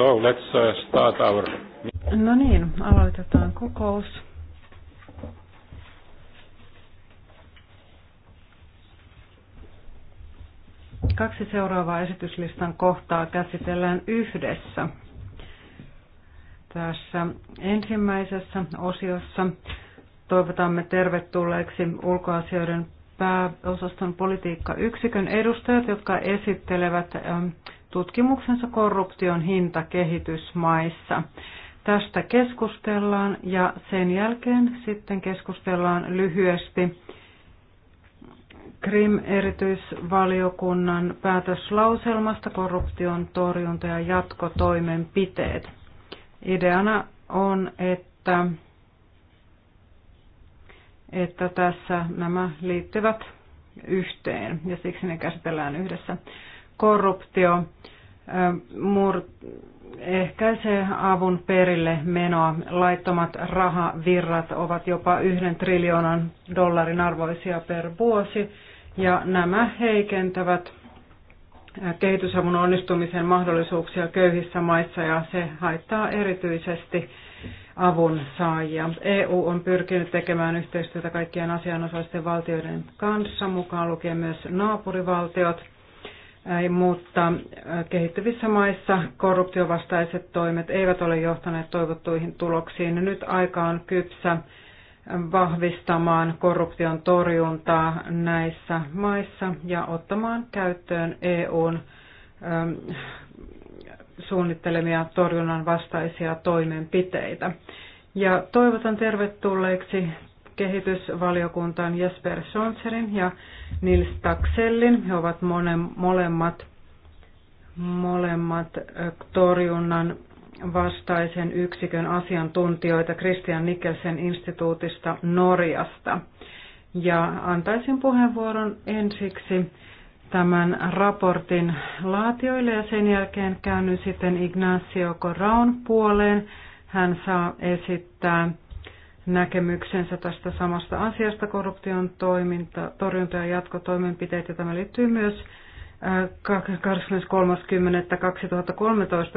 So let's uh, start our... No niin, aloitetaan kokous. Kaksi seuraavaa esityslistan kohtaa käsitellään yhdessä. Tässä ensimmäisessä osiossa toivotamme tervetulleeksi ulkoasioiden pääosaston politiikkayksikön edustajat, jotka esittelevät ähm, tutkimuksensa korruption hinta kehitysmaissa. Tästä keskustellaan ja sen jälkeen sitten keskustellaan lyhyesti Krim-erityisvaliokunnan päätöslauselmasta korruption torjunta ja jatkotoimenpiteet. Ideana on, että, että tässä nämä liittyvät yhteen ja siksi ne käsitellään yhdessä korruptio mur, ehkäisee avun perille menoa. Laittomat rahavirrat ovat jopa yhden triljoonan dollarin arvoisia per vuosi ja nämä heikentävät kehitysavun onnistumisen mahdollisuuksia köyhissä maissa ja se haittaa erityisesti avun saajia. EU on pyrkinyt tekemään yhteistyötä kaikkien asianosaisten valtioiden kanssa, mukaan lukien myös naapurivaltiot – mutta kehittyvissä maissa korruptiovastaiset toimet eivät ole johtaneet toivottuihin tuloksiin. Nyt aika on kypsä vahvistamaan korruption torjuntaa näissä maissa ja ottamaan käyttöön EUn suunnittelemia torjunnan vastaisia toimenpiteitä. Ja toivotan tervetulleeksi kehitysvaliokuntaan Jesper Sonserin ja Nils Taksellin. He ovat molemmat, molemmat torjunnan vastaisen yksikön asiantuntijoita Christian Nikelsen instituutista Norjasta. Ja antaisin puheenvuoron ensiksi tämän raportin laatioille ja sen jälkeen käännyn sitten Ignacio Coraun puoleen. Hän saa esittää näkemyksensä tästä samasta asiasta, korruption toiminta, torjunta ja jatkotoimenpiteet, ja tämä liittyy myös 23.10.2013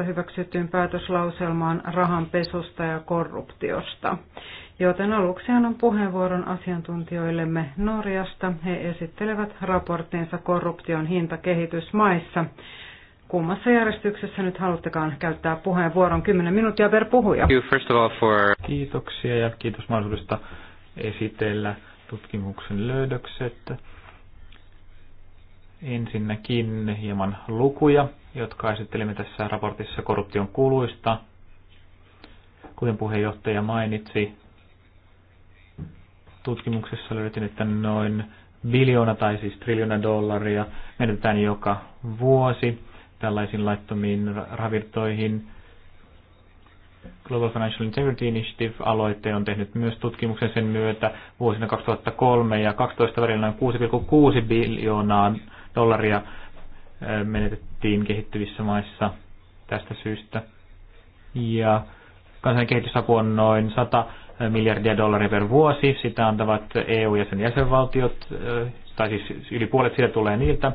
äh, hyväksyttyyn päätöslauselmaan rahanpesusta ja korruptiosta. Joten aluksi annan puheenvuoron asiantuntijoillemme Norjasta. He esittelevät raporttinsa korruption hinta kehitysmaissa kummassa järjestyksessä nyt haluttekaan käyttää puheenvuoron 10 minuuttia per puhuja. Kiitoksia ja kiitos mahdollisuudesta esitellä tutkimuksen löydökset. Ensinnäkin hieman lukuja, jotka esittelimme tässä raportissa korruption kuluista. Kuten puheenjohtaja mainitsi, tutkimuksessa löydettiin, että noin biljoona tai siis triljoona dollaria menetetään joka vuosi tällaisiin laittomiin ravintoihin. Global Financial Integrity Initiative-aloite on tehnyt myös tutkimuksen sen myötä vuosina 2003 ja 2012 välillä noin 6,6 biljoonaa dollaria menetettiin kehittyvissä maissa tästä syystä. Ja kansainvälinen kehitysapu on noin 100 miljardia dollaria per vuosi. Sitä antavat EU ja sen jäsenvaltiot, tai siis yli puolet siitä tulee niiltä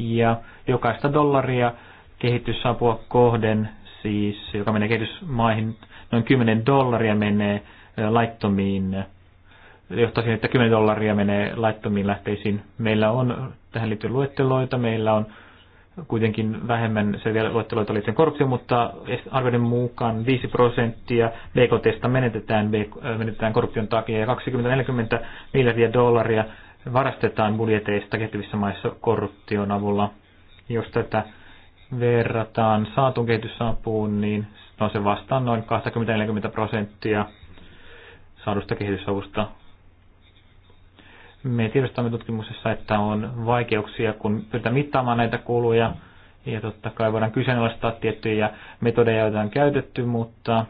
ja jokaista dollaria kehitysapua kohden, siis joka menee kehitysmaihin, noin 10 dollaria menee laittomiin, johtaa siihen, että 10 dollaria menee laittomiin lähteisiin. Meillä on tähän liittyen luetteloita, meillä on kuitenkin vähemmän se vielä luetteloita liittyen korruptio, mutta arvioiden mukaan 5 prosenttia BKTstä menetetään, menetetään korruption takia ja 20-40 miljardia dollaria varastetaan budjeteista kehittyvissä maissa korruption avulla. Jos tätä verrataan saatuun kehitysapuun, niin no se vastaa noin 20-40 prosenttia saadusta kehitysavusta. Me tiedostamme tutkimuksessa, että on vaikeuksia, kun pyritään mittaamaan näitä kuluja, ja totta kai voidaan kyseenalaistaa tiettyjä metodeja, joita on käytetty, mutta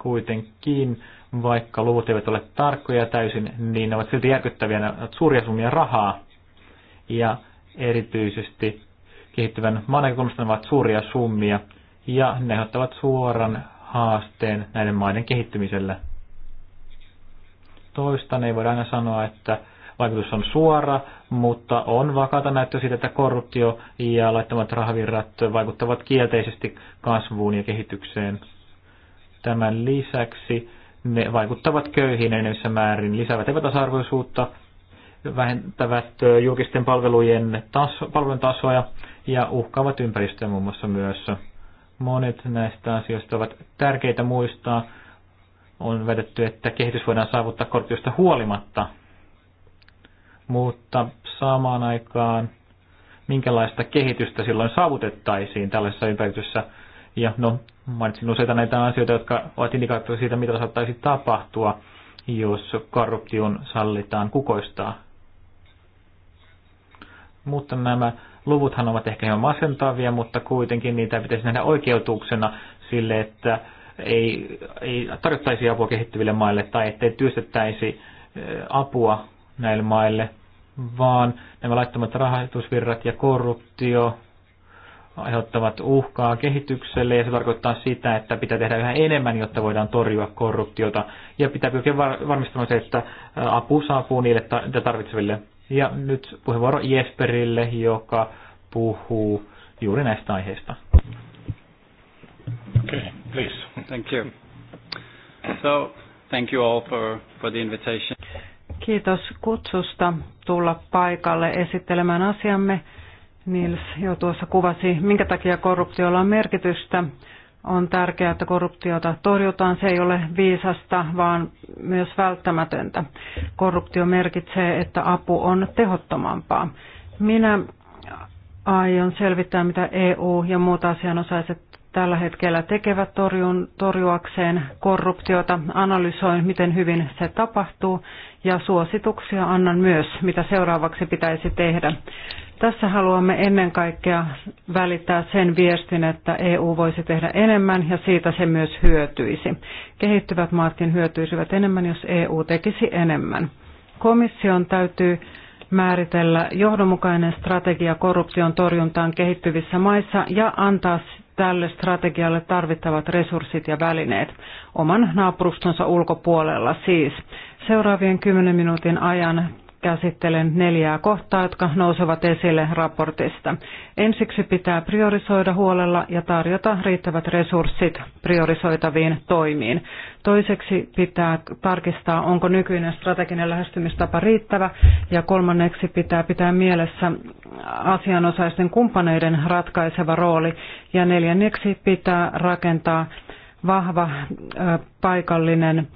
kuitenkin vaikka luvut eivät ole tarkkoja täysin, niin ne ovat silti järkyttäviä, ne ovat suuria summia rahaa. Ja erityisesti kehittyvän maan näkökulmasta ovat suuria summia, ja ne ottavat suoran haasteen näiden maiden kehittymiselle. Toistan ei voida aina sanoa, että vaikutus on suora, mutta on vakata näyttö siitä, että korruptio ja laittamat rahavirrat vaikuttavat kielteisesti kasvuun ja kehitykseen. Tämän lisäksi ne vaikuttavat köyhiin enemmissä määrin, lisäävät epätasa-arvoisuutta, vähentävät julkisten palvelujen taso, palvelun tasoa ja uhkaavat ympäristöä muun muassa myös. Monet näistä asioista ovat tärkeitä muistaa. On vedetty, että kehitys voidaan saavuttaa korkeudesta huolimatta, mutta samaan aikaan minkälaista kehitystä silloin saavutettaisiin tällaisessa ympäristössä – ja no, mainitsin useita näitä asioita, jotka ovat indikaattoja siitä, mitä saattaisi tapahtua, jos korruption sallitaan kukoistaa. Mutta nämä luvuthan ovat ehkä hieman masentavia, mutta kuitenkin niitä pitäisi nähdä oikeutuksena sille, että ei, ei tarjottaisi apua kehittyville maille tai ettei työstettäisi eh, apua näille maille, vaan nämä laittomat rahoitusvirrat ja korruptio aiheuttavat uhkaa kehitykselle ja se tarkoittaa sitä, että pitää tehdä yhä enemmän, jotta voidaan torjua korruptiota ja pitää pyrkiä varmistamaan se, että apu saapuu niille tarvitseville. Ja nyt puheenvuoro Jesperille, joka puhuu juuri näistä aiheista. Okay, please. Thank you. So, thank you all for, for the invitation. Kiitos kutsusta tulla paikalle esittelemään asiamme. Nils jo tuossa kuvasi, minkä takia korruptiolla on merkitystä. On tärkeää, että korruptiota torjutaan. Se ei ole viisasta, vaan myös välttämätöntä. Korruptio merkitsee, että apu on tehottomampaa. Minä aion selvittää, mitä EU ja muut asianosaiset tällä hetkellä tekevät torjun, torjuakseen korruptiota. Analysoin, miten hyvin se tapahtuu ja suosituksia annan myös, mitä seuraavaksi pitäisi tehdä. Tässä haluamme ennen kaikkea välittää sen viestin, että EU voisi tehdä enemmän ja siitä se myös hyötyisi. Kehittyvät maatkin niin hyötyisivät enemmän, jos EU tekisi enemmän. Komission täytyy määritellä johdonmukainen strategia korruption torjuntaan kehittyvissä maissa ja antaa tälle strategialle tarvittavat resurssit ja välineet oman naapurustonsa ulkopuolella siis. Seuraavien 10 minuutin ajan käsittelen neljää kohtaa, jotka nousevat esille raportista. Ensiksi pitää priorisoida huolella ja tarjota riittävät resurssit priorisoitaviin toimiin. Toiseksi pitää tarkistaa, onko nykyinen strateginen lähestymistapa riittävä. Ja kolmanneksi pitää pitää mielessä asianosaisten kumppaneiden ratkaiseva rooli. Ja neljänneksi pitää rakentaa vahva paikallinen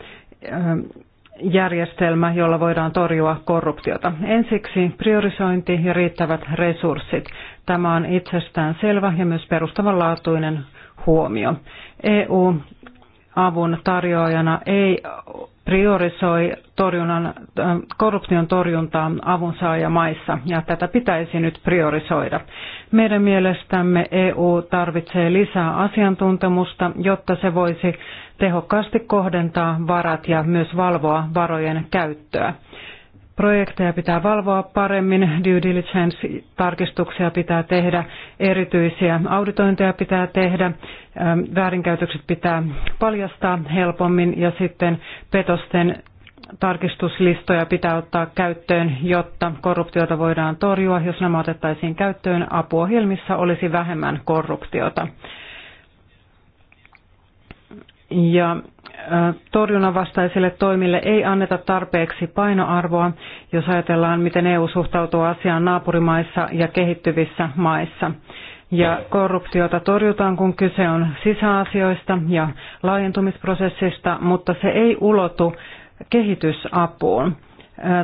järjestelmä, jolla voidaan torjua korruptiota. Ensiksi priorisointi ja riittävät resurssit. Tämä on itsestään selvä ja myös perustavanlaatuinen huomio. EU-avun tarjoajana ei priorisoi torjunnan, äh, korruption torjuntaa avunsaajamaissa ja tätä pitäisi nyt priorisoida. Meidän mielestämme EU tarvitsee lisää asiantuntemusta, jotta se voisi tehokkaasti kohdentaa varat ja myös valvoa varojen käyttöä. Projekteja pitää valvoa paremmin, due diligence-tarkistuksia pitää tehdä, erityisiä auditointeja pitää tehdä, ähm, väärinkäytökset pitää paljastaa helpommin ja sitten petosten tarkistuslistoja pitää ottaa käyttöön, jotta korruptiota voidaan torjua. Jos nämä otettaisiin käyttöön, apuohjelmissa olisi vähemmän korruptiota ja torjunnan vastaisille toimille ei anneta tarpeeksi painoarvoa, jos ajatellaan, miten EU suhtautuu asiaan naapurimaissa ja kehittyvissä maissa. Ja korruptiota torjutaan, kun kyse on sisäasioista ja laajentumisprosessista, mutta se ei ulotu kehitysapuun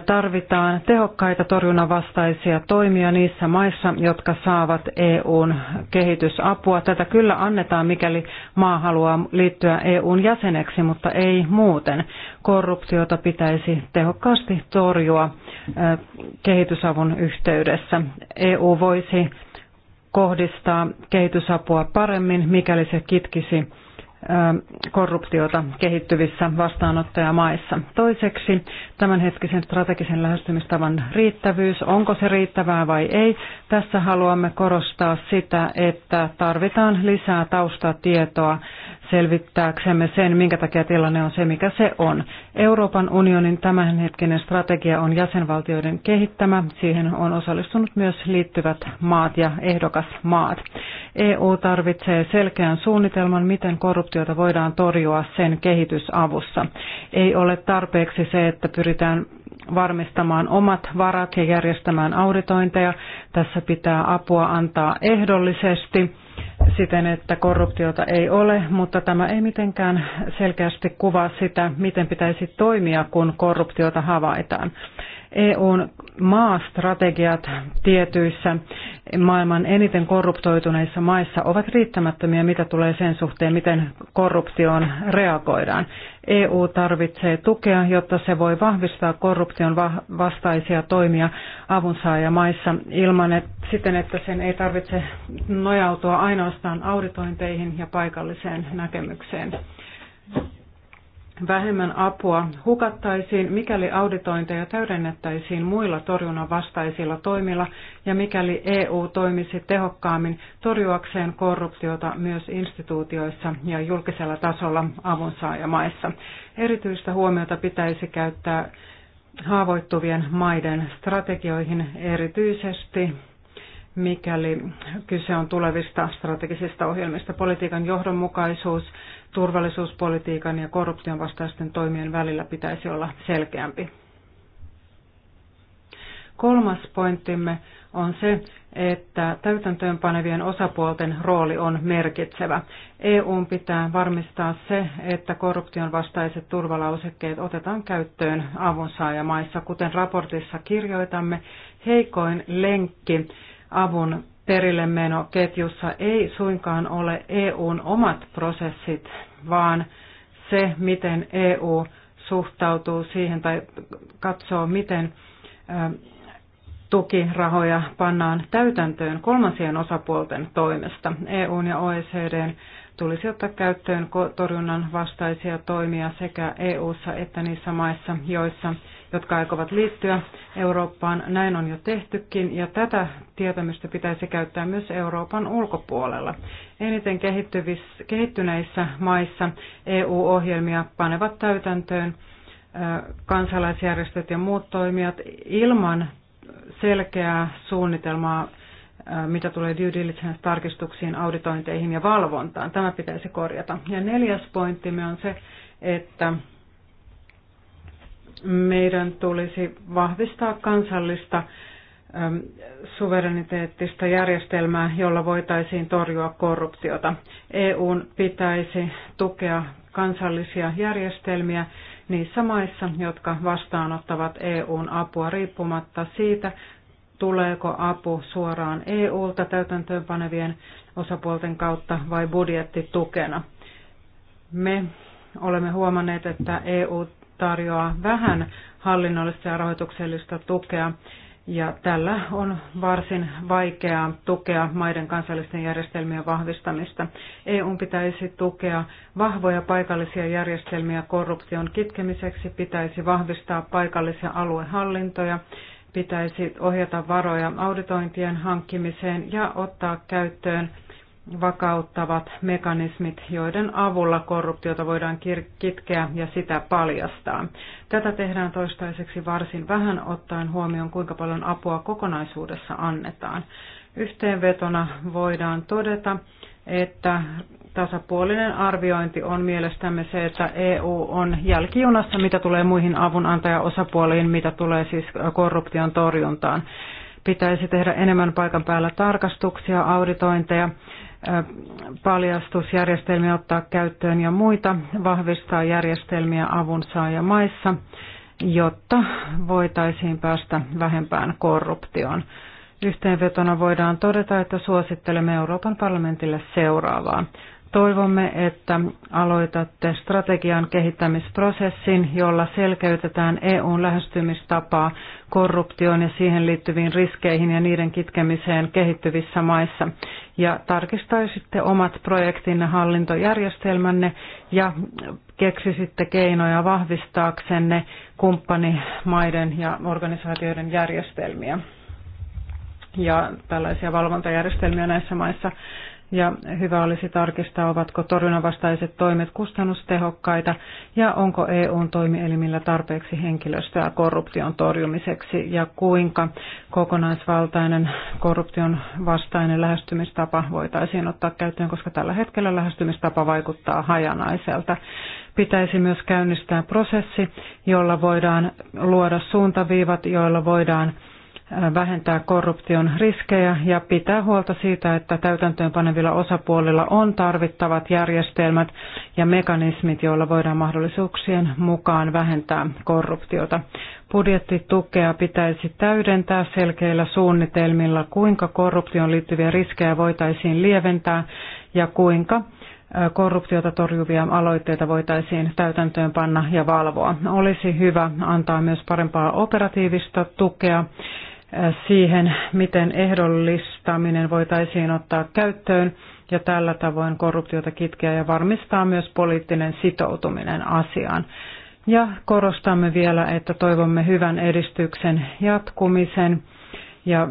tarvitaan tehokkaita torjunnan vastaisia toimia niissä maissa, jotka saavat EUn kehitysapua. Tätä kyllä annetaan, mikäli maa haluaa liittyä EUn jäseneksi, mutta ei muuten. Korruptiota pitäisi tehokkaasti torjua kehitysavun yhteydessä. EU voisi kohdistaa kehitysapua paremmin, mikäli se kitkisi korruptiota kehittyvissä vastaanottajamaissa. Toiseksi tämänhetkisen strategisen lähestymistavan riittävyys, onko se riittävää vai ei. Tässä haluamme korostaa sitä, että tarvitaan lisää taustatietoa selvittääksemme sen, minkä takia tilanne on se, mikä se on. Euroopan unionin tämänhetkinen strategia on jäsenvaltioiden kehittämä. Siihen on osallistunut myös liittyvät maat ja ehdokasmaat. EU tarvitsee selkeän suunnitelman, miten korruptiota voidaan torjua sen kehitysavussa. Ei ole tarpeeksi se, että pyritään varmistamaan omat varat ja järjestämään auditointeja. Tässä pitää apua antaa ehdollisesti siten, että korruptiota ei ole, mutta tämä ei mitenkään selkeästi kuvaa sitä, miten pitäisi toimia, kun korruptiota havaitaan. EUn maastrategiat tietyissä maailman eniten korruptoituneissa maissa ovat riittämättömiä, mitä tulee sen suhteen, miten korruptioon reagoidaan. EU tarvitsee tukea, jotta se voi vahvistaa korruption vastaisia toimia avunsaajamaissa ilman että, siten, että sen ei tarvitse nojautua ainoastaan auditointeihin ja paikalliseen näkemykseen vähemmän apua hukattaisiin, mikäli auditointeja täydennettäisiin muilla torjunnan vastaisilla toimilla ja mikäli EU toimisi tehokkaammin torjuakseen korruptiota myös instituutioissa ja julkisella tasolla avunsaajamaissa. Erityistä huomiota pitäisi käyttää haavoittuvien maiden strategioihin erityisesti mikäli kyse on tulevista strategisista ohjelmista. Politiikan johdonmukaisuus turvallisuuspolitiikan ja korruption vastaisten toimien välillä pitäisi olla selkeämpi. Kolmas pointtimme on se, että täytäntöönpanevien osapuolten rooli on merkitsevä. EU pitää varmistaa se, että korruption vastaiset turvalausekkeet otetaan käyttöön avunsaajamaissa. Kuten raportissa kirjoitamme, heikoin lenkki avun perille meno ketjussa ei suinkaan ole EUn omat prosessit, vaan se, miten EU suhtautuu siihen tai katsoo, miten ähm, tukirahoja pannaan täytäntöön kolmansien osapuolten toimesta. EUn ja OECDn tulisi ottaa käyttöön torjunnan vastaisia toimia sekä EUssa että niissä maissa, joissa jotka aikovat liittyä Eurooppaan. Näin on jo tehtykin ja tätä tietämystä pitäisi käyttää myös Euroopan ulkopuolella. Eniten kehittyneissä maissa EU-ohjelmia panevat täytäntöön kansalaisjärjestöt ja muut toimijat ilman selkeää suunnitelmaa mitä tulee due diligence-tarkistuksiin, auditointeihin ja valvontaan. Tämä pitäisi korjata. Ja neljäs pointtimme on se, että meidän tulisi vahvistaa kansallista suvereniteettista järjestelmää, jolla voitaisiin torjua korruptiota. EUn pitäisi tukea kansallisia järjestelmiä niissä maissa, jotka vastaanottavat EUn apua riippumatta siitä, tuleeko apu suoraan EUlta täytäntöönpanevien osapuolten kautta vai budjettitukena. Me olemme huomanneet, että EU tarjoaa vähän hallinnollista ja rahoituksellista tukea. Ja tällä on varsin vaikeaa tukea maiden kansallisten järjestelmien vahvistamista. EU pitäisi tukea vahvoja paikallisia järjestelmiä korruption kitkemiseksi, pitäisi vahvistaa paikallisia aluehallintoja, pitäisi ohjata varoja auditointien hankkimiseen ja ottaa käyttöön vakauttavat mekanismit, joiden avulla korruptiota voidaan kitkeä ja sitä paljastaa. Tätä tehdään toistaiseksi varsin vähän ottaen huomioon, kuinka paljon apua kokonaisuudessa annetaan. Yhteenvetona voidaan todeta, että tasapuolinen arviointi on mielestämme se, että EU on jälkijunassa, mitä tulee muihin avunantajaosapuoliin, mitä tulee siis korruption torjuntaan. Pitäisi tehdä enemmän paikan päällä tarkastuksia, auditointeja paljastusjärjestelmiä ottaa käyttöön ja muita, vahvistaa järjestelmiä avunsaajamaissa, jotta voitaisiin päästä vähempään korruptioon. Yhteenvetona voidaan todeta, että suosittelemme Euroopan parlamentille seuraavaa. Toivomme, että aloitatte strategian kehittämisprosessin, jolla selkeytetään EUn lähestymistapaa korruptioon ja siihen liittyviin riskeihin ja niiden kitkemiseen kehittyvissä maissa. Ja tarkistaisitte omat projektinne hallintojärjestelmänne ja keksisitte keinoja vahvistaaksenne kumppanimaiden ja organisaatioiden järjestelmiä ja tällaisia valvontajärjestelmiä näissä maissa ja hyvä olisi tarkistaa, ovatko torjunavastaiset toimet kustannustehokkaita ja onko EUn toimielimillä tarpeeksi henkilöstöä korruption torjumiseksi ja kuinka kokonaisvaltainen korruption vastainen lähestymistapa voitaisiin ottaa käyttöön, koska tällä hetkellä lähestymistapa vaikuttaa hajanaiselta. Pitäisi myös käynnistää prosessi, jolla voidaan luoda suuntaviivat, joilla voidaan vähentää korruption riskejä ja pitää huolta siitä, että täytäntöönpanevilla osapuolilla on tarvittavat järjestelmät ja mekanismit, joilla voidaan mahdollisuuksien mukaan vähentää korruptiota. Budjettitukea pitäisi täydentää selkeillä suunnitelmilla, kuinka korruption liittyviä riskejä voitaisiin lieventää ja kuinka korruptiota torjuvia aloitteita voitaisiin täytäntöönpanna ja valvoa. Olisi hyvä antaa myös parempaa operatiivista tukea siihen, miten ehdollistaminen voitaisiin ottaa käyttöön ja tällä tavoin korruptiota kitkeä ja varmistaa myös poliittinen sitoutuminen asiaan. Ja korostamme vielä, että toivomme hyvän edistyksen jatkumisen ja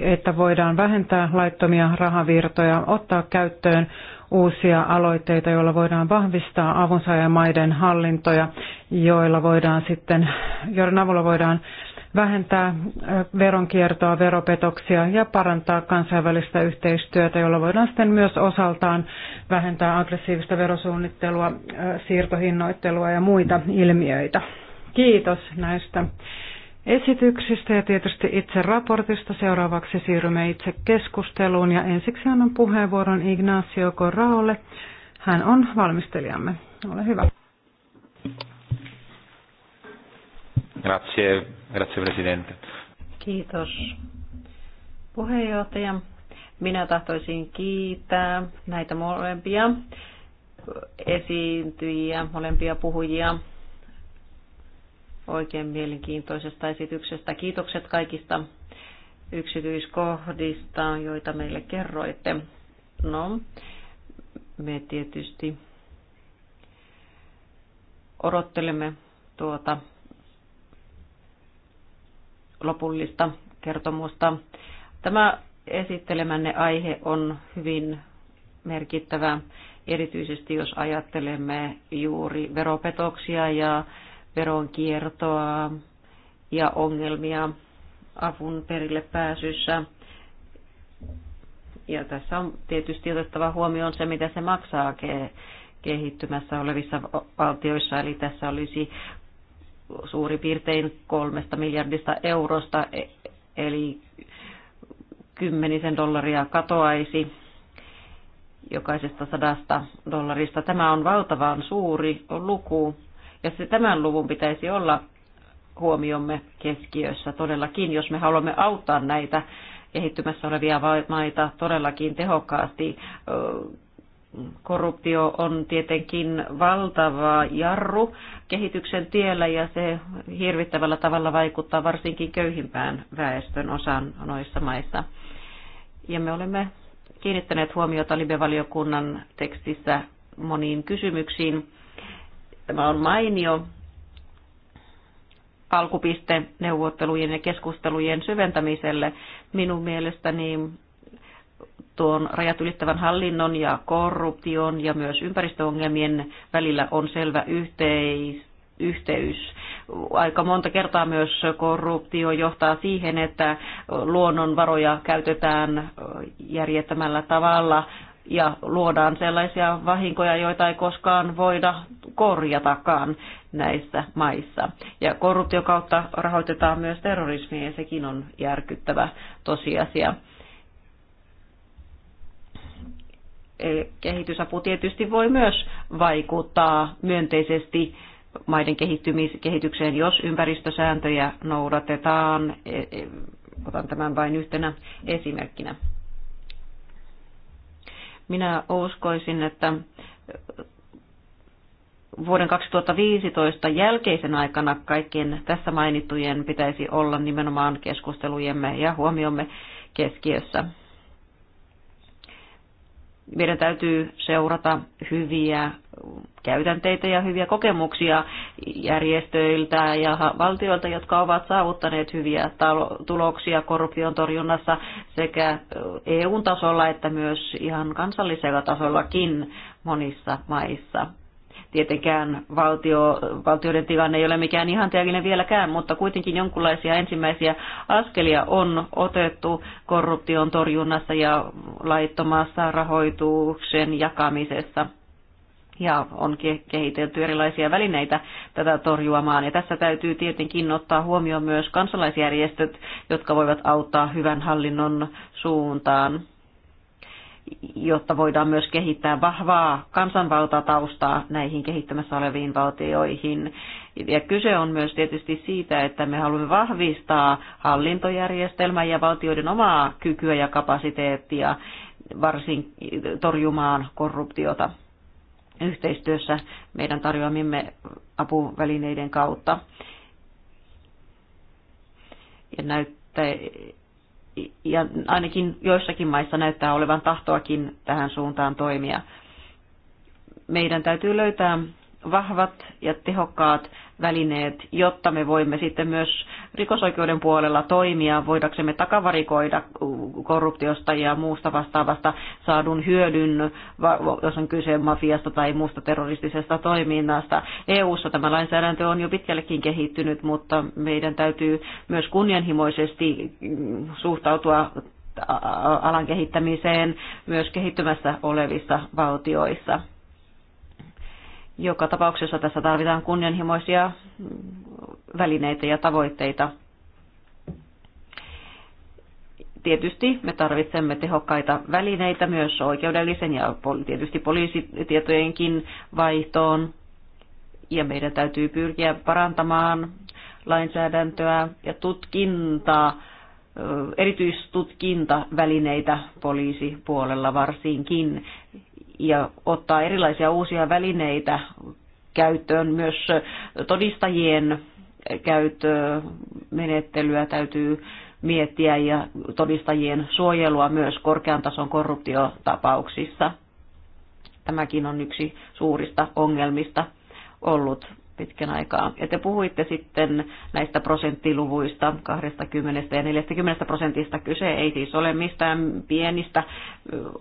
että voidaan vähentää laittomia rahavirtoja, ottaa käyttöön uusia aloitteita, joilla voidaan vahvistaa avunsaajamaiden hallintoja, joilla voidaan sitten, joiden avulla voidaan vähentää veronkiertoa, veropetoksia ja parantaa kansainvälistä yhteistyötä, jolla voidaan sitten myös osaltaan vähentää aggressiivista verosuunnittelua, siirtohinnoittelua ja muita ilmiöitä. Kiitos näistä esityksistä ja tietysti itse raportista. Seuraavaksi siirrymme itse keskusteluun ja ensiksi annan puheenvuoron Ignacio Corraolle. Hän on valmistelijamme. Ole hyvä. Grazie, grazie presidente. Kiitos puheenjohtaja. Minä tahtoisin kiittää näitä molempia esiintyjiä, molempia puhujia oikein mielenkiintoisesta esityksestä. Kiitokset kaikista yksityiskohdista, joita meille kerroitte. No, me tietysti odottelemme tuota lopullista kertomusta. Tämä esittelemänne aihe on hyvin merkittävä, erityisesti jos ajattelemme juuri veropetoksia ja veronkiertoa ja ongelmia avun perille pääsyssä. Ja tässä on tietysti otettava huomioon se, mitä se maksaa kehittymässä olevissa valtioissa, eli tässä olisi suurin piirtein kolmesta miljardista eurosta, e- eli kymmenisen dollaria katoaisi jokaisesta sadasta dollarista. Tämä on valtavan suuri luku, ja se tämän luvun pitäisi olla huomiomme keskiössä todellakin, jos me haluamme auttaa näitä kehittymässä olevia maita todellakin tehokkaasti korruptio on tietenkin valtava jarru kehityksen tiellä ja se hirvittävällä tavalla vaikuttaa varsinkin köyhimpään väestön osaan noissa maissa. Ja me olemme kiinnittäneet huomiota Libe-valiokunnan tekstissä moniin kysymyksiin. Tämä on mainio alkupiste neuvottelujen ja keskustelujen syventämiselle. Minun mielestäni tuon rajat ylittävän hallinnon ja korruption ja myös ympäristöongelmien välillä on selvä yhteis, yhteys. Aika monta kertaa myös korruptio johtaa siihen, että luonnonvaroja käytetään järjettömällä tavalla ja luodaan sellaisia vahinkoja, joita ei koskaan voida korjatakaan näissä maissa. Ja korruptio kautta rahoitetaan myös terrorismia ja sekin on järkyttävä tosiasia. kehitysapu tietysti voi myös vaikuttaa myönteisesti maiden kehitykseen, jos ympäristösääntöjä noudatetaan. E, e, otan tämän vain yhtenä esimerkkinä. Minä uskoisin, että vuoden 2015 jälkeisen aikana kaikkien tässä mainittujen pitäisi olla nimenomaan keskustelujemme ja huomiomme keskiössä meidän täytyy seurata hyviä käytänteitä ja hyviä kokemuksia järjestöiltä ja valtioilta, jotka ovat saavuttaneet hyviä tuloksia korruption torjunnassa sekä EU-tasolla että myös ihan kansallisella tasollakin monissa maissa. Tietenkään valtio, valtioiden tilanne ei ole mikään ihanteellinen vieläkään, mutta kuitenkin jonkinlaisia ensimmäisiä askelia on otettu korruption torjunnassa ja laittomassa rahoituksen jakamisessa ja on kehitelty erilaisia välineitä tätä torjuamaan. Ja tässä täytyy tietenkin ottaa huomioon myös kansalaisjärjestöt, jotka voivat auttaa hyvän hallinnon suuntaan jotta voidaan myös kehittää vahvaa kansanvaltataustaa näihin kehittämässä oleviin valtioihin. Ja kyse on myös tietysti siitä, että me haluamme vahvistaa hallintojärjestelmää ja valtioiden omaa kykyä ja kapasiteettia varsin torjumaan korruptiota yhteistyössä meidän tarjoamimme apuvälineiden kautta. Ja näyttää, ja ainakin joissakin maissa näyttää olevan tahtoakin tähän suuntaan toimia. Meidän täytyy löytää vahvat ja tehokkaat välineet, jotta me voimme sitten myös rikosoikeuden puolella toimia, voidaksemme takavarikoida korruptiosta ja muusta vastaavasta saadun hyödyn, jos on kyse mafiasta tai muusta terroristisesta toiminnasta. EU-ssa tämä lainsäädäntö on jo pitkällekin kehittynyt, mutta meidän täytyy myös kunnianhimoisesti suhtautua alan kehittämiseen myös kehittymässä olevissa valtioissa. Joka tapauksessa tässä tarvitaan kunnianhimoisia välineitä ja tavoitteita. Tietysti me tarvitsemme tehokkaita välineitä myös oikeudellisen ja tietysti poliisitietojenkin vaihtoon. Ja meidän täytyy pyrkiä parantamaan lainsäädäntöä ja tutkintaa, erityistutkintavälineitä poliisipuolella varsinkin ja ottaa erilaisia uusia välineitä käyttöön. Myös todistajien käyttömenettelyä täytyy miettiä ja todistajien suojelua myös korkean tason korruptiotapauksissa. Tämäkin on yksi suurista ongelmista ollut pitkän aikaa. Ja te puhuitte sitten näistä prosenttiluvuista, 20 ja 40 prosentista. Kyse ei siis ole mistään pienistä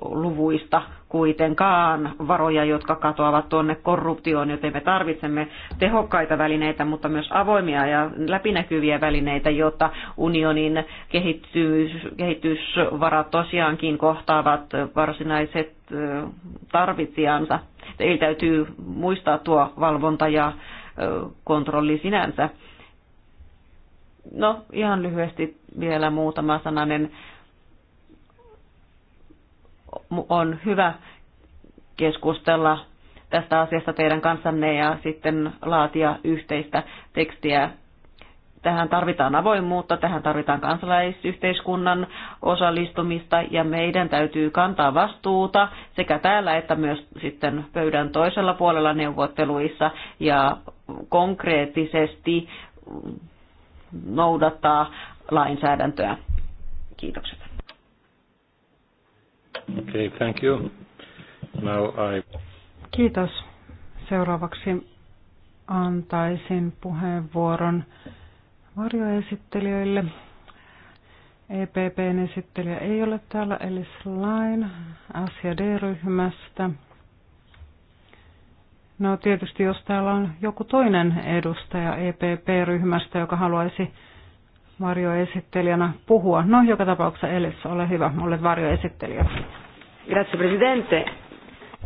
luvuista, kuitenkaan varoja, jotka katoavat tuonne korruptioon, joten me tarvitsemme tehokkaita välineitä, mutta myös avoimia ja läpinäkyviä välineitä, jotta unionin kehittyys, kehitysvarat tosiaankin kohtaavat varsinaiset tarvitsijansa. Eli täytyy muistaa tuo valvonta ja kontrolli sinänsä. No, ihan lyhyesti vielä muutama sananen on hyvä keskustella tästä asiasta teidän kanssanne ja sitten laatia yhteistä tekstiä. Tähän tarvitaan avoimuutta, tähän tarvitaan kansalaisyhteiskunnan osallistumista ja meidän täytyy kantaa vastuuta sekä täällä että myös sitten pöydän toisella puolella neuvotteluissa ja konkreettisesti noudattaa lainsäädäntöä. Kiitokset. Okay, thank you. Now I... Kiitos. Seuraavaksi antaisin puheenvuoron varjoesittelijöille. EPPn esittelijä ei ole täällä, eli Slain asia D-ryhmästä. No tietysti jos täällä on joku toinen edustaja EPP-ryhmästä, joka haluaisi varjoesittelijänä puhua. No, joka tapauksessa Elissa, ole hyvä, olet varjoesittelijä. Grazie, presidente.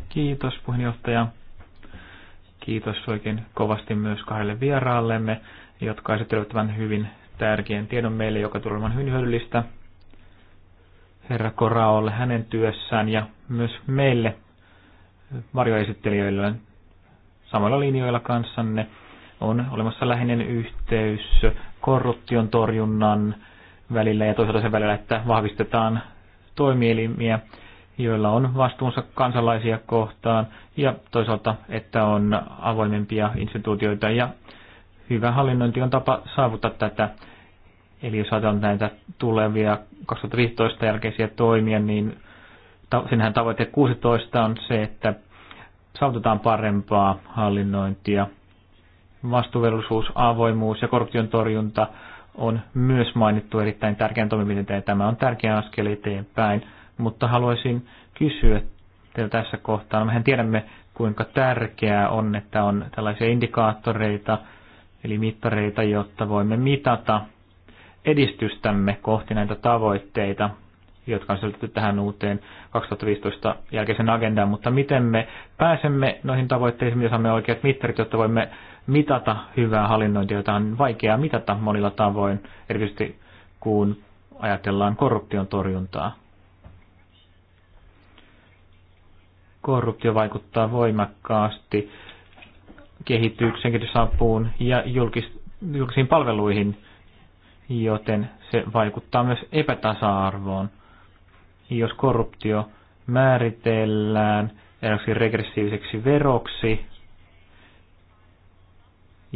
Kiitos, puheenjohtaja. Kiitos oikein kovasti myös kahdelle vieraallemme, jotka esittelevät tämän hyvin tärkeän tiedon meille, joka tulee olemaan hyvin hyödyllistä Herra Koraolle hänen työssään ja myös meille varjoesittelijöille samoilla linjoilla kanssanne on olemassa läheinen yhteys korruption torjunnan välillä ja toisaalta sen välillä, että vahvistetaan toimielimiä, joilla on vastuunsa kansalaisia kohtaan ja toisaalta, että on avoimempia instituutioita ja hyvä hallinnointi on tapa saavuttaa tätä. Eli jos ajatellaan näitä tulevia 2015 jälkeisiä toimia, niin senhän tavoite 16 on se, että saavutetaan parempaa hallinnointia vastuuvelvollisuus, avoimuus ja korruption torjunta on myös mainittu erittäin tärkeän toimenpiteen. Tämä on tärkeä askel eteenpäin, mutta haluaisin kysyä teiltä tässä kohtaa. No, mehän tiedämme, kuinka tärkeää on, että on tällaisia indikaattoreita, eli mittareita, jotta voimme mitata edistystämme kohti näitä tavoitteita, jotka on selitetty tähän uuteen 2015 jälkeisen agendaan, mutta miten me pääsemme noihin tavoitteisiin, miten saamme oikeat mittarit, jotta voimme mitata hyvää hallinnointia, jota on vaikeaa mitata monilla tavoin, erityisesti kun ajatellaan korruption torjuntaa. Korruptio vaikuttaa voimakkaasti kehitykseen, kehitysapuun ja julkis- julkisiin palveluihin, joten se vaikuttaa myös epätasa-arvoon. Jos korruptio määritellään eräksi regressiiviseksi veroksi,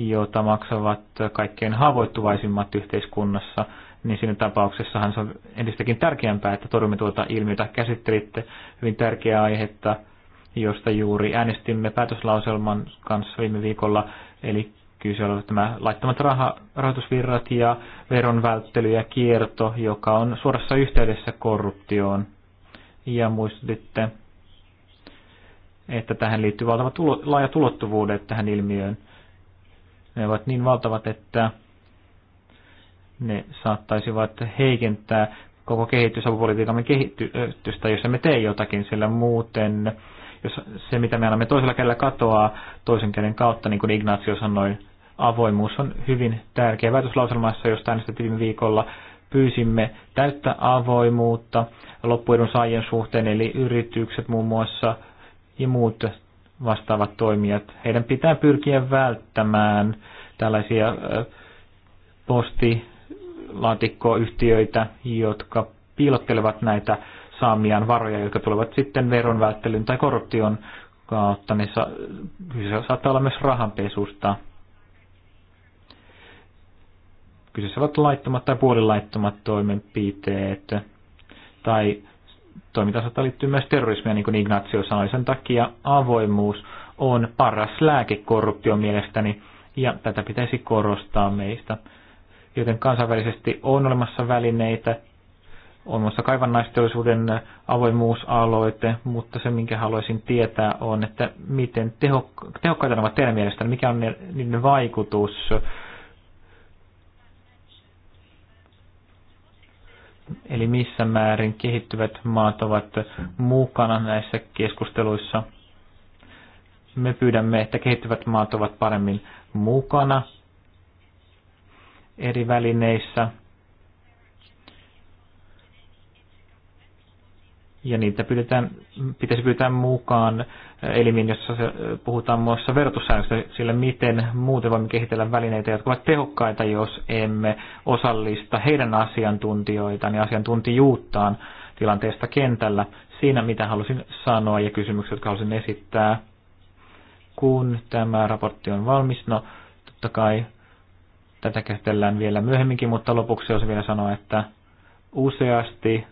jota maksavat kaikkein haavoittuvaisimmat yhteiskunnassa, niin siinä tapauksessahan se on entistäkin tärkeämpää, että torjumme tuota ilmiötä. Käsittelitte hyvin tärkeää aihetta, josta juuri äänestimme päätöslauselman kanssa viime viikolla, eli kyse on tämä laittomat raha, rahoitusvirrat ja veronvälttely ja kierto, joka on suorassa yhteydessä korruptioon. Ja muistutitte, että tähän liittyy valtava tulo, laaja tulottuvuudet tähän ilmiöön. Ne ovat niin valtavat, että ne saattaisivat heikentää koko kehitysapupolitiikamme kehitystä, jos emme tee jotakin, sillä muuten jos se, mitä me annamme toisella kädellä katoaa toisen käden kautta, niin kuin Ignacio sanoi, avoimuus on hyvin tärkeä. Väitöslauselmassa, josta äänestettiin viime viikolla, pyysimme täyttä avoimuutta loppuedun saajien suhteen, eli yritykset muun muassa ja muut vastaavat toimijat. Heidän pitää pyrkiä välttämään tällaisia postilaatikkoyhtiöitä, jotka piilottelevat näitä saamiaan varoja, jotka tulevat sitten veronvälttelyn tai korruption kautta, niin sa- kyse saattaa olla myös rahanpesusta. Kyseessä ovat laittomat tai puolilaittomat toimenpiteet tai toiminta saattaa liittyä myös terrorismia, niin kuin Ignacio sanoi. Sen takia avoimuus on paras lääke korruption mielestäni, ja tätä pitäisi korostaa meistä. Joten kansainvälisesti on olemassa välineitä, on muassa kaivannaisteollisuuden avoimuusaloite, mutta se, minkä haluaisin tietää, on, että miten tehokkaita ne ovat teidän mielestänne, mikä on niiden vaikutus eli missä määrin kehittyvät maat ovat mukana näissä keskusteluissa. Me pyydämme, että kehittyvät maat ovat paremmin mukana eri välineissä, ja niitä pyydetään, pitäisi pyytää mukaan elimiin, jossa puhutaan muassa verotussäännöstä, sillä miten muuten voimme kehitellä välineitä, jotka ovat tehokkaita, jos emme osallista heidän asiantuntijoitaan ja asiantuntijuuttaan tilanteesta kentällä. Siinä, mitä halusin sanoa ja kysymykset, jotka halusin esittää, kun tämä raportti on valmis. No, totta kai tätä käsitellään vielä myöhemminkin, mutta lopuksi olisin vielä sanoa, että useasti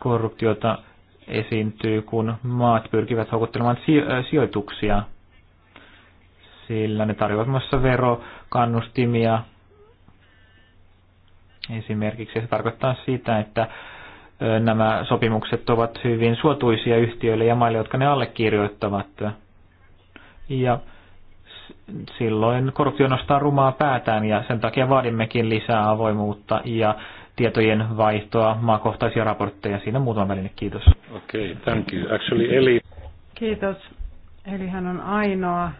korruptiota esiintyy, kun maat pyrkivät houkuttelemaan sijoituksia, sillä ne tarjoavat muassa verokannustimia. Esimerkiksi se tarkoittaa sitä, että nämä sopimukset ovat hyvin suotuisia yhtiöille ja maille, jotka ne allekirjoittavat. Ja silloin korruptio nostaa rumaa päätään ja sen takia vaadimmekin lisää avoimuutta ja tietojen vaihtoa, maakohtaisia raportteja. Siinä muutama väline, kiitos. Okei, okay, thank you. Actually, Eli... Kiitos. Eli hän on ainoa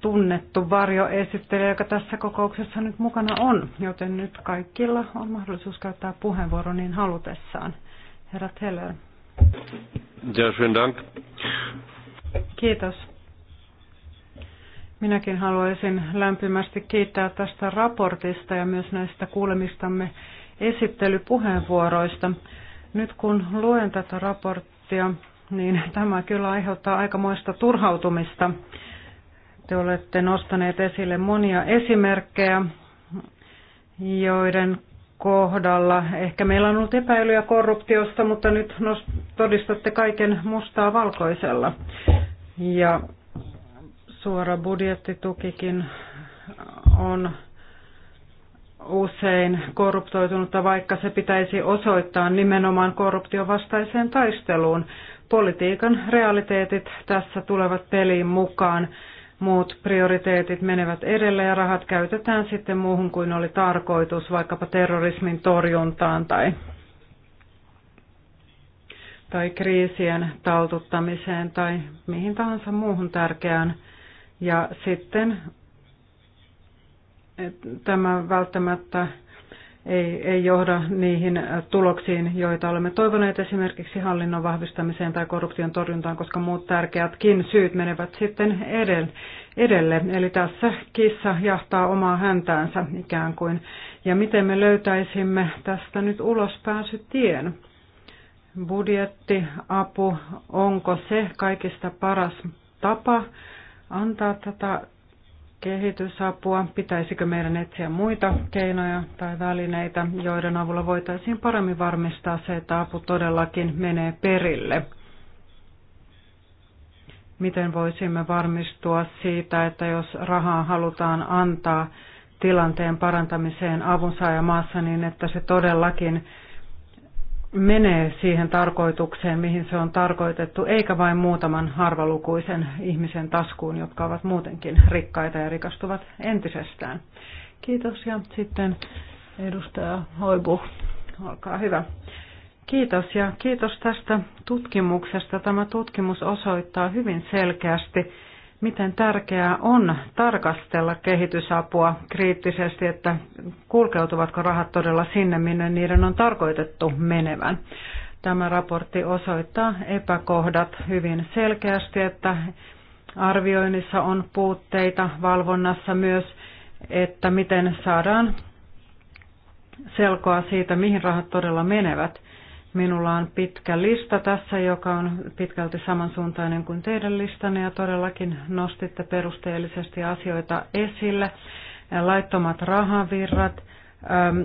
tunnettu varjoesittelijä, joka tässä kokouksessa nyt mukana on, joten nyt kaikilla on mahdollisuus käyttää puheenvuoro niin halutessaan. Herra Teller. Ja, dank. Kiitos. Minäkin haluaisin lämpimästi kiittää tästä raportista ja myös näistä kuulemistamme esittelypuheenvuoroista. Nyt kun luen tätä raporttia, niin tämä kyllä aiheuttaa aikamoista turhautumista. Te olette nostaneet esille monia esimerkkejä, joiden kohdalla ehkä meillä on ollut epäilyjä korruptiosta, mutta nyt todistatte kaiken mustaa valkoisella. Ja suora budjettitukikin on usein korruptoitunutta, vaikka se pitäisi osoittaa nimenomaan korruptiovastaiseen taisteluun. Politiikan realiteetit tässä tulevat peliin mukaan. Muut prioriteetit menevät edelle ja rahat käytetään sitten muuhun kuin oli tarkoitus, vaikkapa terrorismin torjuntaan tai, tai kriisien taltuttamiseen tai mihin tahansa muuhun tärkeään. Ja sitten tämä välttämättä ei, ei johda niihin tuloksiin, joita olemme toivoneet esimerkiksi hallinnon vahvistamiseen tai korruption torjuntaan, koska muut tärkeätkin syyt menevät sitten edelle. edelle. Eli tässä kissa jahtaa omaa häntäänsä ikään kuin. Ja miten me löytäisimme tästä nyt ulospääsytien? Budjetti, apu, onko se kaikista paras tapa antaa tätä kehitysapua? Pitäisikö meidän etsiä muita keinoja tai välineitä, joiden avulla voitaisiin paremmin varmistaa se, että apu todellakin menee perille? Miten voisimme varmistua siitä, että jos rahaa halutaan antaa tilanteen parantamiseen avunsaajamaassa, niin että se todellakin menee siihen tarkoitukseen, mihin se on tarkoitettu, eikä vain muutaman harvalukuisen ihmisen taskuun, jotka ovat muutenkin rikkaita ja rikastuvat entisestään. Kiitos ja sitten edustaja Hoibu, olkaa hyvä. Kiitos ja kiitos tästä tutkimuksesta. Tämä tutkimus osoittaa hyvin selkeästi, miten tärkeää on tarkastella kehitysapua kriittisesti, että kulkeutuvatko rahat todella sinne, minne niiden on tarkoitettu menevän. Tämä raportti osoittaa epäkohdat hyvin selkeästi, että arvioinnissa on puutteita, valvonnassa myös, että miten saadaan selkoa siitä, mihin rahat todella menevät. Minulla on pitkä lista tässä, joka on pitkälti samansuuntainen kuin teidän listanne ja todellakin nostitte perusteellisesti asioita esille. Laittomat rahavirrat, ähm,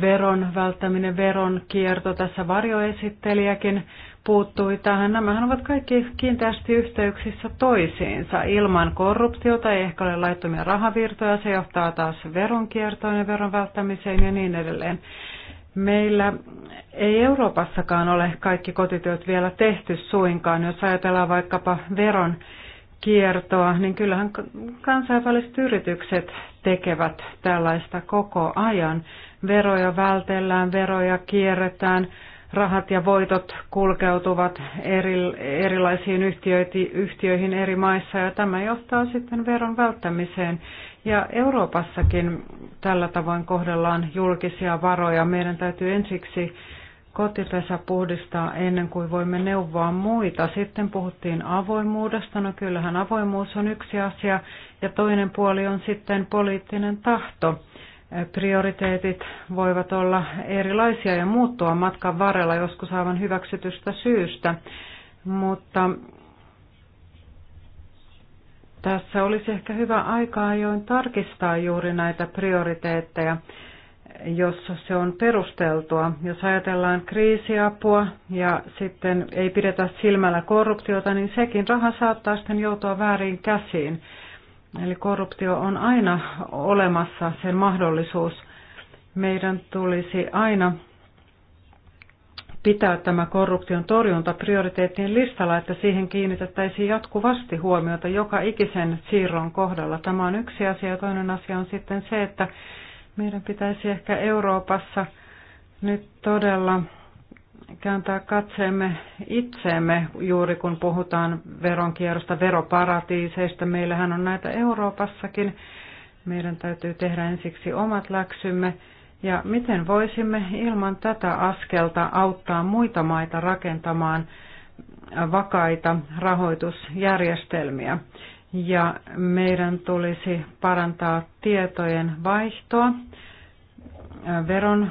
veron välttäminen, veron kierto, tässä varjoesittelijäkin puuttui tähän. Nämähän ovat kaikki kiinteästi yhteyksissä toisiinsa. Ilman korruptiota ei ehkä ole laittomia rahavirtoja, se johtaa taas veronkiertoon ja veron välttämiseen ja niin edelleen. Meillä ei Euroopassakaan ole kaikki kotityöt vielä tehty suinkaan. Jos ajatellaan vaikkapa veron kiertoa, niin kyllähän kansainväliset yritykset tekevät tällaista koko ajan. Veroja vältellään, veroja kierretään, rahat ja voitot kulkeutuvat eri, erilaisiin yhtiöihin eri maissa ja tämä johtaa sitten veron välttämiseen. Ja Euroopassakin tällä tavoin kohdellaan julkisia varoja. Meidän täytyy ensiksi kotipesä puhdistaa ennen kuin voimme neuvoa muita. Sitten puhuttiin avoimuudesta. No kyllähän avoimuus on yksi asia ja toinen puoli on sitten poliittinen tahto. Prioriteetit voivat olla erilaisia ja muuttua matkan varrella, joskus aivan hyväksytystä syystä. Mutta tässä olisi ehkä hyvä aika ajoin tarkistaa juuri näitä prioriteetteja, jos se on perusteltua. Jos ajatellaan kriisiapua ja sitten ei pidetä silmällä korruptiota, niin sekin raha saattaa sitten joutua väärin käsiin. Eli korruptio on aina olemassa, sen mahdollisuus. Meidän tulisi aina pitää tämä korruption torjunta prioriteettien listalla, että siihen kiinnitettäisiin jatkuvasti huomiota joka ikisen siirron kohdalla. Tämä on yksi asia ja toinen asia on sitten se, että meidän pitäisi ehkä Euroopassa nyt todella kääntää katseemme itseemme juuri kun puhutaan veronkierrosta, veroparatiiseista. Meillähän on näitä Euroopassakin. Meidän täytyy tehdä ensiksi omat läksymme ja miten voisimme ilman tätä askelta auttaa muita maita rakentamaan vakaita rahoitusjärjestelmiä? Ja meidän tulisi parantaa tietojen vaihtoa äh, veron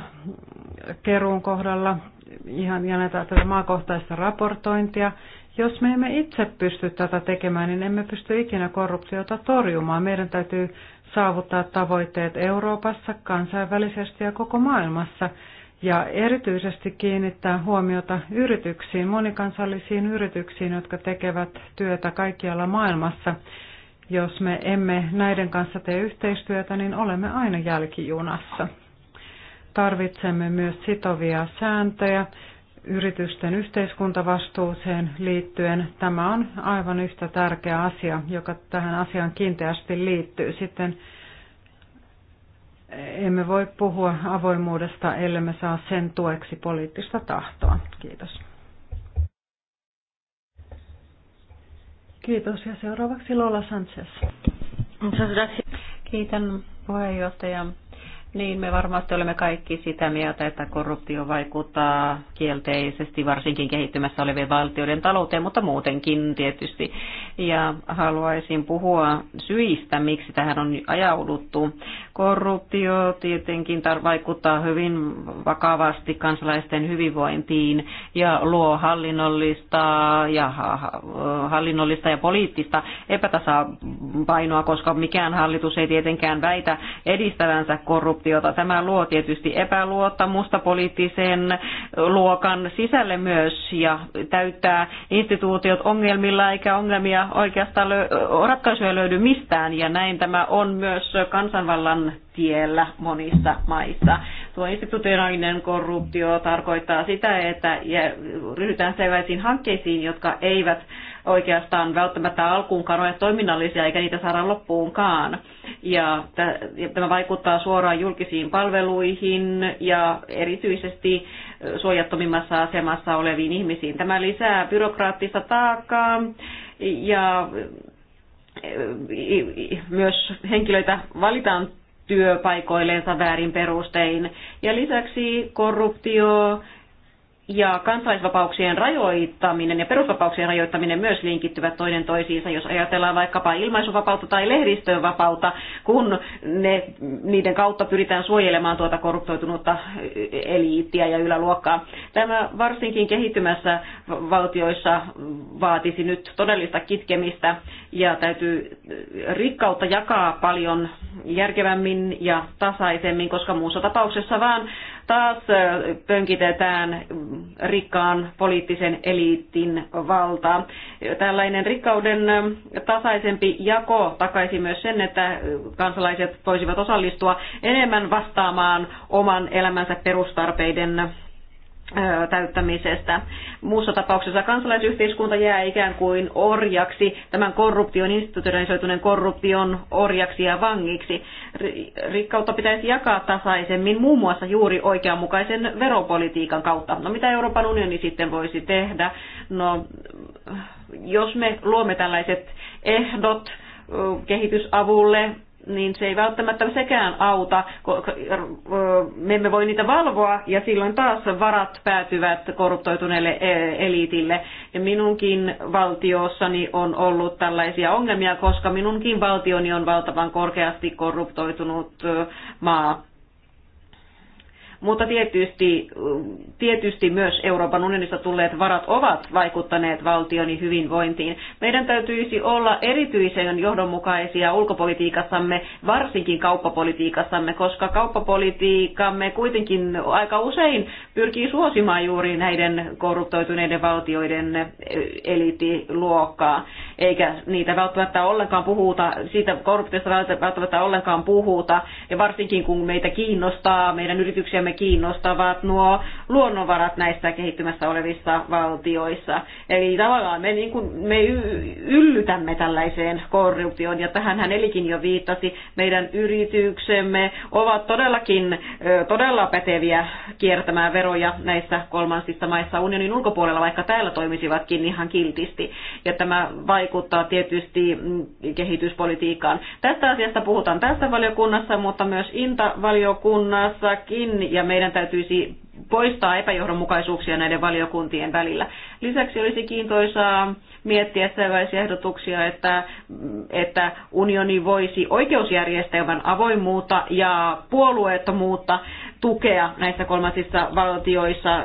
keruun kohdalla ihan, ja näitä, tätä maakohtaista raportointia. Jos me emme itse pysty tätä tekemään, niin emme pysty ikinä korruptiota torjumaan. Meidän täytyy saavuttaa tavoitteet Euroopassa, kansainvälisesti ja koko maailmassa ja erityisesti kiinnittää huomiota yrityksiin, monikansallisiin yrityksiin, jotka tekevät työtä kaikkialla maailmassa. Jos me emme näiden kanssa tee yhteistyötä, niin olemme aina jälkijunassa. Tarvitsemme myös sitovia sääntöjä, yritysten yhteiskuntavastuuseen liittyen. Tämä on aivan yhtä tärkeä asia, joka tähän asiaan kiinteästi liittyy. Sitten emme voi puhua avoimuudesta, me saa sen tueksi poliittista tahtoa. Kiitos. Kiitos ja seuraavaksi Lola Sanchez. Kiitän puheenjohtaja. Niin, me varmasti olemme kaikki sitä mieltä, että korruptio vaikuttaa kielteisesti varsinkin kehittymässä olevien valtioiden talouteen, mutta muutenkin tietysti. Ja haluaisin puhua syistä, miksi tähän on ajauduttu. Korruptio tietenkin vaikuttaa hyvin vakavasti kansalaisten hyvinvointiin ja luo hallinnollista ja, hallinnollista ja poliittista epätasapainoa, koska mikään hallitus ei tietenkään väitä edistävänsä korruptiota korruptiota. tämä luo tietysti epäluottamusta poliittisen luokan sisälle myös ja täyttää instituutiot ongelmilla eikä ongelmia oikeastaan lö- ratkaisuja löydy mistään ja näin tämä on myös kansanvallan tiellä monissa maissa. Tuo institutionaalinen korruptio tarkoittaa sitä, että ryhdytään sellaisiin hankkeisiin, jotka eivät oikeastaan välttämättä alkuunkaan ole toiminnallisia eikä niitä saada loppuunkaan. Ja tämä vaikuttaa suoraan julkisiin palveluihin ja erityisesti suojattomimmassa asemassa oleviin ihmisiin. Tämä lisää byrokraattista taakkaa ja myös henkilöitä valitaan työpaikoilleensa väärin perustein. Ja lisäksi korruptio ja kansalaisvapauksien rajoittaminen ja perusvapauksien rajoittaminen myös linkittyvät toinen toisiinsa, jos ajatellaan vaikkapa ilmaisuvapautta tai lehdistön vapautta, kun ne, niiden kautta pyritään suojelemaan tuota korruptoitunutta eliittiä ja yläluokkaa. Tämä varsinkin kehittymässä valtioissa vaatisi nyt todellista kitkemistä ja täytyy rikkautta jakaa paljon järkevämmin ja tasaisemmin, koska muussa tapauksessa vaan taas pönkitetään rikkaan poliittisen eliitin valtaa. Tällainen rikkauden tasaisempi jako takaisi myös sen, että kansalaiset voisivat osallistua enemmän vastaamaan oman elämänsä perustarpeiden täyttämisestä. Muussa tapauksessa kansalaisyhteiskunta jää ikään kuin orjaksi, tämän korruption, institutionalisoituneen korruption orjaksi ja vangiksi. Rikkautta pitäisi jakaa tasaisemmin muun muassa juuri oikeanmukaisen veropolitiikan kautta. No mitä Euroopan unioni sitten voisi tehdä? No jos me luomme tällaiset ehdot, kehitysavulle, niin se ei välttämättä sekään auta, me emme voi niitä valvoa ja silloin taas varat päätyvät korruptoituneelle e, eliitille. Ja minunkin valtiossani on ollut tällaisia ongelmia, koska minunkin valtioni on valtavan korkeasti korruptoitunut maa. Mutta tietysti, tietysti myös Euroopan unionista tulleet varat ovat vaikuttaneet valtioni hyvinvointiin. Meidän täytyisi olla erityisen johdonmukaisia ulkopolitiikassamme, varsinkin kauppapolitiikassamme, koska kauppapolitiikamme kuitenkin aika usein pyrkii suosimaan juuri näiden korruptoituneiden valtioiden eliittiluokkaa, eikä niitä välttämättä ollenkaan puhuta, siitä korruptiosta välttämättä ollenkaan puhuta, ja varsinkin kun meitä kiinnostaa, meidän yrityksiämme kiinnostavat nuo luonnonvarat näissä kehittymässä olevissa valtioissa. Eli tavallaan me, niin kuin, me yllytämme tällaiseen korruptioon, ja tähän hän Elikin jo viittasi. Meidän yrityksemme ovat todellakin todella päteviä kiertämään veroja näissä kolmansissa maissa unionin ulkopuolella, vaikka täällä toimisivatkin ihan kiltisti. Ja tämä vaikuttaa tietysti mm, kehityspolitiikkaan. Tästä asiasta puhutaan tässä valiokunnassa, mutta myös INTA-valiokunnassakin ja meidän täytyisi poistaa epäjohdonmukaisuuksia näiden valiokuntien välillä. Lisäksi olisi kiintoisaa miettiä sellaisia ehdotuksia, että, että unioni voisi oikeusjärjestelmän avoimuutta ja puolueettomuutta tukea näissä kolmansissa valtioissa,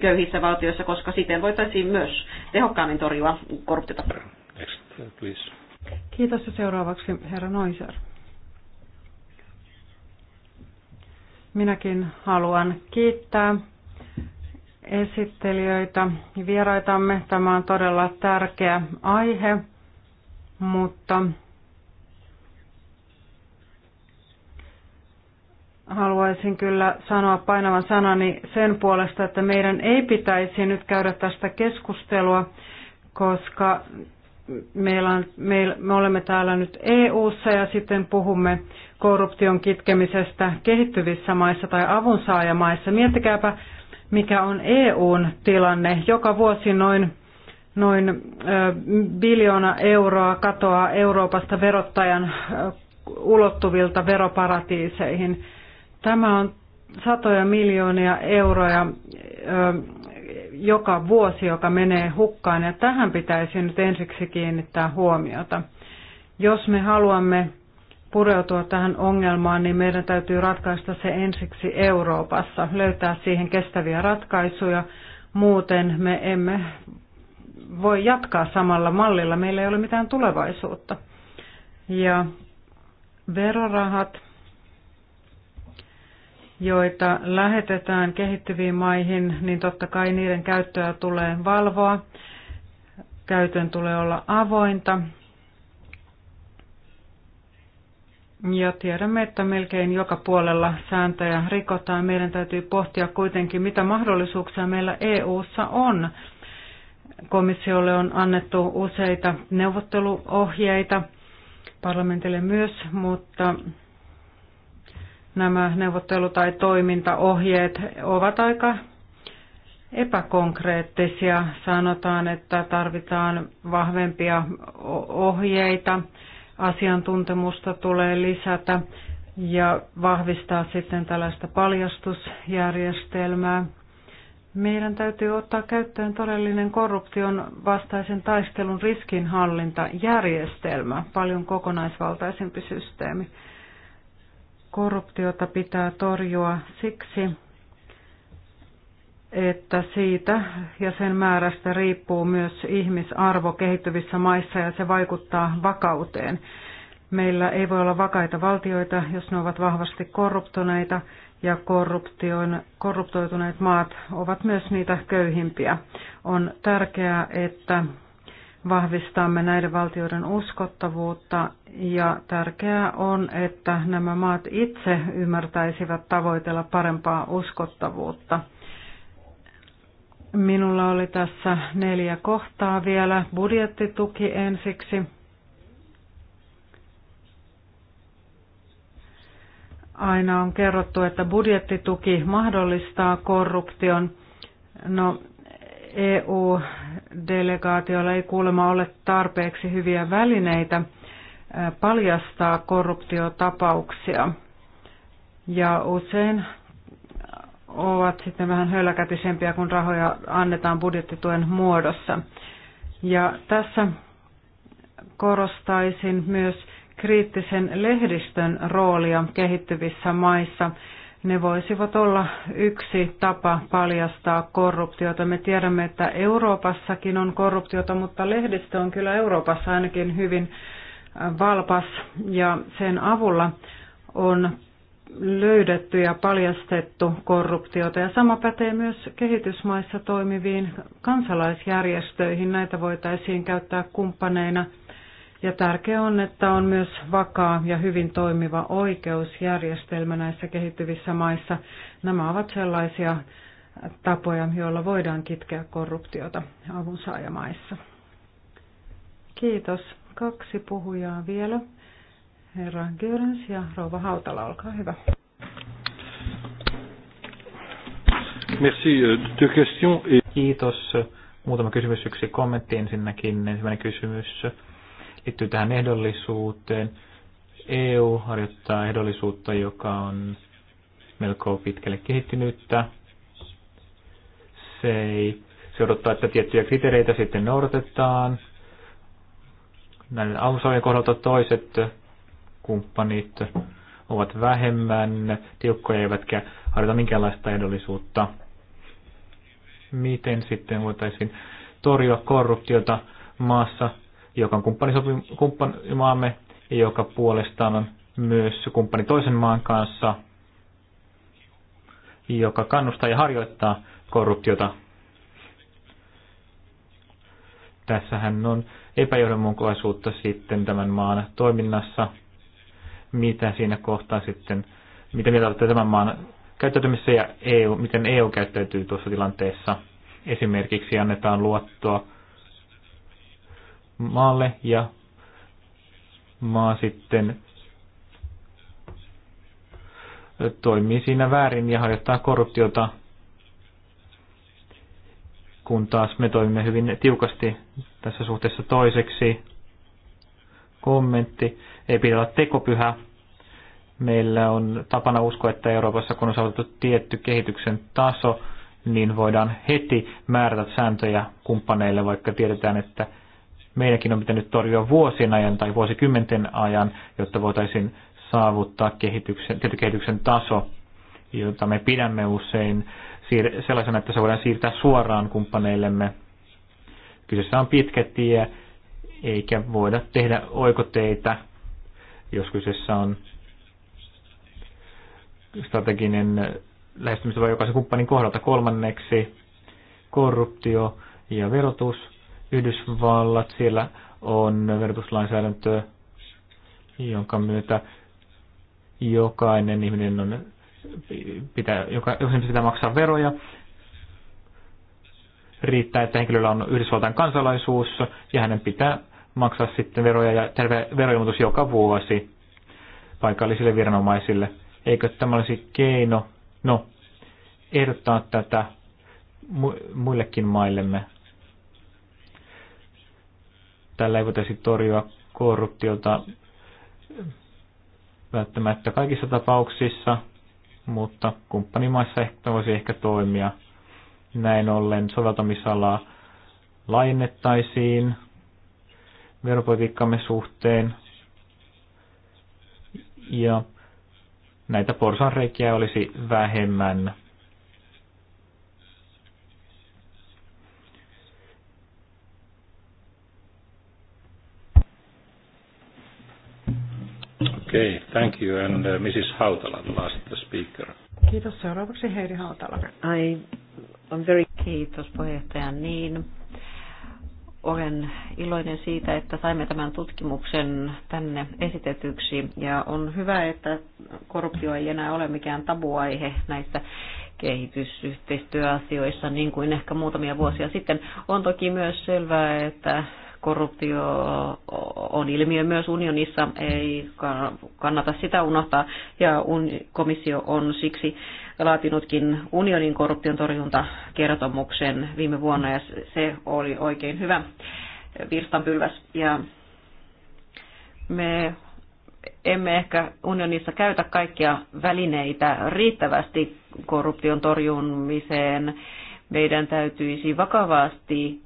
köyhissä valtioissa, koska siten voitaisiin myös tehokkaammin torjua korruptiota. Kiitos ja seuraavaksi herra Noiser. Minäkin haluan kiittää esittelijöitä ja vieraitamme. Tämä on todella tärkeä aihe, mutta haluaisin kyllä sanoa painavan sanani sen puolesta, että meidän ei pitäisi nyt käydä tästä keskustelua, koska meillä on, me, olemme täällä nyt EU-ssa ja sitten puhumme korruption kitkemisestä kehittyvissä maissa tai avunsaajamaissa. Miettikääpä, mikä on EUn tilanne. Joka vuosi noin, noin ö, biljoona euroa katoaa Euroopasta verottajan ö, ulottuvilta veroparatiiseihin. Tämä on satoja miljoonia euroja ö, joka vuosi, joka menee hukkaan, ja tähän pitäisi nyt ensiksi kiinnittää huomiota. Jos me haluamme pureutua tähän ongelmaan, niin meidän täytyy ratkaista se ensiksi Euroopassa, löytää siihen kestäviä ratkaisuja. Muuten me emme voi jatkaa samalla mallilla, meillä ei ole mitään tulevaisuutta. Ja verorahat, joita lähetetään kehittyviin maihin, niin totta kai niiden käyttöä tulee valvoa. Käytön tulee olla avointa Ja tiedämme, että melkein joka puolella sääntöjä rikotaan. Meidän täytyy pohtia kuitenkin, mitä mahdollisuuksia meillä EU:ssa on. Komissiolle on annettu useita neuvotteluohjeita, parlamentille myös, mutta nämä neuvottelu- tai toimintaohjeet ovat aika epäkonkreettisia. Sanotaan, että tarvitaan vahvempia ohjeita asiantuntemusta tulee lisätä ja vahvistaa sitten tällaista paljastusjärjestelmää. Meidän täytyy ottaa käyttöön todellinen korruption vastaisen taistelun riskinhallintajärjestelmä, paljon kokonaisvaltaisempi systeemi. Korruptiota pitää torjua siksi, että siitä ja sen määrästä riippuu myös ihmisarvo kehittyvissä maissa ja se vaikuttaa vakauteen. Meillä ei voi olla vakaita valtioita, jos ne ovat vahvasti korruptoneita ja korruptoituneet maat ovat myös niitä köyhimpiä. On tärkeää, että vahvistamme näiden valtioiden uskottavuutta ja tärkeää on, että nämä maat itse ymmärtäisivät tavoitella parempaa uskottavuutta. Minulla oli tässä neljä kohtaa vielä. Budjettituki ensiksi. Aina on kerrottu, että budjettituki mahdollistaa korruption. No, EU-delegaatiolla ei kuulemma ole tarpeeksi hyviä välineitä paljastaa korruptiotapauksia. Ja usein ovat sitten vähän hölläkätisempiä, kun rahoja annetaan budjettituen muodossa. Ja tässä korostaisin myös kriittisen lehdistön roolia kehittyvissä maissa. Ne voisivat olla yksi tapa paljastaa korruptiota. Me tiedämme, että Euroopassakin on korruptiota, mutta lehdistö on kyllä Euroopassa ainakin hyvin valpas ja sen avulla on löydetty ja paljastettu korruptiota. Ja sama pätee myös kehitysmaissa toimiviin kansalaisjärjestöihin. Näitä voitaisiin käyttää kumppaneina. Ja tärkeää on, että on myös vakaa ja hyvin toimiva oikeusjärjestelmä näissä kehittyvissä maissa. Nämä ovat sellaisia tapoja, joilla voidaan kitkeä korruptiota avunsaajamaissa. Kiitos. Kaksi puhujaa vielä. Herra Görens ja Rouva Hautala, olkaa hyvä. Merci. Euh, deux questions et... Kiitos. Muutama kysymys, yksi kommentti ensinnäkin. Ensimmäinen kysymys liittyy tähän ehdollisuuteen. EU harjoittaa ehdollisuutta, joka on melko pitkälle kehittynyttä. Se, ei, se odottaa, että tiettyjä kriteereitä sitten noudatetaan. Näiden avusajien kohdalta toiset kumppanit ovat vähemmän tiukkoja eivätkä harjoita minkäänlaista edullisuutta. Miten sitten voitaisiin torjua korruptiota maassa, joka on kumppanimaamme ja joka puolestaan on myös kumppani toisen maan kanssa, joka kannustaa ja harjoittaa korruptiota. Tässähän on epäjohdonmukaisuutta sitten tämän maan toiminnassa – mitä siinä kohtaa sitten, mitä mieltä olette tämän maan käyttäytymisessä ja EU, miten EU käyttäytyy tuossa tilanteessa. Esimerkiksi annetaan luottoa maalle ja maa sitten toimii siinä väärin ja harjoittaa korruptiota, kun taas me toimimme hyvin tiukasti tässä suhteessa toiseksi kommentti ei pidä olla tekopyhä. Meillä on tapana uskoa, että Euroopassa kun on saavutettu tietty kehityksen taso, niin voidaan heti määrätä sääntöjä kumppaneille, vaikka tiedetään, että meidänkin on pitänyt torjua vuosien ajan tai vuosikymmenten ajan, jotta voitaisiin saavuttaa kehityksen, tietty kehityksen taso, jota me pidämme usein sellaisena, että se voidaan siirtää suoraan kumppaneillemme. Kyseessä on pitkä tie, eikä voida tehdä oikoteitä jos kyseessä on strateginen lähestymistapa jokaisen kumppanin kohdalta. Kolmanneksi korruptio ja verotus. Yhdysvallat, siellä on verotuslainsäädäntö, jonka myötä jokainen ihminen on, pitää, joka, jokaisen pitää maksaa veroja. Riittää, että henkilöllä on Yhdysvaltain kansalaisuus ja hänen pitää maksaa sitten veroja ja terve, veroilmoitus joka vuosi paikallisille viranomaisille. Eikö tämä olisi keino no, ehdottaa tätä mu- muillekin maillemme? Tällä ei voitaisi torjua korruptiota välttämättä kaikissa tapauksissa, mutta kumppanimaissa ehkä voisi ehkä toimia. Näin ollen soveltamisalaa laajennettaisiin veropolitiikkamme suhteen. Ja näitä porsanreikiä olisi vähemmän. Okei, okay, thank you. And uh, Mrs. Hautala, the last speaker. Kiitos. Seuraavaksi Heidi Hautala. I, I'm very... Kiitos puheenjohtaja. Niin, olen iloinen siitä, että saimme tämän tutkimuksen tänne esitetyksi ja on hyvä, että korruptio ei enää ole mikään tabuaihe näissä kehitysyhteistyöasioissa niin kuin ehkä muutamia vuosia sitten. On toki myös selvää, että Korruptio on ilmiö myös unionissa, ei kannata sitä unohtaa, ja komissio on siksi laatinutkin unionin korruption torjuntakertomuksen viime vuonna, ja se oli oikein hyvä virstanpylväs. Ja me emme ehkä unionissa käytä kaikkia välineitä riittävästi korruption torjumiseen. Meidän täytyisi vakavasti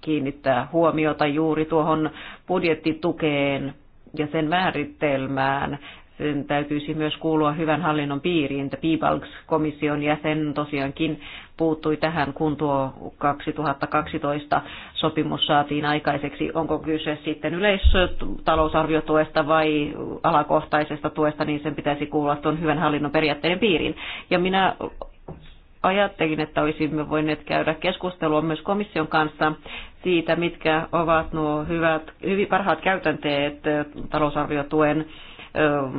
kiinnittää huomiota juuri tuohon budjettitukeen ja sen määritelmään. Sen täytyisi myös kuulua hyvän hallinnon piiriin. Peebalgs-komission jäsen tosiaankin puuttui tähän, kun tuo 2012 sopimus saatiin aikaiseksi. Onko kyse sitten yleistalousarviotuesta vai alakohtaisesta tuesta, niin sen pitäisi kuulua tuon hyvän hallinnon periaatteiden piiriin. Ja minä ajattelin, että olisimme voineet käydä keskustelua myös komission kanssa siitä, mitkä ovat nuo hyvät, hyvin parhaat käytänteet talousarviotuen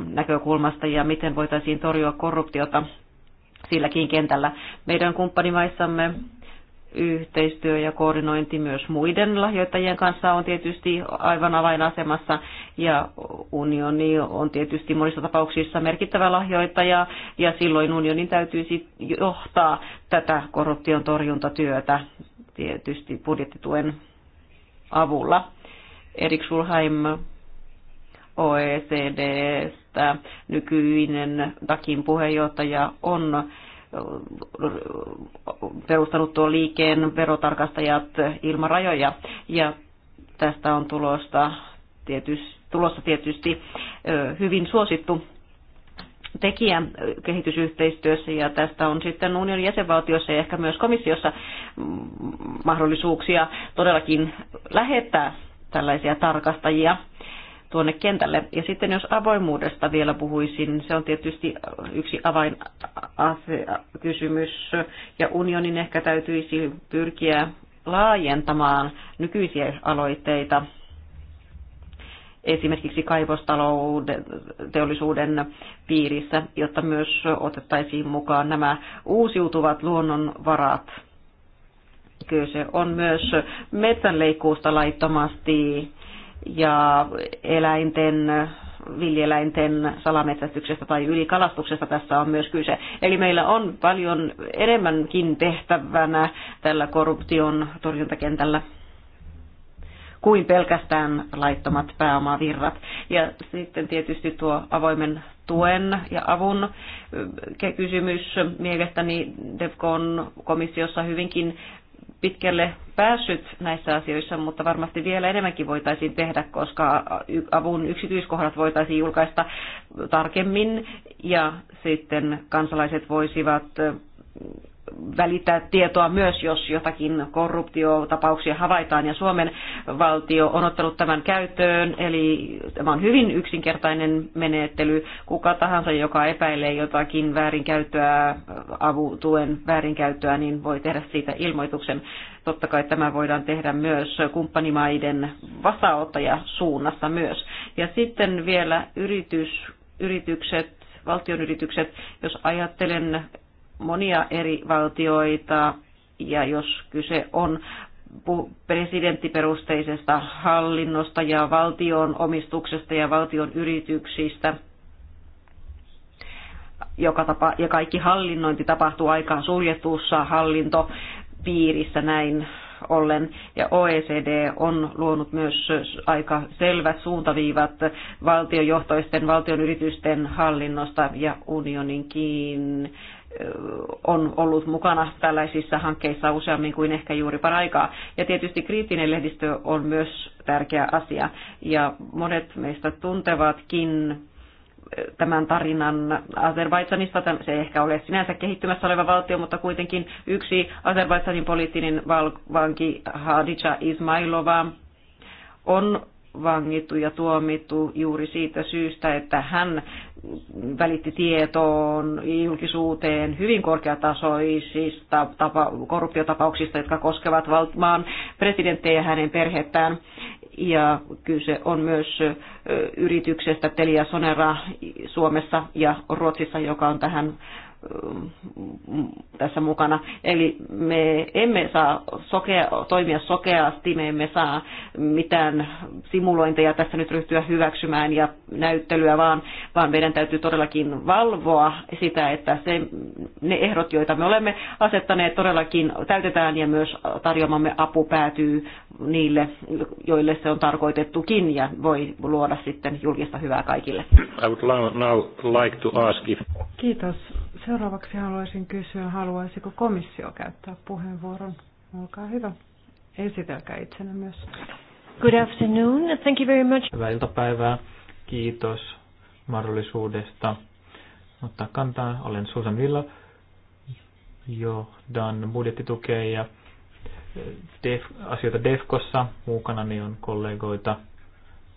näkökulmasta ja miten voitaisiin torjua korruptiota silläkin kentällä. Meidän kumppanimaissamme yhteistyö ja koordinointi myös muiden lahjoittajien kanssa on tietysti aivan avainasemassa ja unioni on tietysti monissa tapauksissa merkittävä lahjoittaja ja silloin unionin täytyisi johtaa tätä korruption torjuntatyötä tietysti budjettituen avulla. Erik Schulheim OECDstä nykyinen DAKin puheenjohtaja on perustanut tuon liikkeen verotarkastajat ilman rajoja. Ja tästä on tulosta tietysti, tulossa tietysti hyvin suosittu tekijä kehitysyhteistyössä ja tästä on sitten unionin jäsenvaltiossa ja ehkä myös komissiossa mahdollisuuksia todellakin lähettää tällaisia tarkastajia tuonne kentälle. Ja sitten jos avoimuudesta vielä puhuisin, se on tietysti yksi avainkysymys, ja unionin ehkä täytyisi pyrkiä laajentamaan nykyisiä aloitteita esimerkiksi kaivostalouden teollisuuden piirissä, jotta myös otettaisiin mukaan nämä uusiutuvat luonnonvarat. Kyllä se on myös metsänleikkuusta laittomasti ja eläinten viljeläinten salametsästyksestä tai ylikalastuksesta tässä on myös kyse. Eli meillä on paljon enemmänkin tehtävänä tällä korruption torjuntakentällä kuin pelkästään laittomat pääomavirrat. Ja sitten tietysti tuo avoimen tuen ja avun eh, kysymys mielestäni DEFCON komissiossa hyvinkin pitkälle päässyt näissä asioissa, mutta varmasti vielä enemmänkin voitaisiin tehdä, koska avun yksityiskohdat voitaisiin julkaista tarkemmin ja sitten kansalaiset voisivat välittää tietoa myös, jos jotakin korruptiotapauksia havaitaan. Ja Suomen valtio on ottanut tämän käyttöön, eli tämä on hyvin yksinkertainen menettely. Kuka tahansa, joka epäilee jotakin väärinkäyttöä, avutuen väärinkäyttöä, niin voi tehdä siitä ilmoituksen. Totta kai tämä voidaan tehdä myös kumppanimaiden suunnassa myös. Ja sitten vielä yritys, yritykset valtionyritykset, jos ajattelen monia eri valtioita, ja jos kyse on presidenttiperusteisesta hallinnosta ja valtion omistuksesta ja valtion yrityksistä, joka tapa, ja kaikki hallinnointi tapahtuu aika suljetussa hallintopiirissä näin ollen. Ja OECD on luonut myös aika selvät suuntaviivat valtiojohtoisten valtion yritysten hallinnosta ja unioninkin on ollut mukana tällaisissa hankkeissa useammin kuin ehkä juuri paraikaa. Ja tietysti kriittinen lehdistö on myös tärkeä asia. Ja monet meistä tuntevatkin eh, tämän tarinan Azerbaidsanista. Se ei ehkä ole sinänsä kehittymässä oleva valtio, mutta kuitenkin yksi Azerbaidsanin poliittinen vanki Hadija Ismailova on vangittu ja tuomittu juuri siitä syystä, että hän välitti tietoon julkisuuteen hyvin korkeatasoisista tapa, korruptiotapauksista, jotka koskevat maan presidenttejä ja hänen perhettään. Ja kyse on myös yrityksestä Telia Sonera Suomessa ja Ruotsissa, joka on tähän tässä mukana. Eli me emme saa sokea, toimia sokeasti, me emme saa mitään simulointeja tässä nyt ryhtyä hyväksymään ja näyttelyä, vaan, vaan meidän täytyy todellakin valvoa sitä, että se, ne ehdot, joita me olemme asettaneet, todellakin täytetään ja myös tarjoamamme apu päätyy niille, joille se on tarkoitettukin ja voi luoda sitten julkista hyvää kaikille. I would now like to ask if... Kiitos Seuraavaksi haluaisin kysyä, haluaisiko komissio käyttää puheenvuoron. Olkaa hyvä. Esitelkää itsenä myös. Good afternoon. Thank you very much. Hyvää iltapäivää. Kiitos mahdollisuudesta ottaa kantaa. Olen Susan Villa. Johdan budjettitukea ja eh, def, asioita DEFKossa. Mukana niin on kollegoita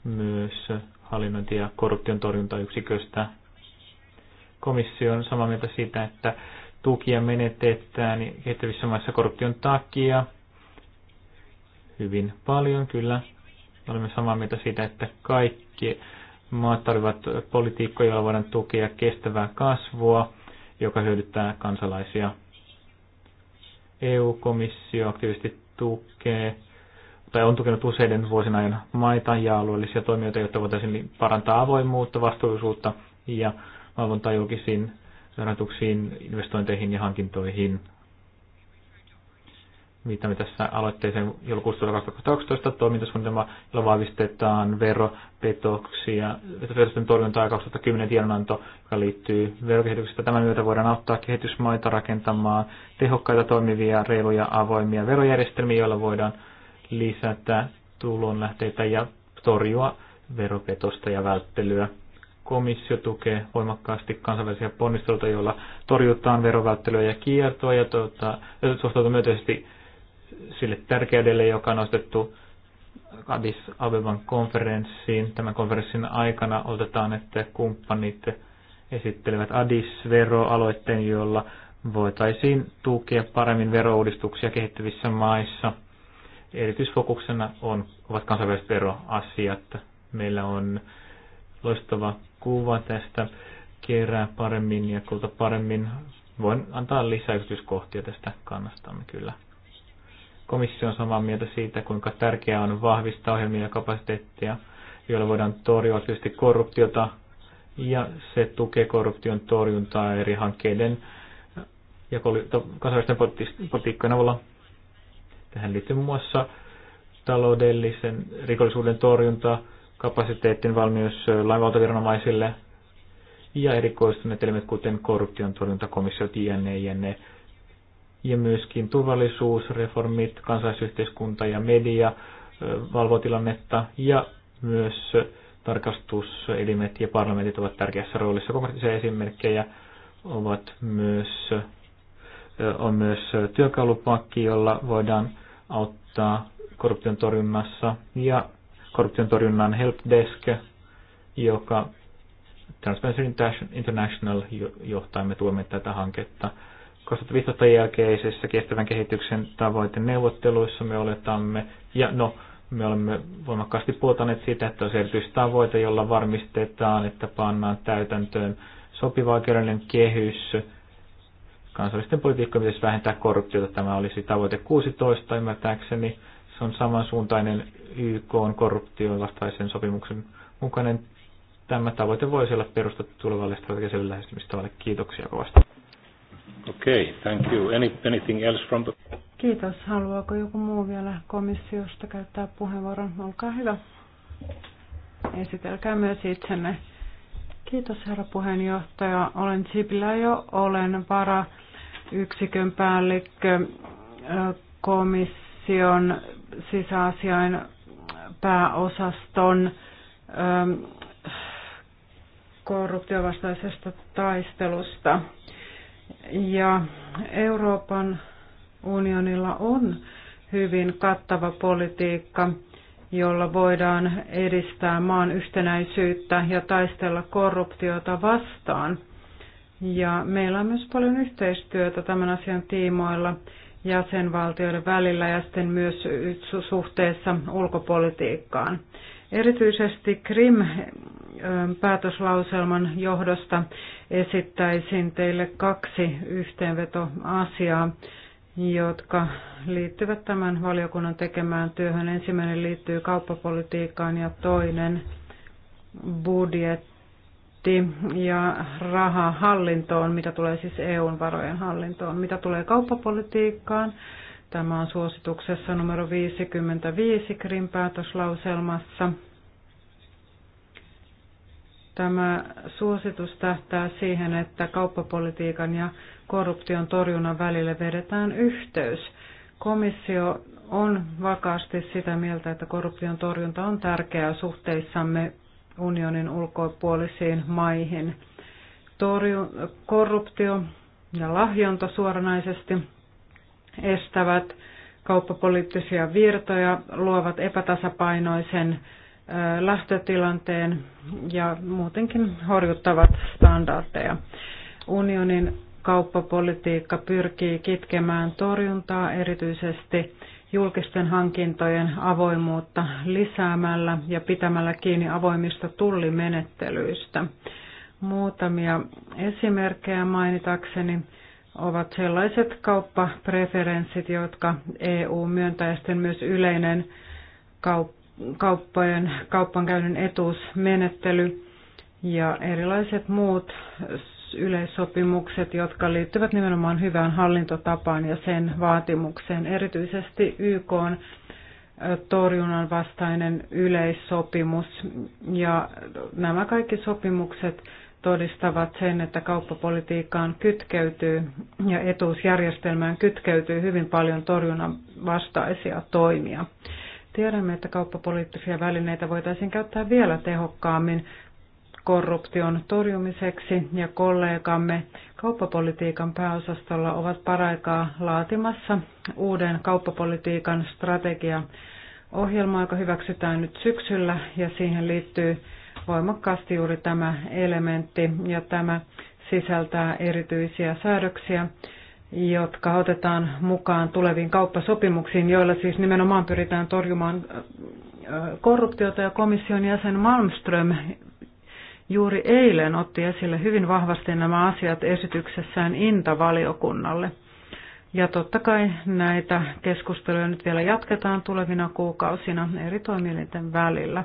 myös hallinnointi- ja korruption torjuntayksiköstä komissio on samaa mieltä siitä, että tukia menetetään kehittävissä maissa korruption takia hyvin paljon, kyllä. Olemme samaa mieltä siitä, että kaikki maat tarvitsevat politiikkoja, joilla voidaan tukea kestävää kasvua, joka hyödyttää kansalaisia. EU-komissio aktiivisesti tukee tai on tukenut useiden vuosien ajan maita ja alueellisia toimijoita, jotta voitaisiin parantaa avoimuutta, vastuullisuutta ja valvontaa julkisiin sanotuksiin, investointeihin ja hankintoihin. Viitamme tässä aloitteeseen joulukuussa 2012 toimintasuunnitelma, jolla vahvistetaan veropetoksia, verotusten torjuntaa 2010 tiedonanto, joka liittyy verokehityksestä. Tämän myötä voidaan auttaa kehitysmaita rakentamaan tehokkaita, toimivia, reiluja, avoimia verojärjestelmiä, joilla voidaan lisätä tulonlähteitä ja torjua veropetosta ja välttelyä komissio tukee voimakkaasti kansainvälisiä ponnisteluita, joilla torjutaan verovälttelyä ja kiertoa ja tuota, suhtautuu myönteisesti sille tärkeydelle, joka on nostettu Addis Abeban konferenssiin. Tämän konferenssin aikana otetaan, että kumppanit esittelevät Addis-veroaloitteen, jolla voitaisiin tukea paremmin verouudistuksia kehittyvissä maissa. Erityisfokuksena on, ovat kansainväliset veroasiat. Meillä on loistava kuva tästä kerää paremmin ja kulta paremmin. Voin antaa lisäyksityiskohtia tästä kannastamme kyllä. Komissio on samaa mieltä siitä, kuinka tärkeää on vahvistaa ohjelmia ja kapasiteettia, joilla voidaan torjua tietysti korruptiota, ja se tukee korruption torjuntaa eri hankkeiden ja kansainvälisten politiikkojen avulla. Tähän liittyy muun muassa taloudellisen rikollisuuden torjuntaa kapasiteettin valmius lainvaltaviranomaisille ja erikoistuneet elimet, kuten korruption torjuntakomissio, jne, jne. Ja myöskin turvallisuusreformit, kansalaisyhteiskunta ja media valvotilannetta ja myös tarkastuselimet ja parlamentit ovat tärkeässä roolissa. Konkreettisia esimerkkejä ovat myös, on myös työkalupakki, jolla voidaan auttaa korruption torjunnassa ja korruption torjunnan helpdesk, joka Transparency International johtaa me tuomme tätä hanketta. 2015 jälkeisessä kestävän kehityksen neuvotteluissa me oletamme, ja no, me olemme voimakkaasti puoltaneet siitä, että olisi erityistavoite, jolla varmistetaan, että pannaan täytäntöön sopiva oikeudellinen kehys kansallisten politiikkojen pitäisi vähentää korruptiota. Tämä olisi tavoite 16 ymmärtääkseni. Se on samansuuntainen YK on korruption vastaisen sopimuksen mukainen. Tämä tavoite voisi olla perustettu tulevalle strategiselle lähestymistavalle. Kiitoksia kovasti. Okei, okay, thank you. Any, anything else from the... Kiitos. Haluaako joku muu vielä komissiosta käyttää puheenvuoron? Olkaa hyvä. Esitelkää myös itsenne. Kiitos herra puheenjohtaja. Olen Sipilä jo, olen vara yksikön päällikkö komis komission sisäasiain pääosaston ähm, korruptiovastaisesta taistelusta. Ja Euroopan unionilla on hyvin kattava politiikka, jolla voidaan edistää maan yhtenäisyyttä ja taistella korruptiota vastaan. Ja meillä on myös paljon yhteistyötä tämän asian tiimoilla jäsenvaltioiden välillä ja sitten myös suhteessa ulkopolitiikkaan. Erityisesti Krim-päätöslauselman johdosta esittäisin teille kaksi yhteenvetoasiaa, jotka liittyvät tämän valiokunnan tekemään työhön. Ensimmäinen liittyy kauppapolitiikkaan ja toinen budjettiin budjetti ja raha hallintoon, mitä tulee siis EUn varojen hallintoon, mitä tulee kauppapolitiikkaan. Tämä on suosituksessa numero 55 Krim päätöslauselmassa. Tämä suositus tähtää siihen, että kauppapolitiikan ja korruption torjunnan välille vedetään yhteys. Komissio on vakaasti sitä mieltä, että korruption torjunta on tärkeää suhteissamme unionin ulkopuolisiin maihin. Torju, korruptio ja lahjonta suoranaisesti estävät kauppapoliittisia virtoja, luovat epätasapainoisen lähtötilanteen ja muutenkin horjuttavat standardeja. Unionin kauppapolitiikka pyrkii kitkemään torjuntaa erityisesti julkisten hankintojen avoimuutta lisäämällä ja pitämällä kiinni avoimista tullimenettelyistä. Muutamia esimerkkejä mainitakseni ovat sellaiset kauppapreferenssit, jotka EU myöntää ja sitten myös yleinen kauppojen, kauppankäynnin etuusmenettely ja erilaiset muut yleissopimukset, jotka liittyvät nimenomaan hyvään hallintotapaan ja sen vaatimukseen. Erityisesti YK on torjunnan vastainen yleissopimus ja nämä kaikki sopimukset todistavat sen, että kauppapolitiikkaan kytkeytyy ja etuusjärjestelmään kytkeytyy hyvin paljon torjunnan vastaisia toimia. Tiedämme, että kauppapoliittisia välineitä voitaisiin käyttää vielä tehokkaammin korruption torjumiseksi ja kollegamme kauppapolitiikan pääosastolla ovat paraikaa laatimassa uuden kauppapolitiikan strategia ohjelma, joka hyväksytään nyt syksyllä ja siihen liittyy voimakkaasti juuri tämä elementti ja tämä sisältää erityisiä säädöksiä, jotka otetaan mukaan tuleviin kauppasopimuksiin, joilla siis nimenomaan pyritään torjumaan korruptiota ja komission jäsen Malmström juuri eilen otti esille hyvin vahvasti nämä asiat esityksessään Inta-valiokunnalle. Ja totta kai näitä keskusteluja nyt vielä jatketaan tulevina kuukausina eri toimielinten välillä.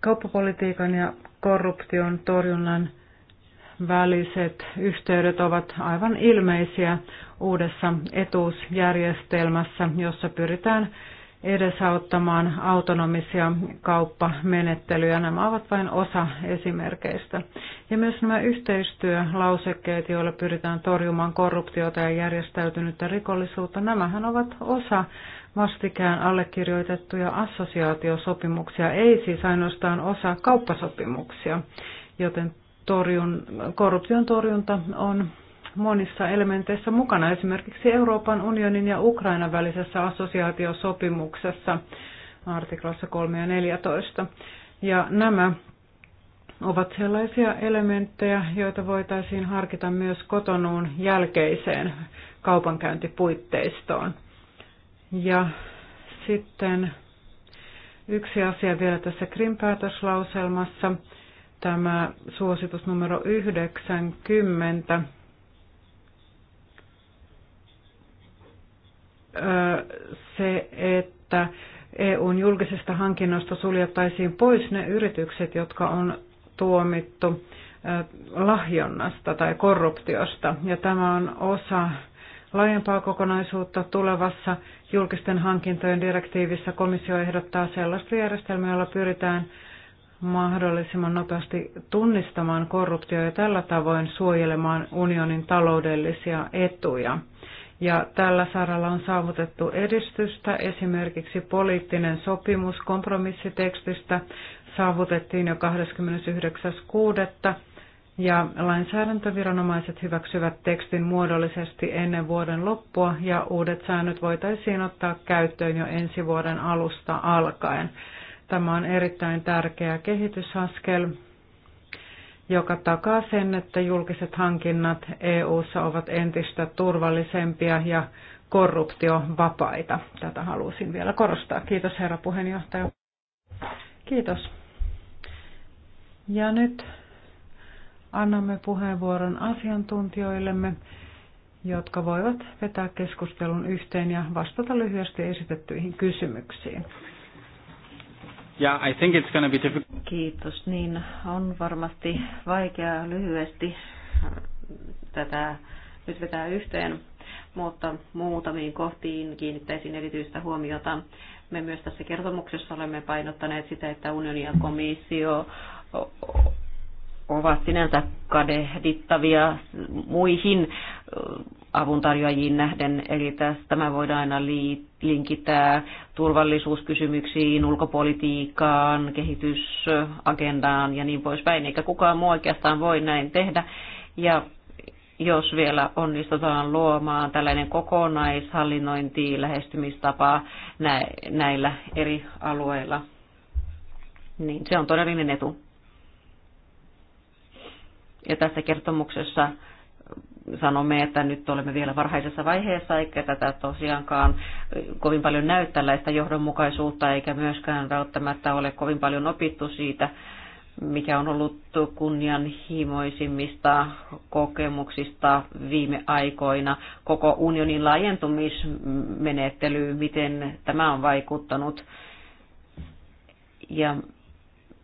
Kauppapolitiikan ja korruption torjunnan väliset yhteydet ovat aivan ilmeisiä uudessa etuusjärjestelmässä, jossa pyritään edesauttamaan autonomisia kauppamenettelyjä. Nämä ovat vain osa esimerkkeistä. Ja myös nämä yhteistyölausekkeet, joilla pyritään torjumaan korruptiota ja järjestäytynyttä rikollisuutta, nämähän ovat osa vastikään allekirjoitettuja assosiaatiosopimuksia, ei siis ainoastaan osa kauppasopimuksia, joten torjun, korruption torjunta on monissa elementeissä mukana, esimerkiksi Euroopan unionin ja Ukrainan välisessä assosiaatiosopimuksessa artiklassa 3 ja 14. Ja nämä ovat sellaisia elementtejä, joita voitaisiin harkita myös kotonuun jälkeiseen kaupankäyntipuitteistoon. Ja sitten yksi asia vielä tässä Krim-päätöslauselmassa, tämä suositus numero 90 se, että EUn julkisesta hankinnosta suljettaisiin pois ne yritykset, jotka on tuomittu lahjonnasta tai korruptiosta. Ja tämä on osa laajempaa kokonaisuutta tulevassa julkisten hankintojen direktiivissä. Komissio ehdottaa sellaista järjestelmää, jolla pyritään mahdollisimman nopeasti tunnistamaan korruptio ja tällä tavoin suojelemaan unionin taloudellisia etuja. Ja tällä saralla on saavutettu edistystä, esimerkiksi poliittinen sopimus kompromissitekstistä saavutettiin jo 29.6. ja lainsäädäntöviranomaiset hyväksyvät tekstin muodollisesti ennen vuoden loppua ja uudet säännöt voitaisiin ottaa käyttöön jo ensi vuoden alusta alkaen. Tämä on erittäin tärkeä kehitysaskel joka takaa sen, että julkiset hankinnat EU:ssa ovat entistä turvallisempia ja korruptiovapaita. Tätä halusin vielä korostaa. Kiitos herra puheenjohtaja. Kiitos. Ja nyt annamme puheenvuoron asiantuntijoillemme, jotka voivat vetää keskustelun yhteen ja vastata lyhyesti esitettyihin kysymyksiin. Yeah, I think it's gonna be difficult. Kiitos. Niin on varmasti vaikea lyhyesti äh, tätä nyt vetää yhteen, mutta muutamiin kohtiin kiinnittäisin erityistä huomiota. Me myös tässä kertomuksessa olemme painottaneet sitä, että unionia ja komissio ovat sinänsä kadehdittavia muihin avuntarjoajiin nähden, eli tämä voidaan aina linkittää turvallisuuskysymyksiin, ulkopolitiikkaan, kehitysagendaan ja niin poispäin, eikä kukaan muu oikeastaan voi näin tehdä. Ja jos vielä onnistutaan luomaan tällainen kokonaishallinnointi lähestymistapa näillä eri alueilla, niin se on todellinen etu. Ja tässä kertomuksessa sanomme, että nyt olemme vielä varhaisessa vaiheessa, eikä tätä tosiaankaan kovin paljon näy tällaista johdonmukaisuutta, eikä myöskään välttämättä ole kovin paljon opittu siitä, mikä on ollut kunnianhimoisimmista kokemuksista viime aikoina. Koko unionin laajentumismenettely, miten tämä on vaikuttanut ja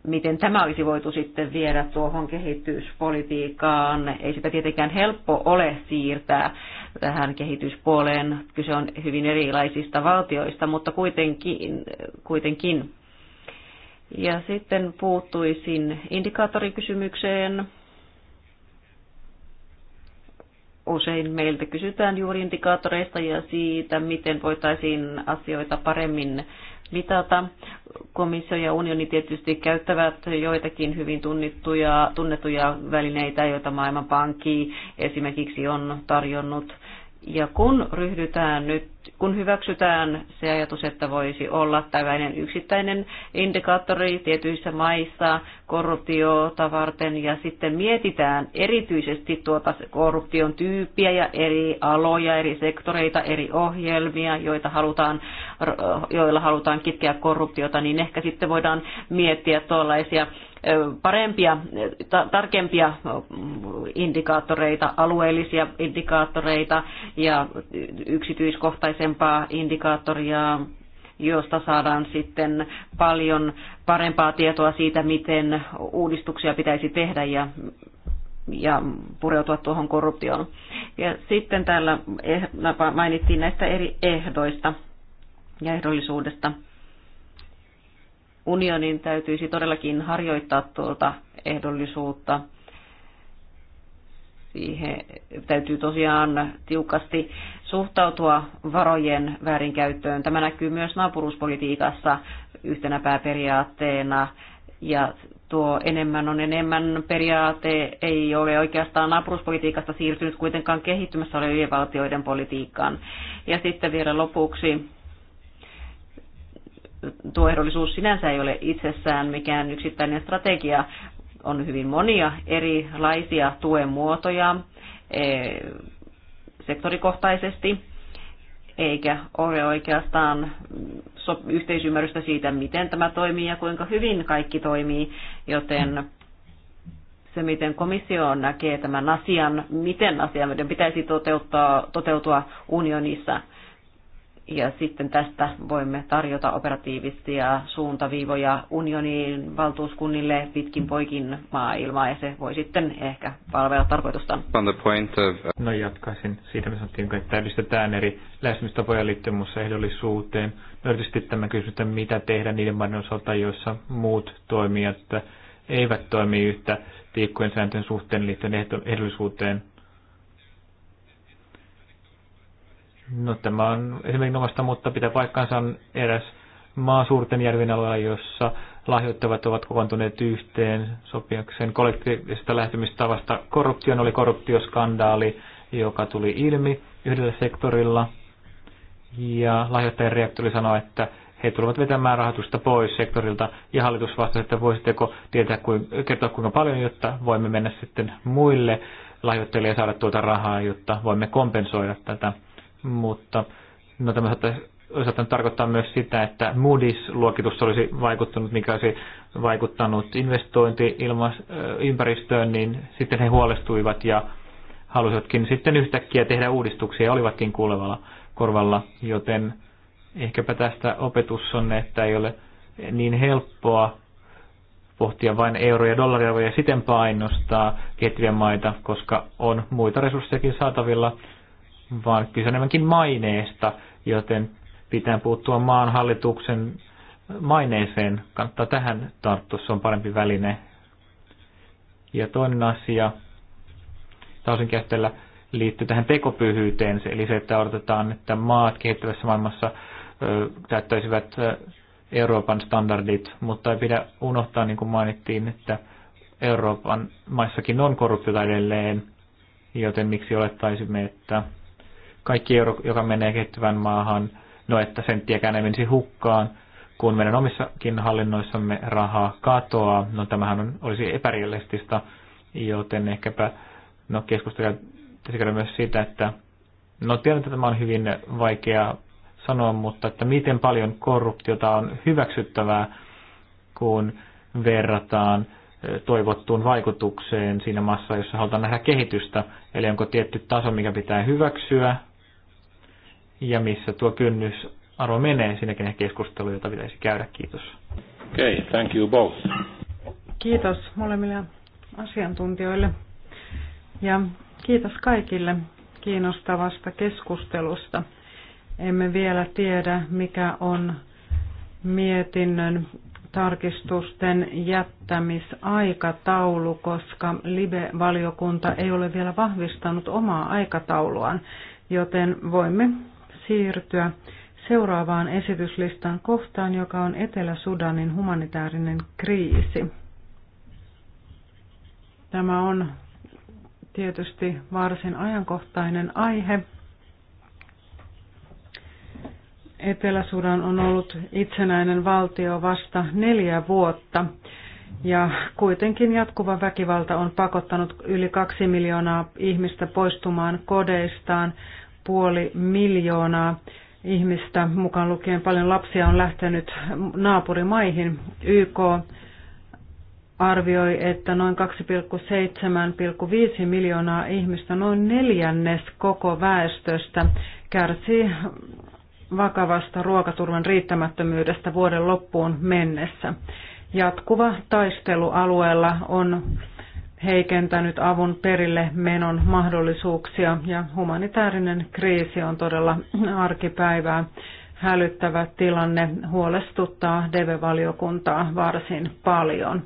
miten tämä olisi voitu sitten viedä tuohon kehityspolitiikkaan. Ei sitä tietenkään helppo ole siirtää tähän kehityspuoleen. Kyse on hyvin erilaisista valtioista, mutta kuitenkin. kuitenkin. Ja sitten puuttuisin indikaattorikysymykseen. Usein meiltä kysytään juuri indikaattoreista ja siitä, miten voitaisiin asioita paremmin mitata. Komissio ja unioni tietysti käyttävät joitakin hyvin tunnettuja välineitä, joita Maailmanpankki esimerkiksi on tarjonnut ja kun ryhdytään nyt, kun hyväksytään se ajatus, että voisi olla tällainen yksittäinen indikaattori tietyissä maissa korruptiota varten ja sitten mietitään erityisesti tuota korruption tyyppiä ja eri aloja, eri sektoreita, eri ohjelmia, joita halutaan, joilla halutaan kitkeä korruptiota, niin ehkä sitten voidaan miettiä tuollaisia parempia, tarkempia indikaattoreita, alueellisia indikaattoreita ja yksityiskohtaisempaa indikaattoria, josta saadaan sitten paljon parempaa tietoa siitä, miten uudistuksia pitäisi tehdä ja ja pureutua tuohon korruptioon. Ja sitten täällä eh-, mainittiin näistä eri ehdoista ja ehdollisuudesta unionin täytyisi todellakin harjoittaa tuota ehdollisuutta. Siihen täytyy tosiaan tiukasti suhtautua varojen väärinkäyttöön. Tämä näkyy myös naapuruuspolitiikassa yhtenä pääperiaatteena. Ja tuo enemmän on enemmän periaate ei ole oikeastaan naapuruspolitiikasta siirtynyt kuitenkaan kehittymässä olevien valtioiden politiikkaan. Ja sitten vielä lopuksi tuo ehdollisuus sinänsä ei ole itsessään mikään yksittäinen strategia. On hyvin monia erilaisia tuen muotoja e, sektorikohtaisesti, eikä ole oikeastaan yhteisymmärrystä siitä, miten tämä toimii ja kuinka hyvin kaikki toimii, joten se, miten komissio näkee tämän asian, miten asia meidän pitäisi toteuttaa, toteutua unionissa – ja sitten tästä voimme tarjota operatiivisia suuntaviivoja unionin valtuuskunnille pitkin poikin maailmaa, ja se voi sitten ehkä palvella point Of... Uh, no jatkaisin. Siitä me sanottiin, että täydistetään eri lähestymistapoja liittyen muussa ehdollisuuteen. Erityisesti tämä kysymys, mitä tehdä niiden maiden osalta, joissa muut toimijat eivät toimi yhtä tiikkojen sääntöjen suhteen liittyen ehdollisuuteen No tämä on omasta, mutta pitää paikkansa on eräs maa suurten järvin alueella, jossa lahjoittavat ovat kokoontuneet yhteen sopiakseen kollektiivisesta lähtemistavasta. Korruption oli korruptioskandaali, joka tuli ilmi yhdellä sektorilla. Ja lahjoittajien reaktori sanoi, että he tulevat vetämään rahoitusta pois sektorilta ja hallitus vastasi, että voisitteko tietää, kertoa kuinka paljon, jotta voimme mennä sitten muille lahjoittajille ja saada tuota rahaa, jotta voimme kompensoida tätä mutta no tämä saattaa tarkoittaa myös sitä, että Moody's-luokitus olisi vaikuttanut, mikä olisi vaikuttanut investointi ympäristöön, niin sitten he huolestuivat ja halusivatkin sitten yhtäkkiä tehdä uudistuksia ja olivatkin kuulevalla korvalla, joten ehkäpä tästä opetus on, että ei ole niin helppoa pohtia vain euroja ja dollaria ja siten painostaa kehittyviä maita, koska on muita resurssejakin saatavilla, vaan kyse enemmänkin maineesta, joten pitää puuttua maan hallituksen maineeseen. Kannattaa tähän tarttua, se on parempi väline. Ja toinen asia, tausin käsitellä, liittyy tähän tekopyhyyteen, eli se, että odotetaan, että maat kehittyvässä maailmassa ö, täyttäisivät ö, Euroopan standardit, mutta ei pidä unohtaa, niin kuin mainittiin, että Euroopan maissakin on korruptiota edelleen, joten miksi olettaisimme, että kaikki euro, joka menee kehittyvän maahan, no että senttiäkään ei menisi hukkaan, kun meidän omissakin hallinnoissamme rahaa katoaa. No tämähän on, olisi epärealistista, joten ehkäpä no, keskustelua myös siitä, että no tiedän, että tämä on hyvin vaikea sanoa, mutta että miten paljon korruptiota on hyväksyttävää, kun verrataan toivottuun vaikutukseen siinä maassa, jossa halutaan nähdä kehitystä. Eli onko tietty taso, mikä pitää hyväksyä, ja missä tuo kynnysarvo menee. sinnekin, ehkä keskustelu, jota pitäisi käydä. Kiitos. Okay, thank you both. Kiitos molemmille asiantuntijoille ja kiitos kaikille kiinnostavasta keskustelusta. Emme vielä tiedä, mikä on mietinnön tarkistusten jättämisaikataulu, koska Libe-valiokunta ei ole vielä vahvistanut omaa aikatauluaan, joten voimme siirtyä seuraavaan esityslistan kohtaan, joka on Etelä-Sudanin humanitaarinen kriisi. Tämä on tietysti varsin ajankohtainen aihe. Etelä-Sudan on ollut itsenäinen valtio vasta neljä vuotta ja kuitenkin jatkuva väkivalta on pakottanut yli kaksi miljoonaa ihmistä poistumaan kodeistaan, puoli miljoonaa ihmistä, mukaan lukien paljon lapsia, on lähtenyt naapurimaihin. YK arvioi, että noin 2,7,5 miljoonaa ihmistä, noin neljännes koko väestöstä, kärsii vakavasta ruokaturvan riittämättömyydestä vuoden loppuun mennessä. Jatkuva taistelu alueella on heikentänyt avun perille menon mahdollisuuksia ja humanitaarinen kriisi on todella arkipäivää. Hälyttävä tilanne huolestuttaa DEVE-valiokuntaa varsin paljon.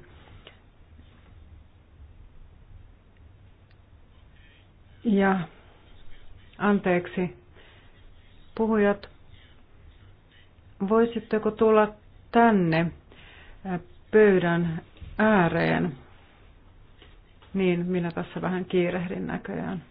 Ja anteeksi, puhujat, voisitteko tulla tänne pöydän ääreen? niin minä tässä vähän kiirehdin näköjään.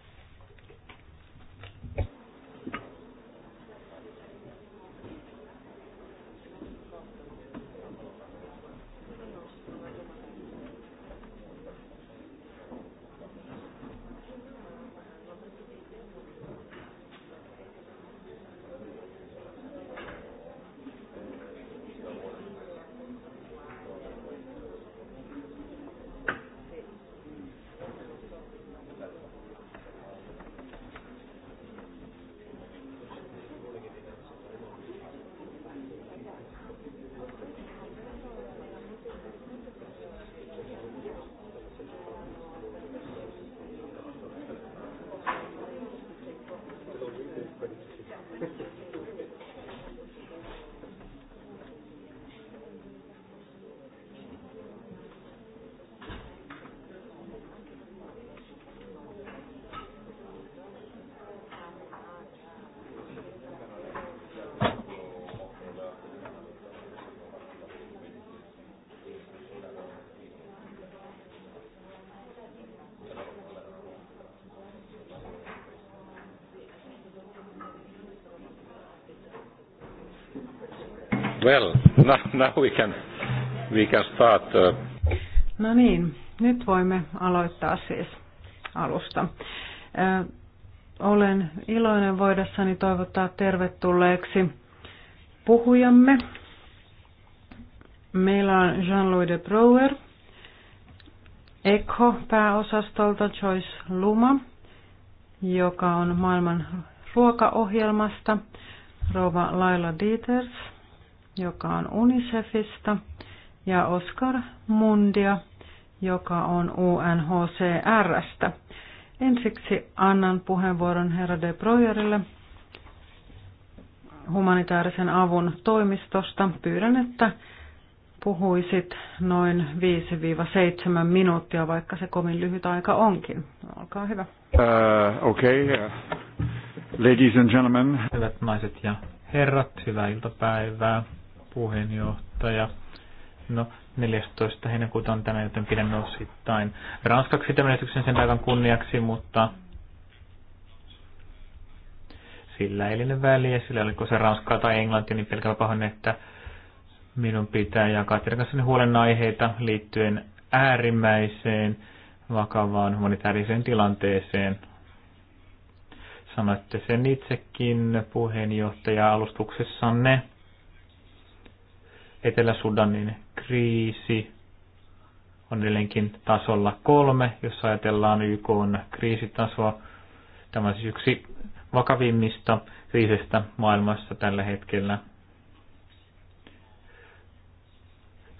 Well, now we can, we can start. Uh. No niin, nyt voimme aloittaa siis alusta. Olen iloinen voidessani toivottaa tervetulleeksi puhujamme. Meillä on Jean-Louis de Brouwer, ECHO-pääosastolta Joyce Luma, joka on maailman ruokaohjelmasta, Rova Laila Dieters – joka on UNICEFista, ja Oskar Mundia, joka on UNHCRstä. Ensiksi annan puheenvuoron herra de Broyerille humanitaarisen avun toimistosta. Pyydän, että puhuisit noin 5-7 minuuttia, vaikka se kovin lyhyt aika onkin. Olkaa hyvä. Uh, Okei. Okay. Ladies and gentlemen. Hyvät naiset ja herrat, hyvää iltapäivää puheenjohtaja. No, 14. heinäkuuta on tänään, joten pidän osittain ranskaksi tämän esityksen sen päivän kunniaksi, mutta sillä ei ole väliä, sillä oliko se ranskaa tai englantia, niin pelkällä pahoin, että minun pitää jakaa teidän kanssa huolenaiheita liittyen äärimmäiseen vakavaan humanitaariseen tilanteeseen. Sanoitte sen itsekin puheenjohtaja alustuksessanne. Etelä-Sudanin kriisi on edelleenkin tasolla kolme, jos ajatellaan YK on kriisitasoa. Tämä on siis yksi vakavimmista kriisistä maailmassa tällä hetkellä.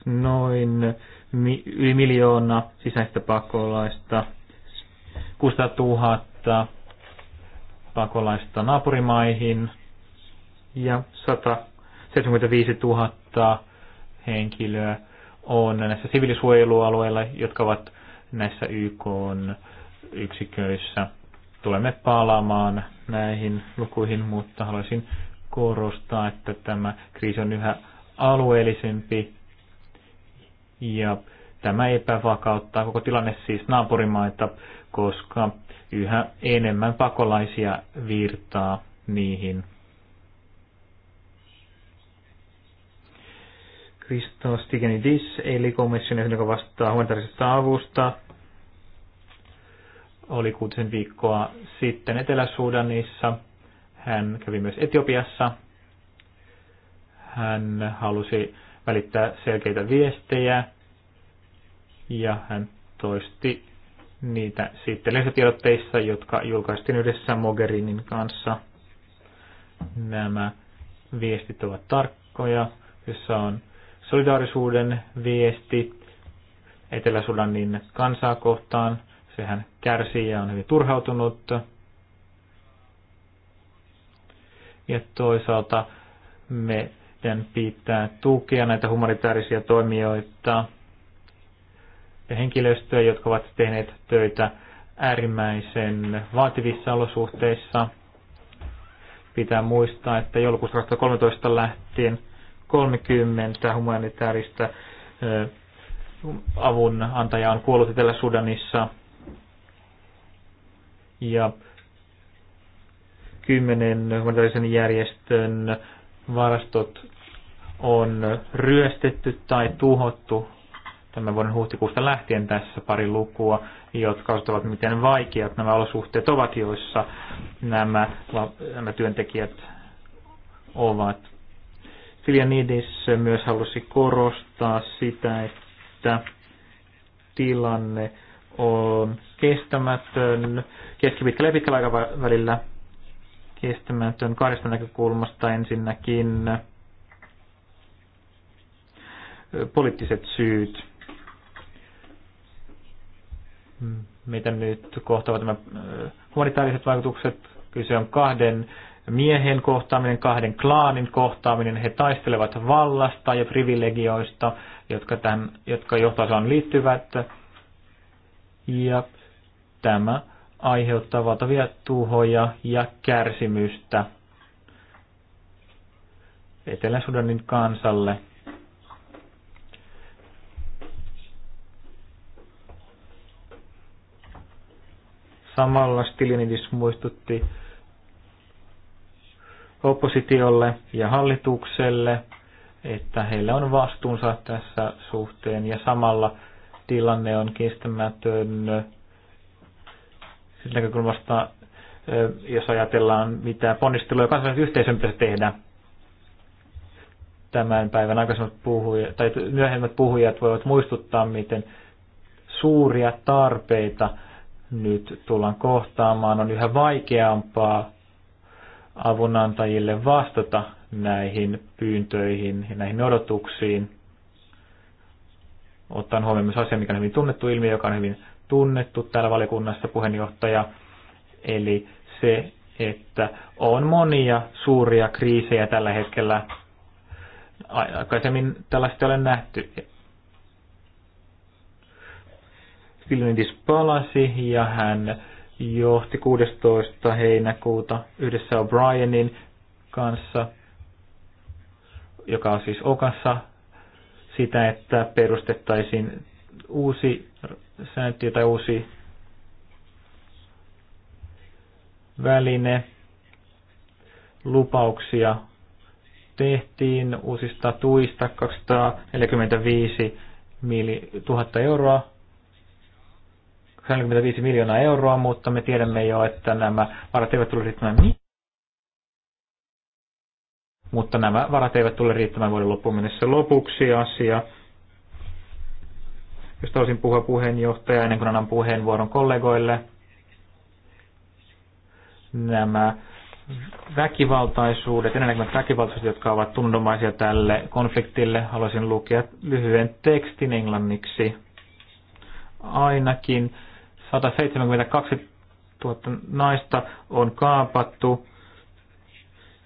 Noin yli miljoona sisäistä pakolaista, 600 000 pakolaista naapurimaihin ja 175 000 henkilöä on näissä sivilisuojelualueilla, jotka ovat näissä YK yksiköissä. Tulemme palaamaan näihin lukuihin, mutta haluaisin korostaa, että tämä kriisi on yhä alueellisempi ja tämä epävakauttaa koko tilanne siis naapurimaita, koska yhä enemmän pakolaisia virtaa niihin. Christos Tigenidis, eli komission jäsen, joka vastaa humanitaarisesta avusta, oli kuutisen viikkoa sitten Etelä-Sudanissa. Hän kävi myös Etiopiassa. Hän halusi välittää selkeitä viestejä ja hän toisti niitä sitten lehdistötiedotteissa, jotka julkaistiin yhdessä Mogherinin kanssa. Nämä viestit ovat tarkkoja, jossa on solidaarisuuden viesti Etelä-Sudanin kansaa kohtaan. Sehän kärsii ja on hyvin turhautunut. Ja toisaalta meidän pitää tukea näitä humanitaarisia toimijoita ja henkilöstöä, jotka ovat tehneet töitä äärimmäisen vaativissa olosuhteissa. Pitää muistaa, että joulukuussa 2013 lähtien 30 humanitaarista antaja on kuollut Etelä-Sudanissa ja kymmenen humanitaarisen järjestön varastot on ryöstetty tai tuhottu tämän vuoden huhtikuusta lähtien tässä pari lukua, jotka osoittavat, miten vaikeat nämä olosuhteet ovat, joissa nämä, nämä työntekijät ovat. Filianidis myös halusi korostaa sitä, että tilanne on kestämätön keskipitkällä ja pitkällä aikavälillä kestämätön kahdesta näkökulmasta ensinnäkin poliittiset syyt, mitä nyt kohtavat nämä humanitaariset vaikutukset. Kyse on kahden miehen kohtaaminen, kahden klaanin kohtaaminen, he taistelevat vallasta ja privilegioista, jotka, tämän, jotka johtoasaan liittyvät. Ja tämä aiheuttaa valtavia tuhoja ja kärsimystä Etelä-Sudanin kansalle. Samalla Stilinidis muistutti oppositiolle ja hallitukselle, että heillä on vastuunsa tässä suhteen ja samalla tilanne on kestämätön sillä näkökulmasta, jos ajatellaan mitä ponnisteluja kansainvälisen yhteisön pitäisi tehdä. Tämän päivän aikaisemmat puhujat, tai myöhemmät puhujat voivat muistuttaa, miten suuria tarpeita nyt tullaan kohtaamaan. On yhä vaikeampaa avunantajille vastata näihin pyyntöihin ja näihin odotuksiin. Ottaen huomioon myös asia, mikä on hyvin tunnettu ilmiö, joka on hyvin tunnettu täällä valiokunnassa puheenjohtaja, eli se, että on monia suuria kriisejä tällä hetkellä. Aikaisemmin tällaista olen nähty. Filmidis palasi ja hän johti 16. heinäkuuta yhdessä O'Brienin kanssa, joka on siis Okassa, sitä, että perustettaisiin uusi säätiö tai uusi väline. Lupauksia tehtiin uusista tuista 245 000 euroa 45 miljoonaa euroa, mutta me tiedämme jo, että nämä varat eivät tule riittämään mutta nämä varat eivät tule riittämään vuoden loppuun mennessä lopuksi asia, josta olisin puhua puheenjohtaja ennen kuin annan puheenvuoron kollegoille. Nämä väkivaltaisuudet, ennenkin väkivaltaisuudet, jotka ovat tunnomaisia tälle konfliktille, haluaisin lukea lyhyen tekstin englanniksi ainakin 172 000 naista on kaapattu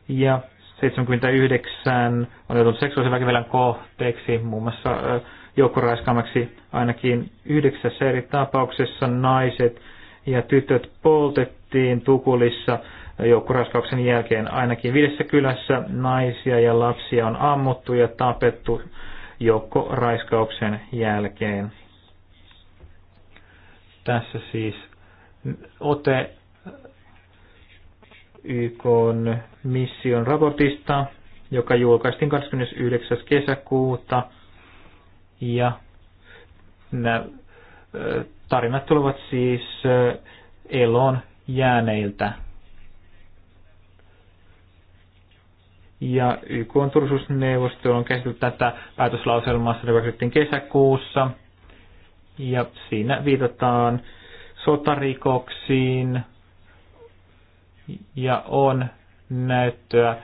ja 79 on joutunut seksuaalisen väkivallan kohteeksi, muun muassa joukkoraiskaamaksi ainakin yhdeksässä eri tapauksessa naiset ja tytöt poltettiin Tukulissa joukkoraiskauksen jälkeen ainakin viidessä kylässä naisia ja lapsia on ammuttu ja tapettu joukkoraiskauksen jälkeen. Tässä siis ote YK mission raportista, joka julkaistiin 29. kesäkuuta. Ja nämä tarinat tulevat siis Elon jääneiltä. Ja YK on turvallisuusneuvosto on käsitellyt tätä päätöslauselmassa, joka kesäkuussa – ja siinä viitataan sotarikoksiin ja on näyttöä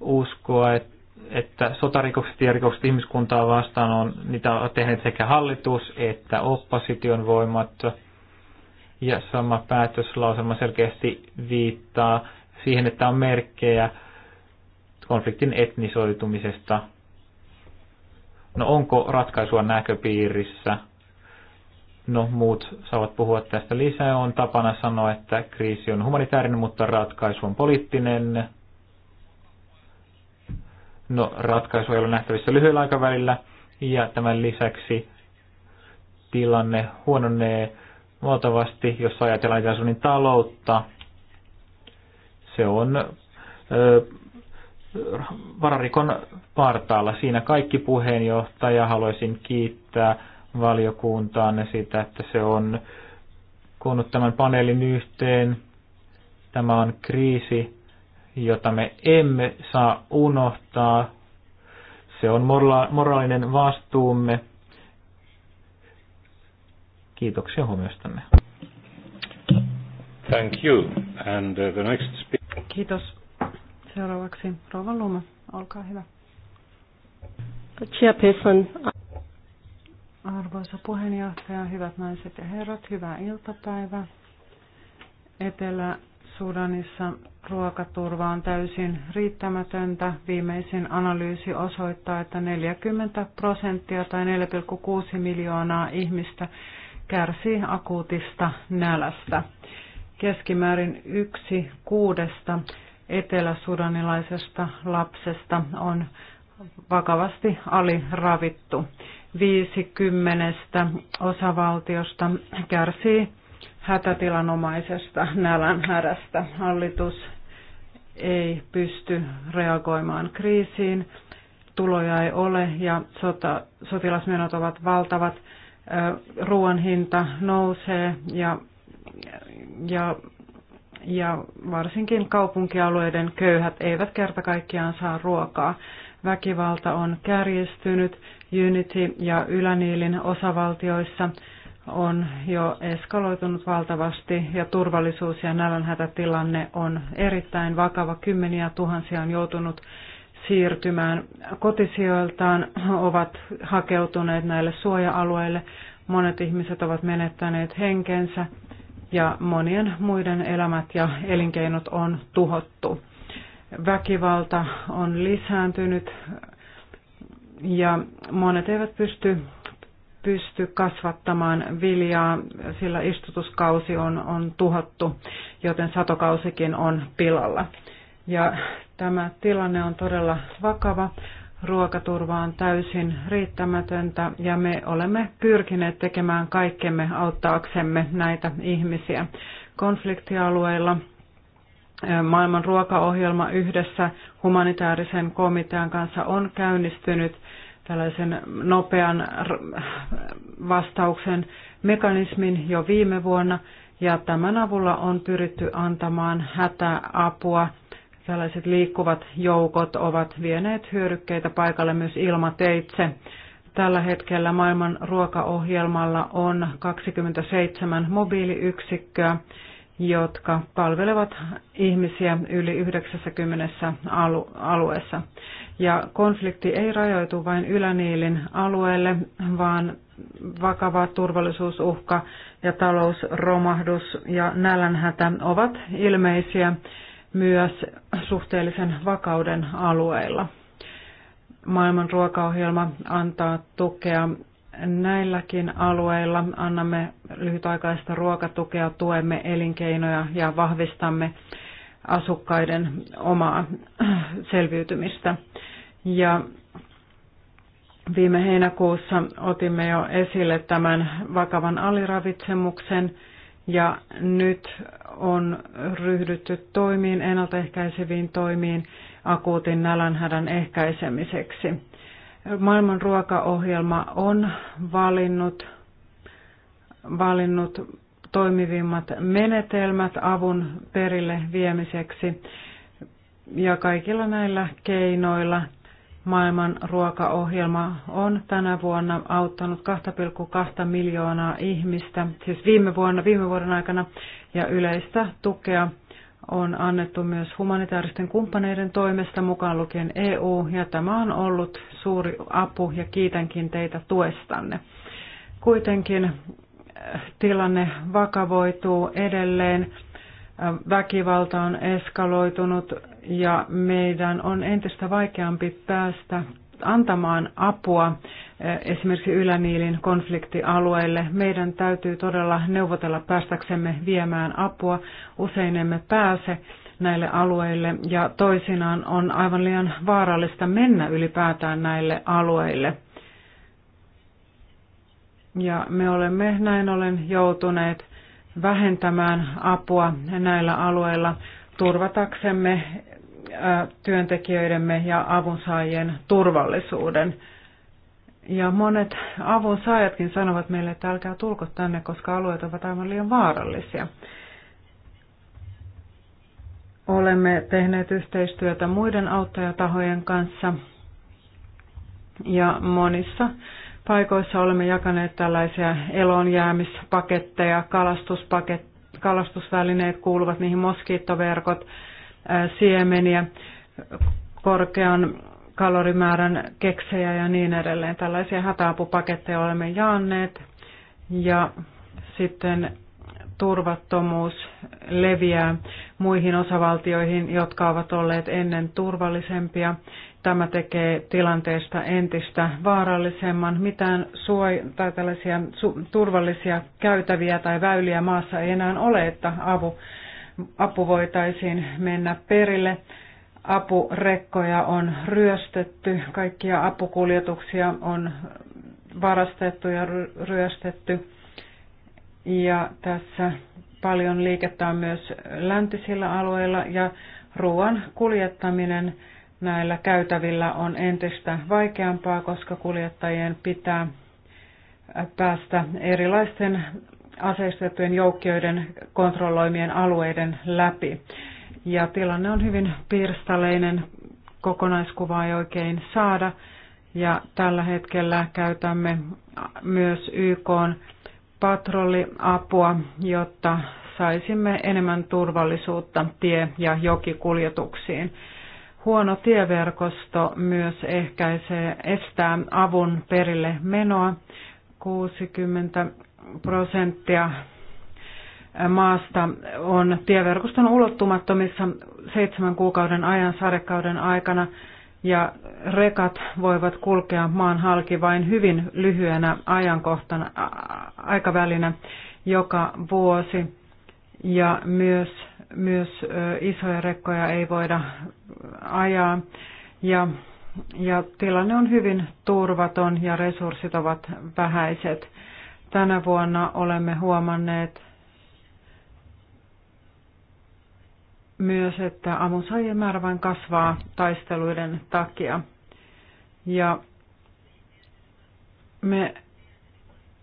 uskoa, että sotarikokset ja rikokset ihmiskuntaa vastaan on, niitä on tehnyt sekä hallitus että opposition voimat. Ja sama päätöslauselma selkeästi viittaa siihen, että on merkkejä konfliktin etnisoitumisesta. No onko ratkaisua näköpiirissä? No muut saavat puhua tästä lisää. On tapana sanoa, että kriisi on humanitaarinen, mutta ratkaisu on poliittinen. No ratkaisu ei ole nähtävissä lyhyellä aikavälillä. Ja tämän lisäksi tilanne huononee valtavasti, jos ajatellaan Itä-Suomen taloutta. Se on vararikon partaalla. Siinä kaikki puheenjohtaja. Haluaisin kiittää valiokuntaanne siitä, että se on koonnut tämän paneelin yhteen. Tämä on kriisi, jota me emme saa unohtaa. Se on moraalinen vastuumme. Kiitoksia huomiostanne. Thank you. And uh, the next speaker. Kiitos. Seuraavaksi Rova Luma, olkaa hyvä. Arvoisa puheenjohtaja, hyvät naiset ja herrat, hyvää iltapäivää. Etelä-Sudanissa ruokaturva on täysin riittämätöntä. Viimeisin analyysi osoittaa, että 40 prosenttia tai 4,6 miljoonaa ihmistä kärsii akuutista nälästä. Keskimäärin yksi kuudesta eteläsudanilaisesta lapsesta on vakavasti aliravittu. 50 osavaltiosta kärsii hätätilanomaisesta nälän hädästä. Hallitus ei pysty reagoimaan kriisiin, tuloja ei ole ja sota, sotilasmenot ovat valtavat, ruoan hinta nousee ja, ja ja varsinkin kaupunkialueiden köyhät eivät kerta kaikkiaan saa ruokaa. Väkivalta on kärjistynyt Unity- ja Yläniilin osavaltioissa on jo eskaloitunut valtavasti ja turvallisuus- ja nälänhätätilanne on erittäin vakava. Kymmeniä tuhansia on joutunut siirtymään kotisijoiltaan, ovat hakeutuneet näille suoja-alueille. Monet ihmiset ovat menettäneet henkensä ja monien muiden elämät ja elinkeinot on tuhottu. Väkivalta on lisääntynyt ja monet eivät pysty, pysty kasvattamaan viljaa, sillä istutuskausi on, on tuhottu, joten satokausikin on pilalla. Ja tämä tilanne on todella vakava ruokaturva on täysin riittämätöntä ja me olemme pyrkineet tekemään kaikkemme auttaaksemme näitä ihmisiä. Konfliktialueilla maailman ruokaohjelma yhdessä humanitaarisen komitean kanssa on käynnistynyt tällaisen nopean vastauksen mekanismin jo viime vuonna ja tämän avulla on pyritty antamaan hätäapua Tällaiset liikkuvat joukot ovat vieneet hyödykkeitä paikalle myös ilmateitse. Tällä hetkellä maailman ruokaohjelmalla on 27 mobiiliyksikköä, jotka palvelevat ihmisiä yli 90 alueessa. Ja konflikti ei rajoitu vain Yläniilin alueelle, vaan vakava turvallisuusuhka ja talousromahdus ja nälänhätä ovat ilmeisiä myös suhteellisen vakauden alueilla. Maailman ruokaohjelma antaa tukea näilläkin alueilla. Annamme lyhytaikaista ruokatukea, tuemme elinkeinoja ja vahvistamme asukkaiden omaa selviytymistä. Ja viime heinäkuussa otimme jo esille tämän vakavan aliravitsemuksen – ja nyt on ryhdytty toimiin, ennaltaehkäiseviin toimiin akuutin nälänhädän ehkäisemiseksi. Maailman ruokaohjelma on valinnut, valinnut toimivimmat menetelmät avun perille viemiseksi. Ja kaikilla näillä keinoilla Maailman ruokaohjelma on tänä vuonna auttanut 2,2 miljoonaa ihmistä, siis viime, vuonna, viime vuoden aikana, ja yleistä tukea on annettu myös humanitaaristen kumppaneiden toimesta, mukaan lukien EU, ja tämä on ollut suuri apu, ja kiitänkin teitä tuestanne. Kuitenkin äh, tilanne vakavoituu edelleen. Äh, väkivalta on eskaloitunut, ja meidän on entistä vaikeampi päästä antamaan apua eh, esimerkiksi Yläniilin konfliktialueille. Meidän täytyy todella neuvotella päästäksemme viemään apua. Usein emme pääse näille alueille ja toisinaan on aivan liian vaarallista mennä ylipäätään näille alueille. Ja me olemme näin ollen joutuneet vähentämään apua näillä alueilla turvataksemme työntekijöidemme ja avunsaajien turvallisuuden. Ja monet avunsaajatkin sanovat meille, että älkää tulko tänne, koska alueet ovat aivan liian vaarallisia. Olemme tehneet yhteistyötä muiden auttajatahojen kanssa ja monissa paikoissa olemme jakaneet tällaisia eloonjäämispaketteja, kalastuspaketteja, kalastusvälineet kuuluvat niihin moskiittoverkot, siemeniä, korkean kalorimäärän keksejä ja niin edelleen. Tällaisia hätäapupaketteja olemme jaanneet ja sitten turvattomuus leviää muihin osavaltioihin, jotka ovat olleet ennen turvallisempia. Tämä tekee tilanteesta entistä vaarallisemman. Mitään suoj- tai tällaisia su- turvallisia käytäviä tai väyliä maassa ei enää ole, että avu apu voitaisiin mennä perille. Apurekkoja on ryöstetty, kaikkia apukuljetuksia on varastettu ja ryöstetty. Ja tässä paljon liikettä on myös läntisillä alueilla ja ruoan kuljettaminen näillä käytävillä on entistä vaikeampaa, koska kuljettajien pitää päästä erilaisten aseistettujen joukkioiden kontrolloimien alueiden läpi. Ja tilanne on hyvin pirstaleinen, kokonaiskuvaa ei oikein saada. Ja tällä hetkellä käytämme myös YK patrolliapua, jotta saisimme enemmän turvallisuutta tie- ja jokikuljetuksiin. Huono tieverkosto myös ehkäisee, estää avun perille menoa. 60 prosenttia maasta on tieverkoston ulottumattomissa seitsemän kuukauden ajan sadekauden aikana ja rekat voivat kulkea maan halki vain hyvin lyhyenä ajankohtana, aikavälinä joka vuosi. Ja myös, myös isoja rekkoja ei voida ajaa. Ja, ja tilanne on hyvin turvaton ja resurssit ovat vähäiset tänä vuonna olemme huomanneet myös, että avunsaajien määrä vain kasvaa taisteluiden takia. Ja me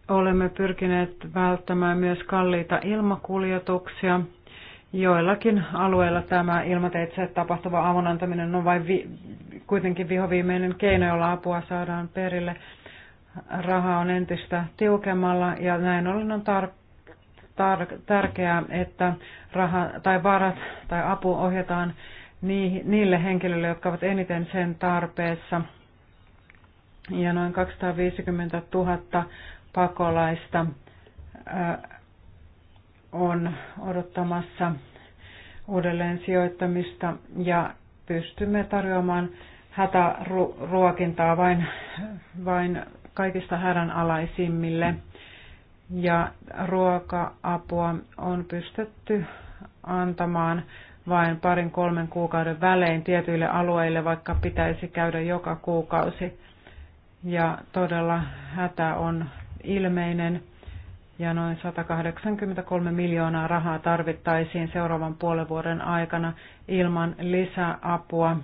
olemme pyrkineet välttämään myös kalliita ilmakuljetuksia. Joillakin alueilla tämä ilmateitse tapahtuva avunantaminen on vain vi- kuitenkin vihoviimeinen keino, jolla apua saadaan perille raha on entistä tiukemmalla ja näin ollen on tar- tar- tärkeää, että raha tai varat tai apu ohjataan niille henkilöille, jotka ovat eniten sen tarpeessa. Ja noin 250 000 pakolaista on odottamassa uudelleen sijoittamista ja pystymme tarjoamaan hätäruokintaa vain, vain kaikista hädänalaisimmille ja ruoka-apua on pystytty antamaan vain parin kolmen kuukauden välein tietyille alueille, vaikka pitäisi käydä joka kuukausi. Ja todella hätä on ilmeinen ja noin 183 miljoonaa rahaa tarvittaisiin seuraavan puolen vuoden aikana ilman lisäapua.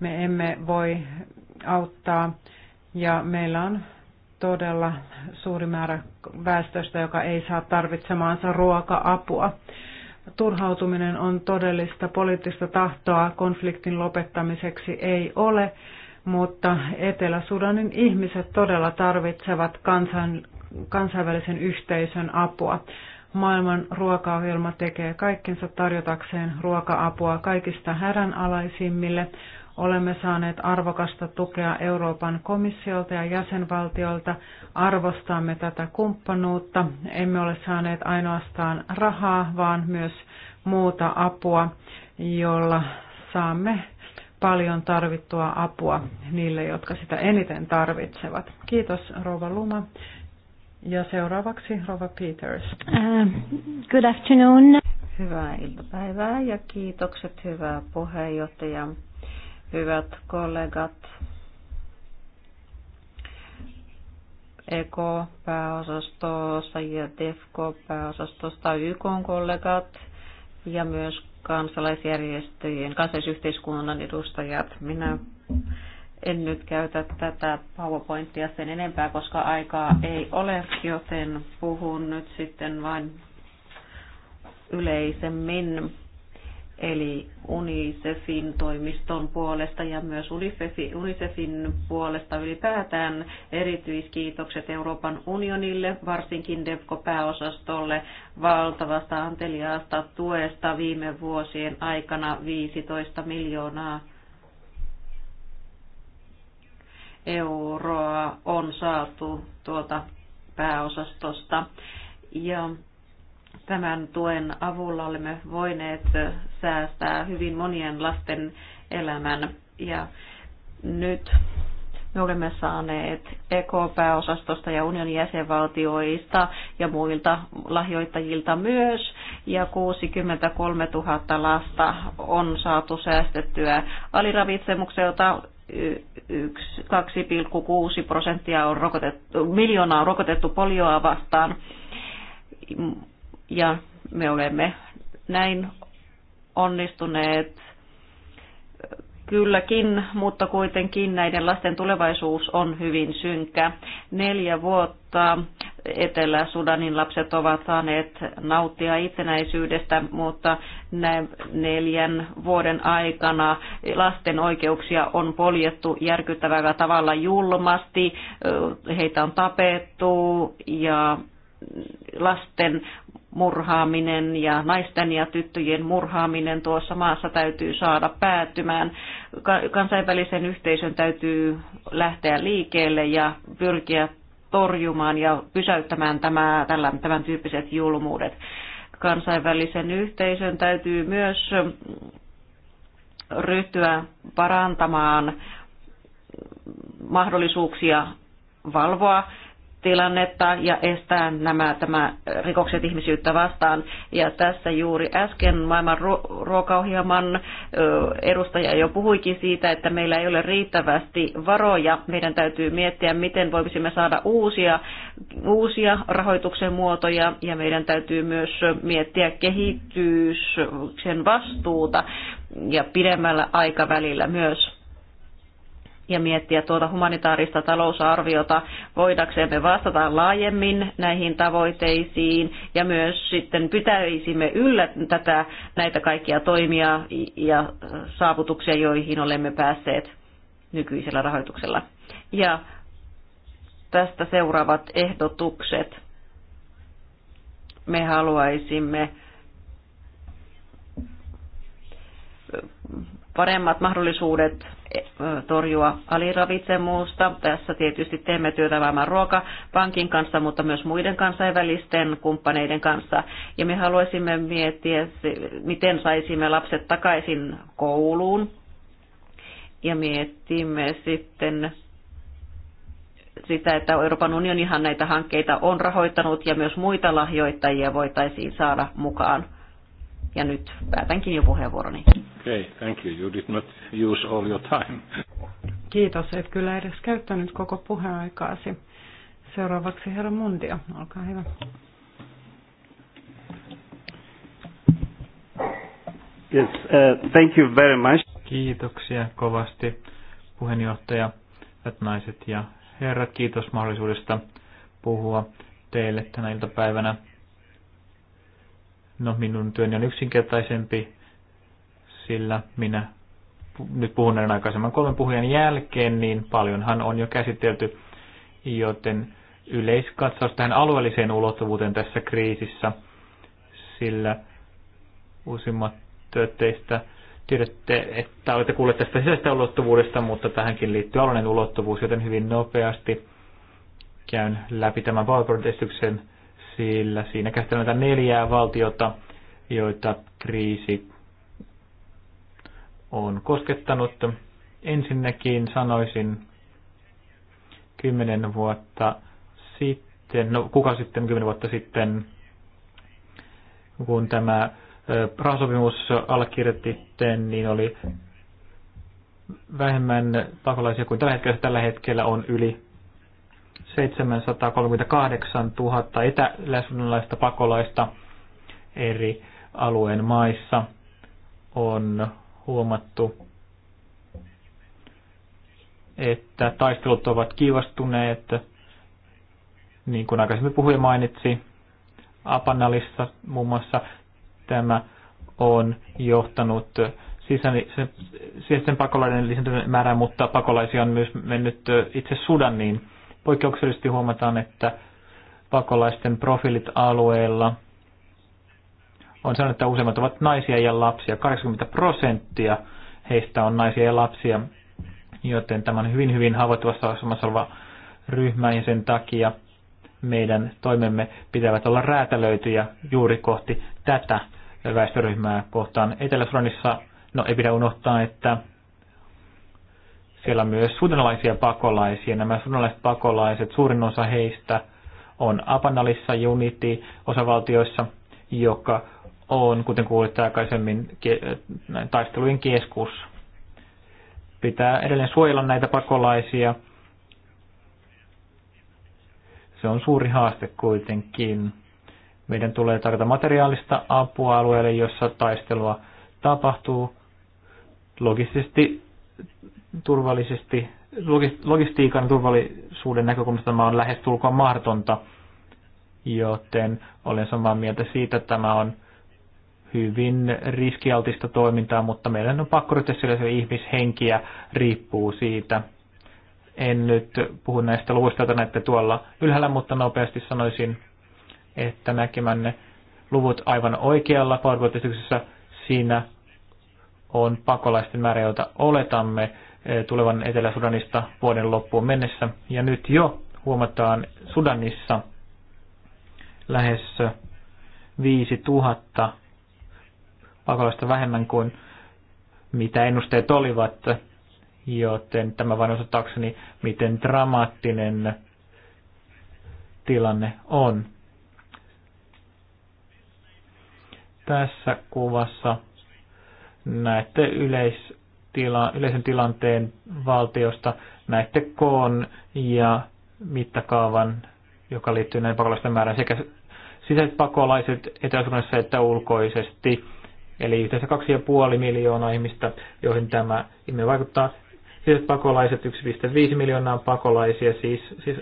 Me emme voi auttaa ja meillä on todella suuri määrä väestöstä, joka ei saa tarvitsemaansa ruoka-apua. Turhautuminen on todellista poliittista tahtoa konfliktin lopettamiseksi ei ole, mutta Etelä-Sudanin ihmiset todella tarvitsevat kansan, kansainvälisen yhteisön apua. Maailman ruokaohjelma tekee kaikkensa tarjotakseen ruoka-apua kaikista hädänalaisimmille, Olemme saaneet arvokasta tukea Euroopan komissiolta ja jäsenvaltioilta. Arvostamme tätä kumppanuutta. Emme ole saaneet ainoastaan rahaa, vaan myös muuta apua, jolla saamme paljon tarvittua apua niille, jotka sitä eniten tarvitsevat. Kiitos Rova Luma. Ja seuraavaksi Rova Peters. Uh, good afternoon. Hyvää iltapäivää ja kiitokset hyvää puheenjohtaja hyvät kollegat. EK-pääosastossa ja DEFCO-pääosastosta YK-kollegat ja myös kansalaisjärjestöjen, kansalaisyhteiskunnan edustajat. Minä en nyt käytä tätä PowerPointia sen enempää, koska aikaa ei ole, joten puhun nyt sitten vain yleisemmin eli UNICEFin toimiston puolesta ja myös UNICEFin puolesta ylipäätään erityiskiitokset Euroopan unionille, varsinkin defco pääosastolle valtavasta anteliaasta tuesta viime vuosien aikana 15 miljoonaa euroa on saatu tuota pääosastosta. Ja Tämän tuen avulla olemme voineet säästää hyvin monien lasten elämän ja nyt me olemme saaneet EK-pääosastosta ja unionin jäsenvaltioista ja muilta lahjoittajilta myös. Ja 63 000 lasta on saatu säästettyä aliravitsemukselta. 2,6 prosenttia on rokotettu, miljoonaa on rokotettu polioa vastaan ja me olemme näin onnistuneet kylläkin, mutta kuitenkin näiden lasten tulevaisuus on hyvin synkkä. Neljä vuotta Etelä-Sudanin lapset ovat saaneet nauttia itsenäisyydestä, mutta neljän vuoden aikana lasten oikeuksia on poljettu järkyttävällä tavalla julmasti, heitä on tapettu ja lasten murhaaminen ja naisten ja tyttöjen murhaaminen tuossa maassa täytyy saada päättymään. Kansainvälisen yhteisön täytyy lähteä liikkeelle ja pyrkiä torjumaan ja pysäyttämään tämä, tämän tyyppiset julmuudet. Kansainvälisen yhteisön täytyy myös ryhtyä parantamaan mahdollisuuksia valvoa tilannetta ja estää nämä tämä rikokset ihmisyyttä vastaan. Ja tässä juuri äsken maailman ruokaohjelman edustaja jo puhuikin siitä, että meillä ei ole riittävästi varoja. Meidän täytyy miettiä, miten voisimme saada uusia, uusia rahoituksen muotoja ja meidän täytyy myös miettiä kehityksen vastuuta ja pidemmällä aikavälillä myös ja miettiä tuota humanitaarista talousarviota, voidaksemme vastata laajemmin näihin tavoitteisiin ja myös sitten pitäisimme yllä tätä, näitä kaikkia toimia ja saavutuksia, joihin olemme päässeet nykyisellä rahoituksella. Ja tästä seuraavat ehdotukset. Me haluaisimme paremmat mahdollisuudet torjua aliravitsemusta. Tässä tietysti teemme työtä maailman ruokapankin kanssa, mutta myös muiden kansainvälisten kumppaneiden kanssa. Ja me haluaisimme miettiä, miten saisimme lapset takaisin kouluun. Ja miettimme sitten sitä, että Euroopan unionihan näitä hankkeita on rahoittanut ja myös muita lahjoittajia voitaisiin saada mukaan ja nyt päätänkin jo puheenvuoroni. Okay, thank you. You did not use all your time. Kiitos, et kyllä edes käyttänyt koko puheaikaasi. Seuraavaksi herra Mundia, olkaa hyvä. Yes, uh, thank you very much. Kiitoksia kovasti puheenjohtaja, hyvät naiset ja herrat. Kiitos mahdollisuudesta puhua teille tänä iltapäivänä. No minun työni on yksinkertaisempi, sillä minä nyt puhun näiden aikaisemman kolmen puhujan jälkeen, niin paljonhan on jo käsitelty, joten yleiskatsaus tähän alueelliseen ulottuvuuteen tässä kriisissä, sillä uusimmat työtteistä tiedätte, että olette kuulleet tästä sisäisestä ulottuvuudesta, mutta tähänkin liittyy alueellinen ulottuvuus, joten hyvin nopeasti käyn läpi tämän PowerPoint-esityksen sillä siinä käsitellään näitä neljää valtiota, joita kriisi on koskettanut. Ensinnäkin sanoisin kymmenen vuotta sitten, no kuka sitten kymmenen vuotta sitten, kun tämä rahasopimus allekirjoitettiin, niin oli vähemmän pakolaisia kuin tällä hetkellä. Tällä hetkellä on yli 738 000 eteläsuudalaista pakolaista eri alueen maissa on huomattu, että taistelut ovat kiivastuneet, niin kuin aikaisemmin puhuja mainitsi, Apanalissa muun muassa tämä on johtanut sisäisen pakolaiden lisääntyneen määrään, mutta pakolaisia on myös mennyt itse Sudaniin. Poikkeuksellisesti huomataan, että pakolaisten profiilit alueella on sanottu, että useimmat ovat naisia ja lapsia. 80 prosenttia heistä on naisia ja lapsia, joten tämä on hyvin, hyvin haavoittuvassa asemassa oleva ryhmä ja sen takia meidän toimemme pitävät olla räätälöityjä juuri kohti tätä väestöryhmää kohtaan. Etelä-Sudanissa, no ei pidä unohtaa, että siellä myös sudanalaisia pakolaisia. Nämä sudanalaiset pakolaiset, suurin osa heistä on Apanalissa, Unity, osavaltioissa, joka on, kuten kuulitte aikaisemmin, taistelujen keskus. Pitää edelleen suojella näitä pakolaisia. Se on suuri haaste kuitenkin. Meidän tulee tarjota materiaalista apua alueelle, jossa taistelua tapahtuu. Logisesti turvallisesti, logistiikan turvallisuuden näkökulmasta tämä on lähes tulkoon mahdotonta, joten olen samaa mieltä siitä, että tämä on hyvin riskialtista toimintaa, mutta meidän on pakko ryhtyä sillä, se ihmishenkiä riippuu siitä. En nyt puhu näistä luvuista, joita näette tuolla ylhäällä, mutta nopeasti sanoisin, että näkemänne luvut aivan oikealla powerpoint siinä on pakolaisten määrä, joita oletamme Eh, tulevan Etelä-Sudanista vuoden loppuun mennessä. Ja nyt jo huomataan Sudanissa lähes 5000 pakolaista vähemmän kuin mitä ennusteet olivat, joten tämä vain osoittaakseni, miten dramaattinen tilanne on. Tässä kuvassa näette yleis tila, yleisen tilanteen valtiosta. Näette koon ja mittakaavan, joka liittyy näin pakolaisten määrään sekä sisäiset pakolaiset etäisyydessä että ulkoisesti. Eli yhteensä 2,5 miljoonaa ihmistä, joihin tämä ilmiö vaikuttaa. Sisäiset pakolaiset 1,5 miljoonaa pakolaisia siis, siis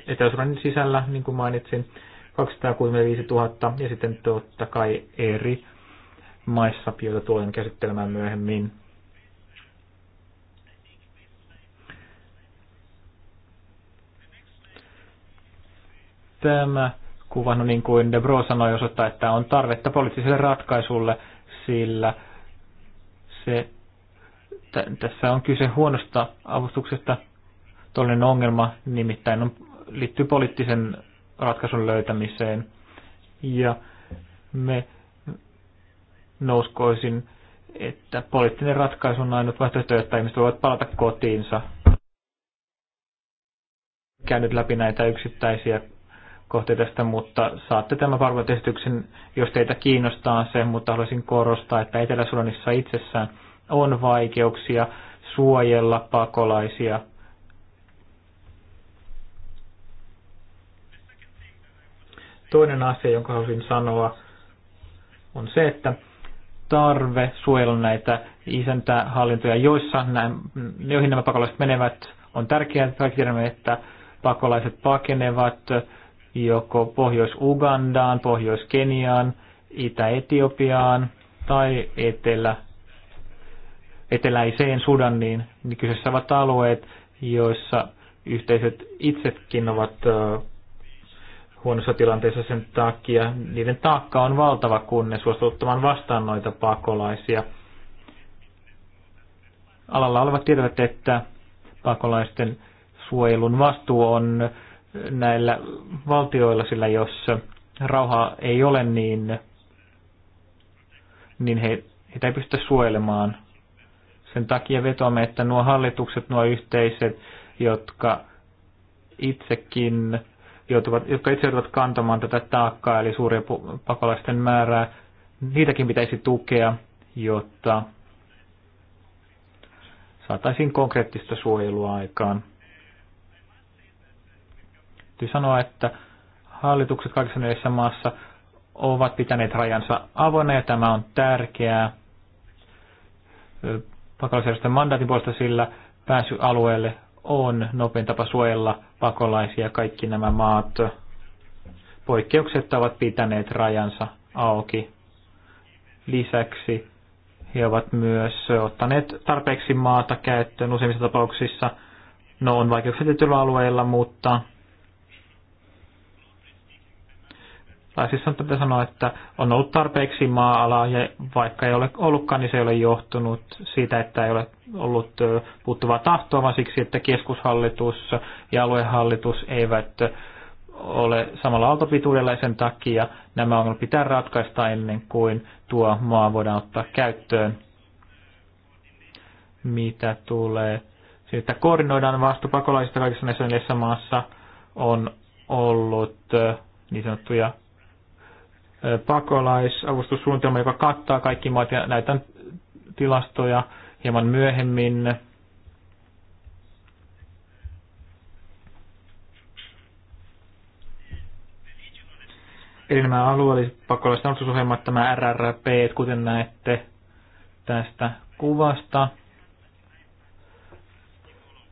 sisällä, niin kuin mainitsin, 265 000 ja sitten totta kai eri maissa, joita tulen käsittelemään myöhemmin. Tämä kuva, no niin kuin De Bro sanoi, osoittaa, että on tarvetta poliittiselle ratkaisulle, sillä se, tässä on kyse huonosta avustuksesta. Toinen ongelma nimittäin on, liittyy poliittisen ratkaisun löytämiseen. Ja me nouskoisin, että poliittinen ratkaisu on ainut vaihtoehto, että ihmiset voivat palata kotiinsa. Käynyt läpi näitä yksittäisiä kohtia tästä, mutta saatte tämän palveluesityksen, jos teitä kiinnostaa se, mutta haluaisin korostaa, että Etelä-Sudanissa itsessään on vaikeuksia suojella pakolaisia. Toinen asia, jonka haluaisin sanoa, on se, että tarve suojella näitä isäntähallintoja, joissa nämä, joihin nämä pakolaiset menevät, on tärkeää, että kaikki tiedämme, että pakolaiset pakenevat joko Pohjois-Ugandaan, Pohjois-Keniaan, Itä-Etiopiaan tai Etelä, eteläiseen Sudaniin. Niin kyseessä ovat alueet, joissa yhteisöt itsekin ovat huonossa tilanteessa sen takia. Niiden taakka on valtava, kun ne suostuttamaan vastaan noita pakolaisia. Alalla olevat tiedot, että pakolaisten suojelun vastuu on näillä valtioilla, sillä jos rauhaa ei ole, niin, niin he, heitä ei pystytä suojelemaan. Sen takia vetoamme, että nuo hallitukset, nuo yhteiset, jotka itsekin joutuvat, jotka itse joutuvat kantamaan tätä taakkaa, eli suuria pakolaisten määrää, niitäkin pitäisi tukea, jotta saataisiin konkreettista suojelua aikaan. Täytyy sanoa, että hallitukset kaikissa neljässä maassa ovat pitäneet rajansa avoinna ja tämä on tärkeää pakolaisjärjestön mandaatin puolesta, sillä pääsy alueelle on nopein tapa suojella pakolaisia. Kaikki nämä maat poikkeukset ovat pitäneet rajansa auki. Lisäksi he ovat myös ottaneet tarpeeksi maata käyttöön useimmissa tapauksissa. No on vaikeuksia tietyillä alueilla, mutta tai siis on tätä sanoa, että on ollut tarpeeksi maa-alaa ja vaikka ei ole ollutkaan, niin se ei ole johtunut siitä, että ei ole ollut puuttuvaa tahtoa, vaan siksi, että keskushallitus ja aluehallitus eivät ole samalla aaltopituudella sen takia nämä ongelmat pitää ratkaista ennen kuin tuo maa voidaan ottaa käyttöön. Mitä tulee siitä, että koordinoidaan vastuupakolaisista kaikissa näissä maassa, on ollut niin sanottuja pakolaisavustussuunnitelma, joka kattaa kaikki maat ja näitä tilastoja hieman myöhemmin. Eli nämä alueelliset pakolaiset avustusohjelmat, tämä RRP, kuten näette tästä kuvasta,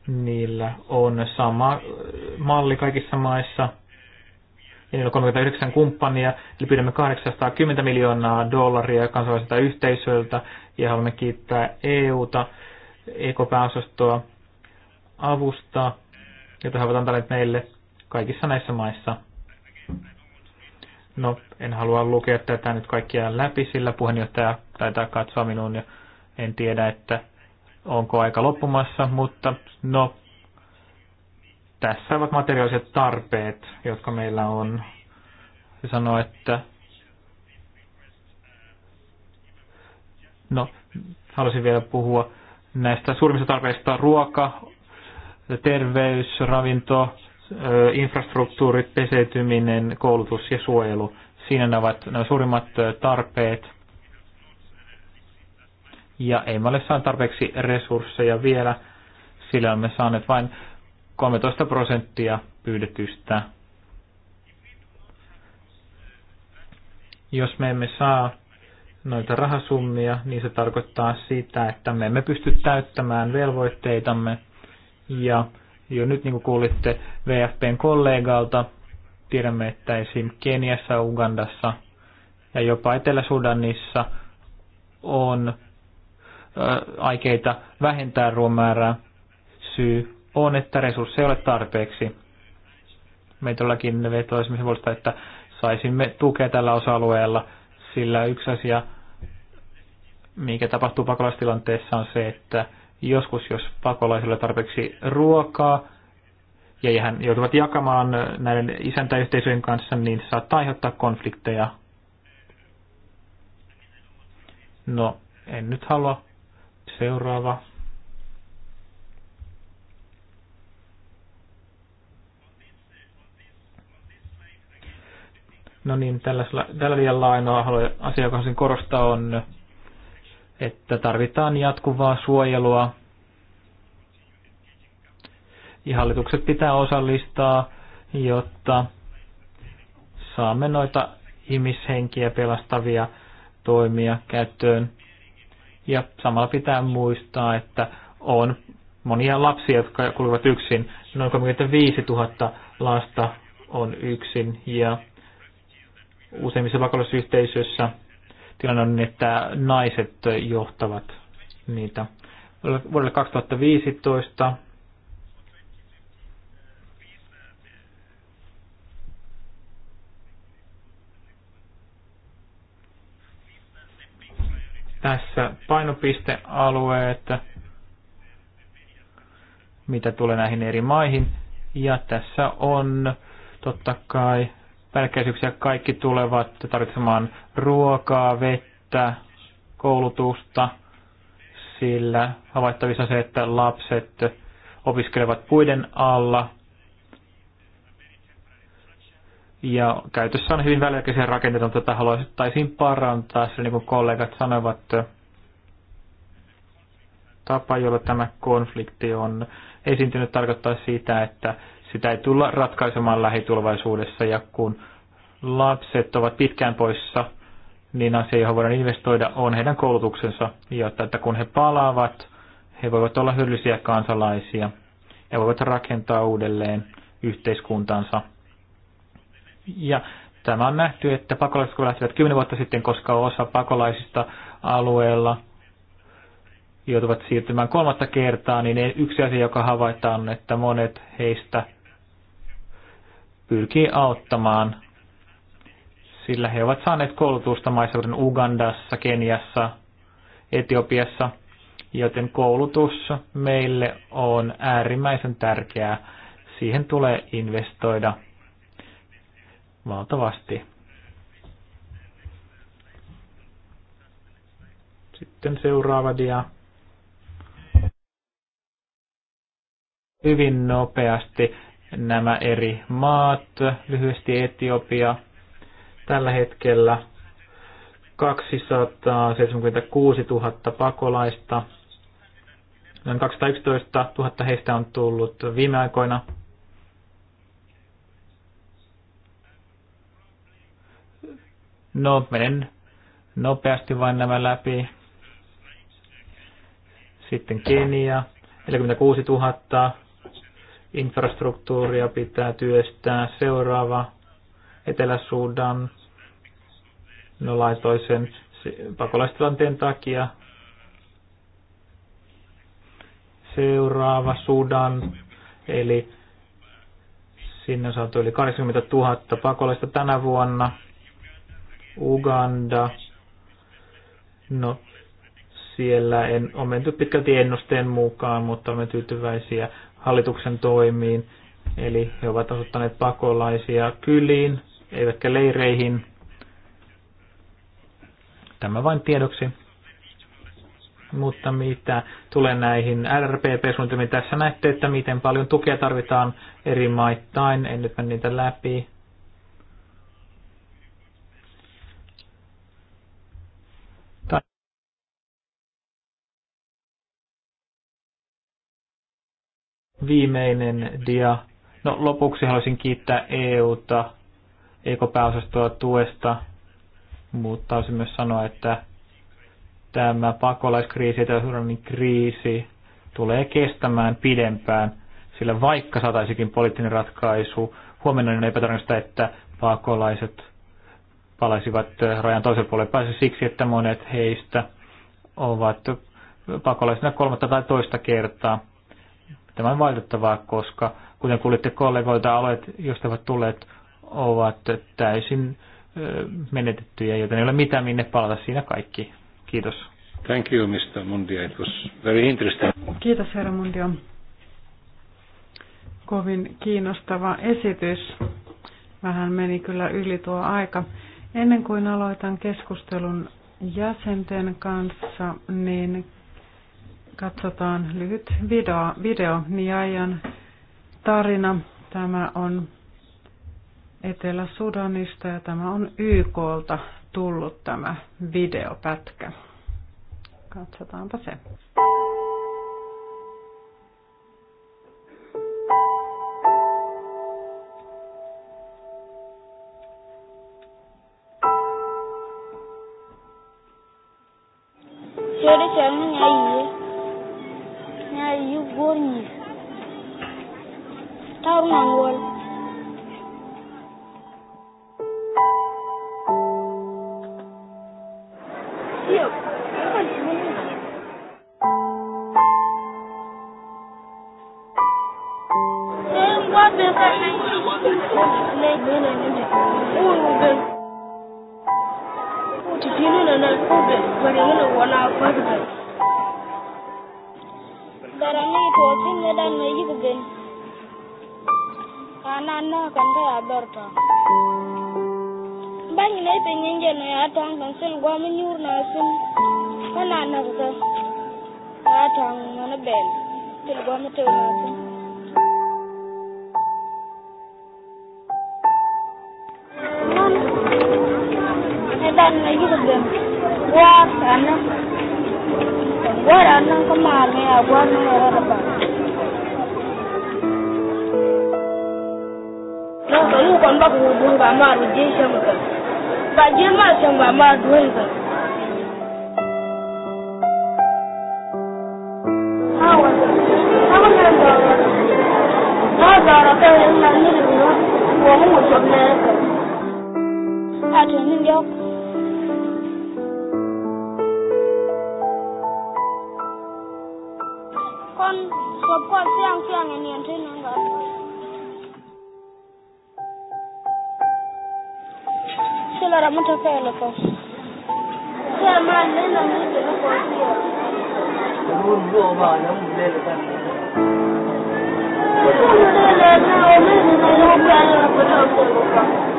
niillä on sama malli kaikissa maissa – ja niillä on 39 kumppania, eli pyydämme 810 miljoonaa dollaria kansainvälisiltä yhteisöiltä ja haluamme kiittää EUta, e pääosastoa avusta, jota he ovat antaneet meille kaikissa näissä maissa. No, en halua lukea tätä nyt kaikkia läpi, sillä puheenjohtaja taitaa katsoa minuun ja en tiedä, että onko aika loppumassa, mutta no, tässä ovat materiaaliset tarpeet, jotka meillä on. Se sanoo, että no, haluaisin vielä puhua näistä suurimmista tarpeista ruoka, terveys, ravinto, infrastruktuurit, peseytyminen, koulutus ja suojelu. Siinä ne ovat nämä suurimmat tarpeet. Ja ei ole saanut tarpeeksi resursseja vielä, sillä me saaneet vain 13 prosenttia pyydetystä. Jos me emme saa noita rahasummia, niin se tarkoittaa sitä, että me emme pysty täyttämään velvoitteitamme. Ja jo nyt, niin kuin kuulitte VFPn kollegalta, tiedämme, että esim. Keniassa, Ugandassa ja jopa Etelä-Sudanissa on aikeita vähentää ruomäärää. Syy on, että resursseja ei ole tarpeeksi. Me todellakin vetoisimme sivuista, että saisimme tukea tällä osa-alueella, sillä yksi asia, mikä tapahtuu pakolaistilanteessa, on se, että joskus jos pakolaisilla tarpeeksi ruokaa, ja hän joutuvat jakamaan näiden isäntäyhteisöjen kanssa, niin se saattaa aiheuttaa konflikteja. No, en nyt halua. Seuraava. No niin, tällaisella, tällä liian ainoa asia, joka sen korostaa, on, että tarvitaan jatkuvaa suojelua. Ja hallitukset pitää osallistaa, jotta saamme noita ihmishenkiä pelastavia toimia käyttöön. Ja samalla pitää muistaa, että on monia lapsia, jotka kulkevat yksin. Noin 35 000 lasta on yksin ja useimmissa pakolaisyhteisöissä tilanne on, että naiset johtavat niitä. Vuodelle 2015 tässä painopistealueet, mitä tulee näihin eri maihin. Ja tässä on totta kai päällekkäisyyksiä. Kaikki tulevat tarvitsemaan ruokaa, vettä, koulutusta, sillä havaittavissa se, että lapset opiskelevat puiden alla. Ja käytössä on hyvin väliaikaisia rakenteita, mutta tätä haluaisittaisiin parantaa, sillä niin kuin kollegat sanoivat, tapa, jolla tämä konflikti on esiintynyt, tarkoittaa sitä, että sitä ei tulla ratkaisemaan lähitulevaisuudessa ja kun lapset ovat pitkään poissa, niin asia, johon voidaan investoida, on heidän koulutuksensa, jotta että kun he palaavat, he voivat olla hyödyllisiä kansalaisia ja voivat rakentaa uudelleen yhteiskuntansa. Ja tämä on nähty, että pakolaiset kun lähtivät kymmenen vuotta sitten, koska osa pakolaisista alueella joutuvat siirtymään kolmatta kertaa, niin e- yksi asia, joka havaitaan, on, että monet heistä – pyrkii auttamaan, sillä he ovat saaneet koulutusta maissa Ugandassa, Keniassa, Etiopiassa, joten koulutus meille on äärimmäisen tärkeää. Siihen tulee investoida valtavasti. Sitten seuraava dia. Hyvin nopeasti nämä eri maat. Lyhyesti Etiopia tällä hetkellä 276 000 pakolaista. Noin 211 000 heistä on tullut viime aikoina. No, menen nopeasti vain nämä läpi. Sitten Kenia, 46 000, infrastruktuuria pitää työstää. Seuraava Etelä-Sudan no, laitoisen pakolaistilanteen takia. Seuraava Sudan, eli sinne on saatu yli 80 000 pakolaista tänä vuonna. Uganda, no siellä en, on menty pitkälti ennusteen mukaan, mutta olemme tyytyväisiä hallituksen toimiin. Eli he ovat asuttaneet pakolaisia kyliin, eivätkä leireihin. Tämä vain tiedoksi. Mutta mitä tulee näihin RPP-suunnitelmiin, tässä näette, että miten paljon tukea tarvitaan eri maittain. En nyt mene niitä läpi. Viimeinen dia. No lopuksi haluaisin kiittää EUta, EK-pääosastoa tuesta, mutta haluaisin myös sanoa, että tämä pakolaiskriisi ja Suranin kriisi tulee kestämään pidempään, sillä vaikka saataisikin poliittinen ratkaisu, huomenna on epätodennäköistä, että pakolaiset palaisivat eh, rajan toiselle puolelle pääsy siksi, että monet heistä ovat pakolaisina kolmatta tai toista kertaa. Tämä on valitettavaa, koska kuten kuulitte kollegoilta, alueet, joista ovat tulleet, ovat täysin menetettyjä, joten ei ole mitään minne palata siinä kaikki. Kiitos. Thank you, Mr. Mundia. It was very interesting. Kiitos, herra Mundia. Kovin kiinnostava esitys. Vähän meni kyllä yli tuo aika. Ennen kuin aloitan keskustelun jäsenten kanssa, niin katsotaan lyhyt video, video Niajan tarina. Tämä on Etelä-Sudanista ja tämä on YKlta tullut tämä videopätkä. Katsotaanpa se. kun Mungu ambako kujiunga amaru jeisha mukasa gajema shamba amaru wenza hawa hawa shamba hawa harakati ina nini bino wa Mungu tumeleka hata nini yako con sopko siang siang ini antena Täällä mun on pelko. Siellä mä en mennä niitä lukuisia. Mun luo vaan ja mun pelkän. Mä oon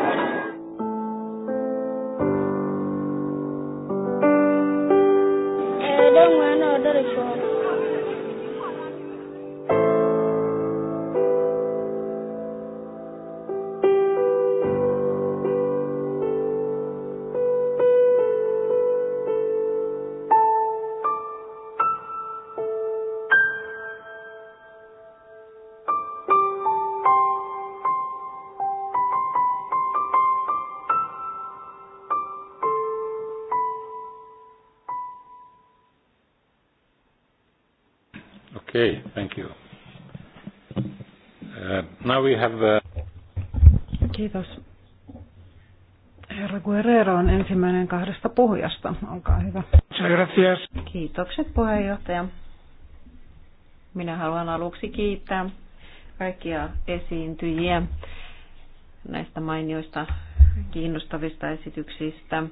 Okay, thank you. Uh, now we have... Uh, Kiitos. Herra Guerrero on ensimmäinen kahdesta puhujasta. Olkaa hyvä. Gracias. Kiitokset puheenjohtaja. Minä haluan aluksi kiittää kaikkia esiintyjiä näistä mainioista kiinnostavista esityksistä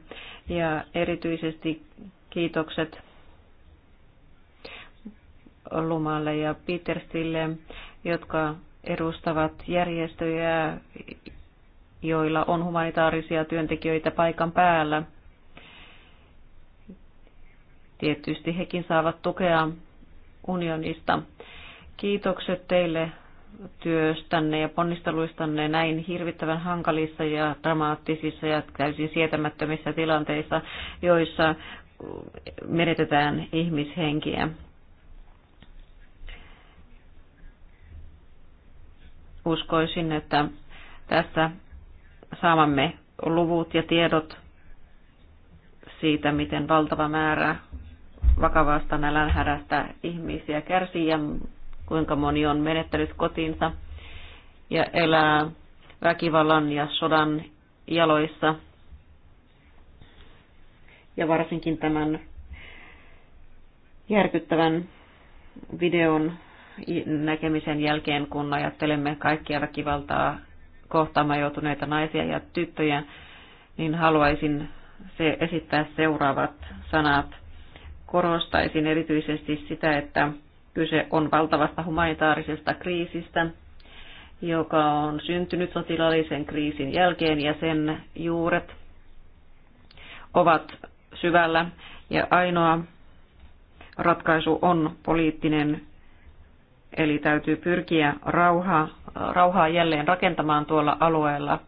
ja erityisesti kiitokset Lumalle ja Petersille, jotka edustavat järjestöjä, joilla on humanitaarisia työntekijöitä paikan päällä. Tietysti hekin saavat tukea unionista. Kiitokset teille työstänne ja ponnisteluistanne näin hirvittävän hankalissa ja dramaattisissa ja täysin sietämättömissä tilanteissa, joissa menetetään ihmishenkiä. uskoisin, että tässä saamamme luvut ja tiedot siitä, miten valtava määrä vakavasta nälänhädästä ihmisiä kärsii ja kuinka moni on menettänyt kotinsa ja elää väkivallan ja sodan jaloissa. Ja varsinkin tämän järkyttävän videon näkemisen jälkeen, kun ajattelemme kaikkia väkivaltaa kohtaamaan joutuneita naisia ja tyttöjä, niin haluaisin se esittää seuraavat sanat. Korostaisin erityisesti sitä, että kyse on valtavasta humanitaarisesta kriisistä, joka on syntynyt sotilaallisen kriisin jälkeen ja sen juuret ovat syvällä ja ainoa ratkaisu on poliittinen Eli täytyy pyrkiä rauhaa, rauhaa jälleen rakentamaan tuolla alueella.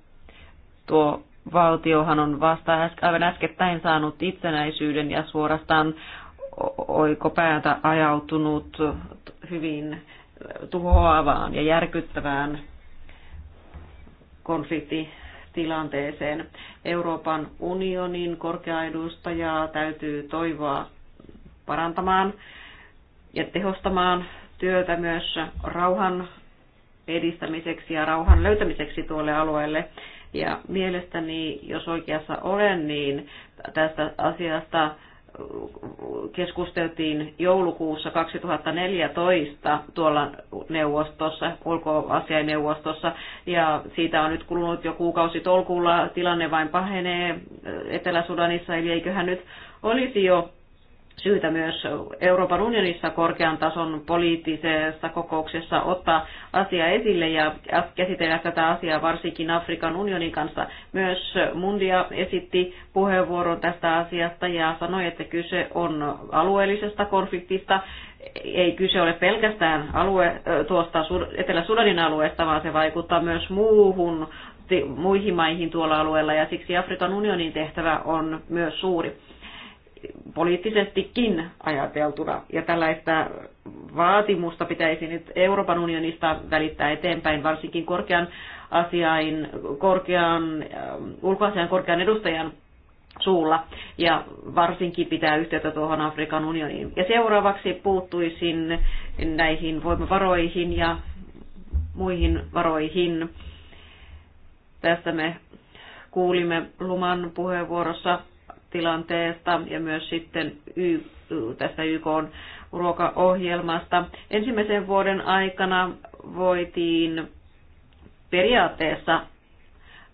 Tuo valtiohan on vasta aivan äskettäin saanut itsenäisyyden ja suorastaan oikopäätä ajautunut hyvin tuhoavaan ja järkyttävään konfliktitilanteeseen. Euroopan unionin korkeaedustajaa täytyy toivoa parantamaan ja tehostamaan työtä myös rauhan edistämiseksi ja rauhan löytämiseksi tuolle alueelle. Ja mielestäni, jos oikeassa olen, niin tästä asiasta keskusteltiin joulukuussa 2014 tuolla neuvostossa, ulkoasiaineuvostossa, ja siitä on nyt kulunut jo kuukausi tolkulla, tilanne vain pahenee Etelä-Sudanissa, eli eiköhän nyt olisi jo syytä myös Euroopan unionissa korkean tason poliittisessa kokouksessa ottaa asia esille ja käsitellä tätä asiaa varsinkin Afrikan unionin kanssa. Myös Mundia esitti puheenvuoron tästä asiasta ja sanoi, että kyse on alueellisesta konfliktista. Ei kyse ole pelkästään alue, tuosta Etelä-Sudanin alueesta, vaan se vaikuttaa myös muuhun muihin maihin tuolla alueella ja siksi Afrikan unionin tehtävä on myös suuri poliittisestikin ajateltuna. Ja tällaista vaatimusta pitäisi nyt Euroopan unionista välittää eteenpäin, varsinkin korkean, asiain, korkean, äh, ulkoasian korkean edustajan suulla ja varsinkin pitää yhteyttä tuohon Afrikan unioniin. Ja seuraavaksi puuttuisin näihin voimavaroihin ja muihin varoihin. Tästä me kuulimme Luman puheenvuorossa tilanteesta ja myös sitten y, tästä YK ruokaohjelmasta. Ensimmäisen vuoden aikana voitiin periaatteessa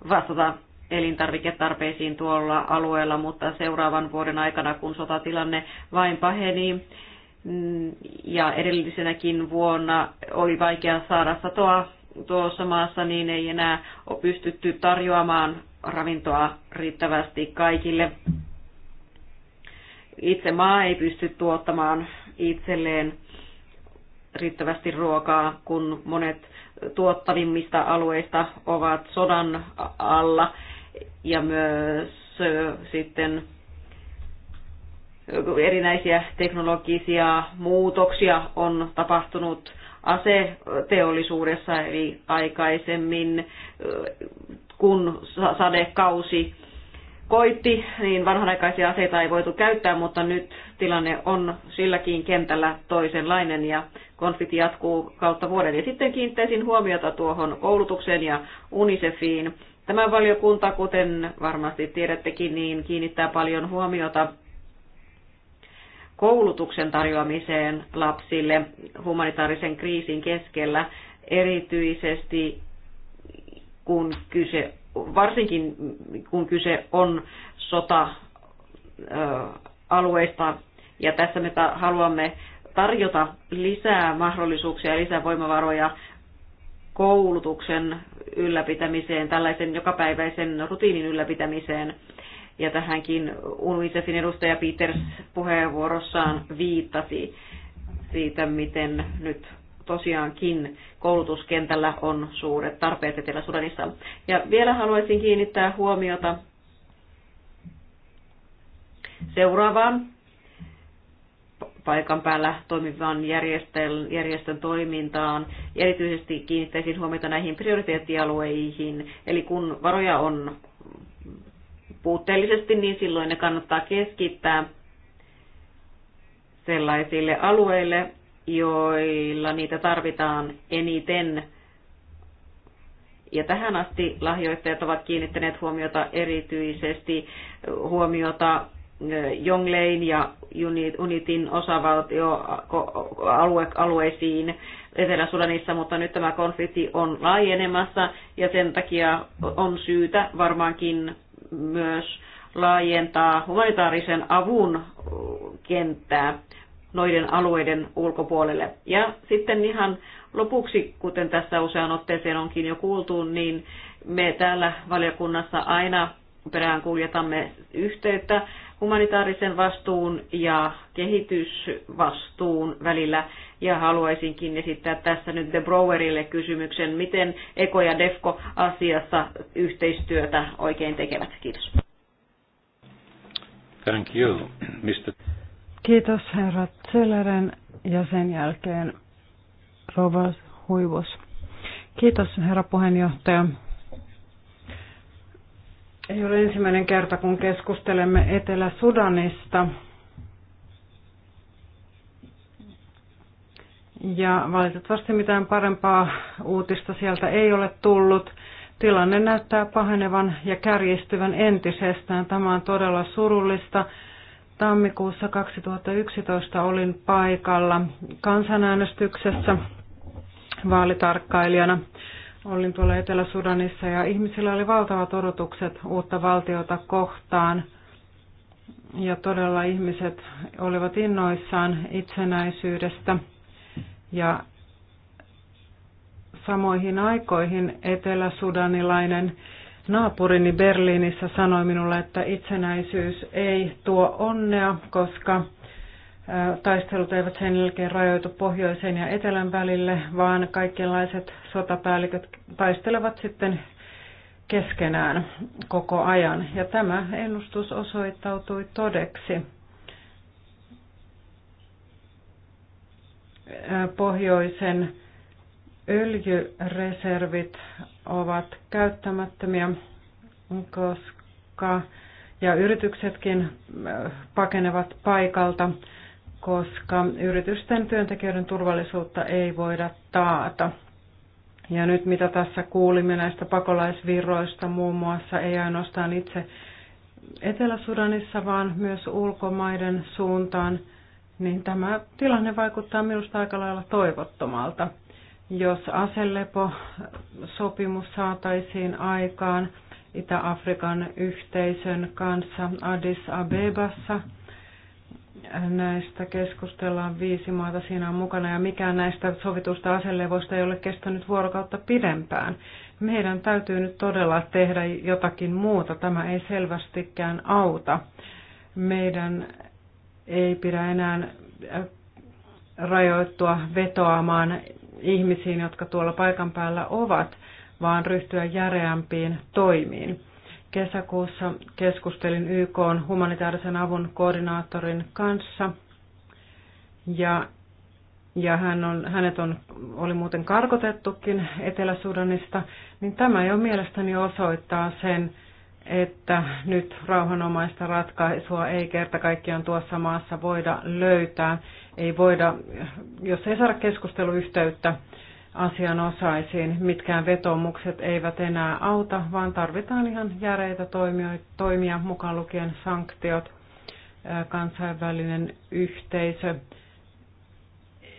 vastata elintarviketarpeisiin tuolla alueella, mutta seuraavan vuoden aikana, kun sotatilanne vain paheni, mm, ja edellisenäkin vuonna oli vaikea saada satoa tuossa maassa, niin ei enää ole pystytty tarjoamaan ravintoa riittävästi kaikille. Itse maa ei pysty tuottamaan itselleen riittävästi ruokaa, kun monet tuottavimmista alueista ovat sodan alla ja myös sitten erinäisiä teknologisia muutoksia on tapahtunut aseteollisuudessa, eli aikaisemmin kun sadekausi koitti, niin vanhanaikaisia aseita ei voitu käyttää, mutta nyt tilanne on silläkin kentällä toisenlainen ja konflikti jatkuu kautta vuoden. Ja sitten kiinnittäisin huomiota tuohon koulutukseen ja UNICEFiin. Tämä valiokunta, kuten varmasti tiedättekin, niin kiinnittää paljon huomiota koulutuksen tarjoamiseen lapsille humanitaarisen kriisin keskellä erityisesti kun kyse, varsinkin kun kyse on sota-alueista. Ja tässä me haluamme tarjota lisää mahdollisuuksia ja lisää voimavaroja koulutuksen ylläpitämiseen, tällaisen jokapäiväisen rutiinin ylläpitämiseen. Ja tähänkin UNICEFin edustaja Peters puheenvuorossaan viittasi siitä, miten nyt tosiaankin koulutuskentällä on suuret tarpeet Etelä-Sudanissa. Ja vielä haluaisin kiinnittää huomiota seuraavaan paikan päällä toimivan järjestön, järjestön toimintaan. Erityisesti kiinnittäisin huomiota näihin prioriteettialueihin. Eli kun varoja on puutteellisesti, niin silloin ne kannattaa keskittää sellaisille alueille, joilla niitä tarvitaan eniten. Ja tähän asti lahjoittajat ovat kiinnittäneet huomiota erityisesti huomiota Jonglein ja Unitin osavaltioalueisiin Etelä-Sudanissa, mutta nyt tämä konflikti on laajenemassa ja sen takia on syytä varmaankin myös laajentaa humanitaarisen avun kenttää noiden alueiden ulkopuolelle. Ja sitten ihan lopuksi, kuten tässä usean otteeseen onkin jo kuultu, niin me täällä valiokunnassa aina peräänkuljetamme yhteyttä humanitaarisen vastuun ja kehitysvastuun välillä. Ja haluaisinkin esittää tässä nyt The Browerille kysymyksen, miten Eko ja Defko asiassa yhteistyötä oikein tekevät. Kiitos. Thank you, Mr. Kiitos herra Zellerin ja sen jälkeen Rova Huivos. Kiitos herra puheenjohtaja. Ei ole ensimmäinen kerta, kun keskustelemme Etelä-Sudanista. Ja valitettavasti mitään parempaa uutista sieltä ei ole tullut. Tilanne näyttää pahenevan ja kärjistyvän entisestään. Tämä on todella surullista. Tammikuussa 2011 olin paikalla kansanäänestyksessä vaalitarkkailijana. Olin tuolla Etelä-Sudanissa ja ihmisillä oli valtavat odotukset uutta valtiota kohtaan. Ja todella ihmiset olivat innoissaan itsenäisyydestä. Ja samoihin aikoihin eteläsudanilainen Naapurini Berliinissä sanoi minulle, että itsenäisyys ei tuo onnea, koska taistelut eivät sen jälkeen rajoitu pohjoisen ja etelän välille, vaan kaikenlaiset sotapäälliköt taistelevat sitten keskenään koko ajan. Ja tämä ennustus osoittautui todeksi. Pohjoisen öljyreservit ovat käyttämättömiä, koska ja yrityksetkin äh, pakenevat paikalta, koska yritysten työntekijöiden turvallisuutta ei voida taata. Ja nyt mitä tässä kuulimme näistä pakolaisvirroista muun muassa, ei ainoastaan itse Etelä-Sudanissa, vaan myös ulkomaiden suuntaan, niin tämä tilanne vaikuttaa minusta aika lailla toivottomalta. Jos aselepo-sopimus saataisiin aikaan Itä-Afrikan yhteisön kanssa Addis Abebassa, näistä keskustellaan viisi maata siinä on mukana ja mikään näistä sovitusta aselevoista ei ole kestänyt vuorokautta pidempään. Meidän täytyy nyt todella tehdä jotakin muuta. Tämä ei selvästikään auta. Meidän ei pidä enää äh, rajoittua vetoamaan ihmisiin, jotka tuolla paikan päällä ovat, vaan ryhtyä järeämpiin toimiin. Kesäkuussa keskustelin YK humanitaarisen avun koordinaattorin kanssa ja, ja hän on, hänet on, oli muuten karkotettukin Etelä-Sudanista, niin tämä jo mielestäni osoittaa sen, että nyt rauhanomaista ratkaisua ei kerta kaikkiaan tuossa maassa voida löytää ei voida, jos ei saada keskusteluyhteyttä asianosaisiin, mitkään vetomukset eivät enää auta, vaan tarvitaan ihan järeitä toimia, mukaan lukien sanktiot, kansainvälinen yhteisö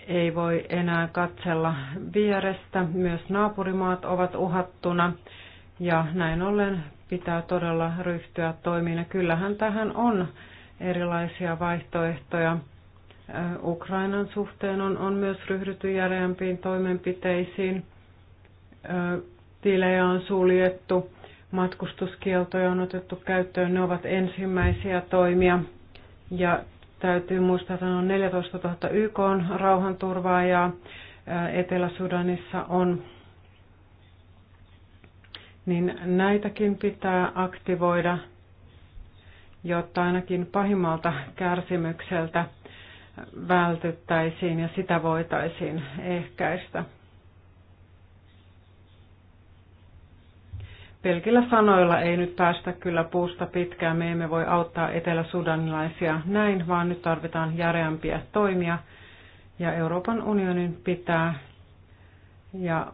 ei voi enää katsella vierestä. Myös naapurimaat ovat uhattuna ja näin ollen pitää todella ryhtyä toimiin. Ja kyllähän tähän on erilaisia vaihtoehtoja. Ukrainan suhteen on, on myös ryhdytty järeämpiin toimenpiteisiin. Tilejä on suljettu, matkustuskieltoja on otettu käyttöön, ne ovat ensimmäisiä toimia. Ja täytyy muistaa, että on 14 000 YK on rauhanturvaajaa. Etelä-Sudanissa on niin näitäkin pitää aktivoida, jotta ainakin pahimmalta kärsimykseltä vältyttäisiin ja sitä voitaisiin ehkäistä. Pelkillä sanoilla ei nyt päästä kyllä puusta pitkään. Me emme voi auttaa eteläsudanilaisia näin, vaan nyt tarvitaan järeämpiä toimia. Ja Euroopan unionin pitää ja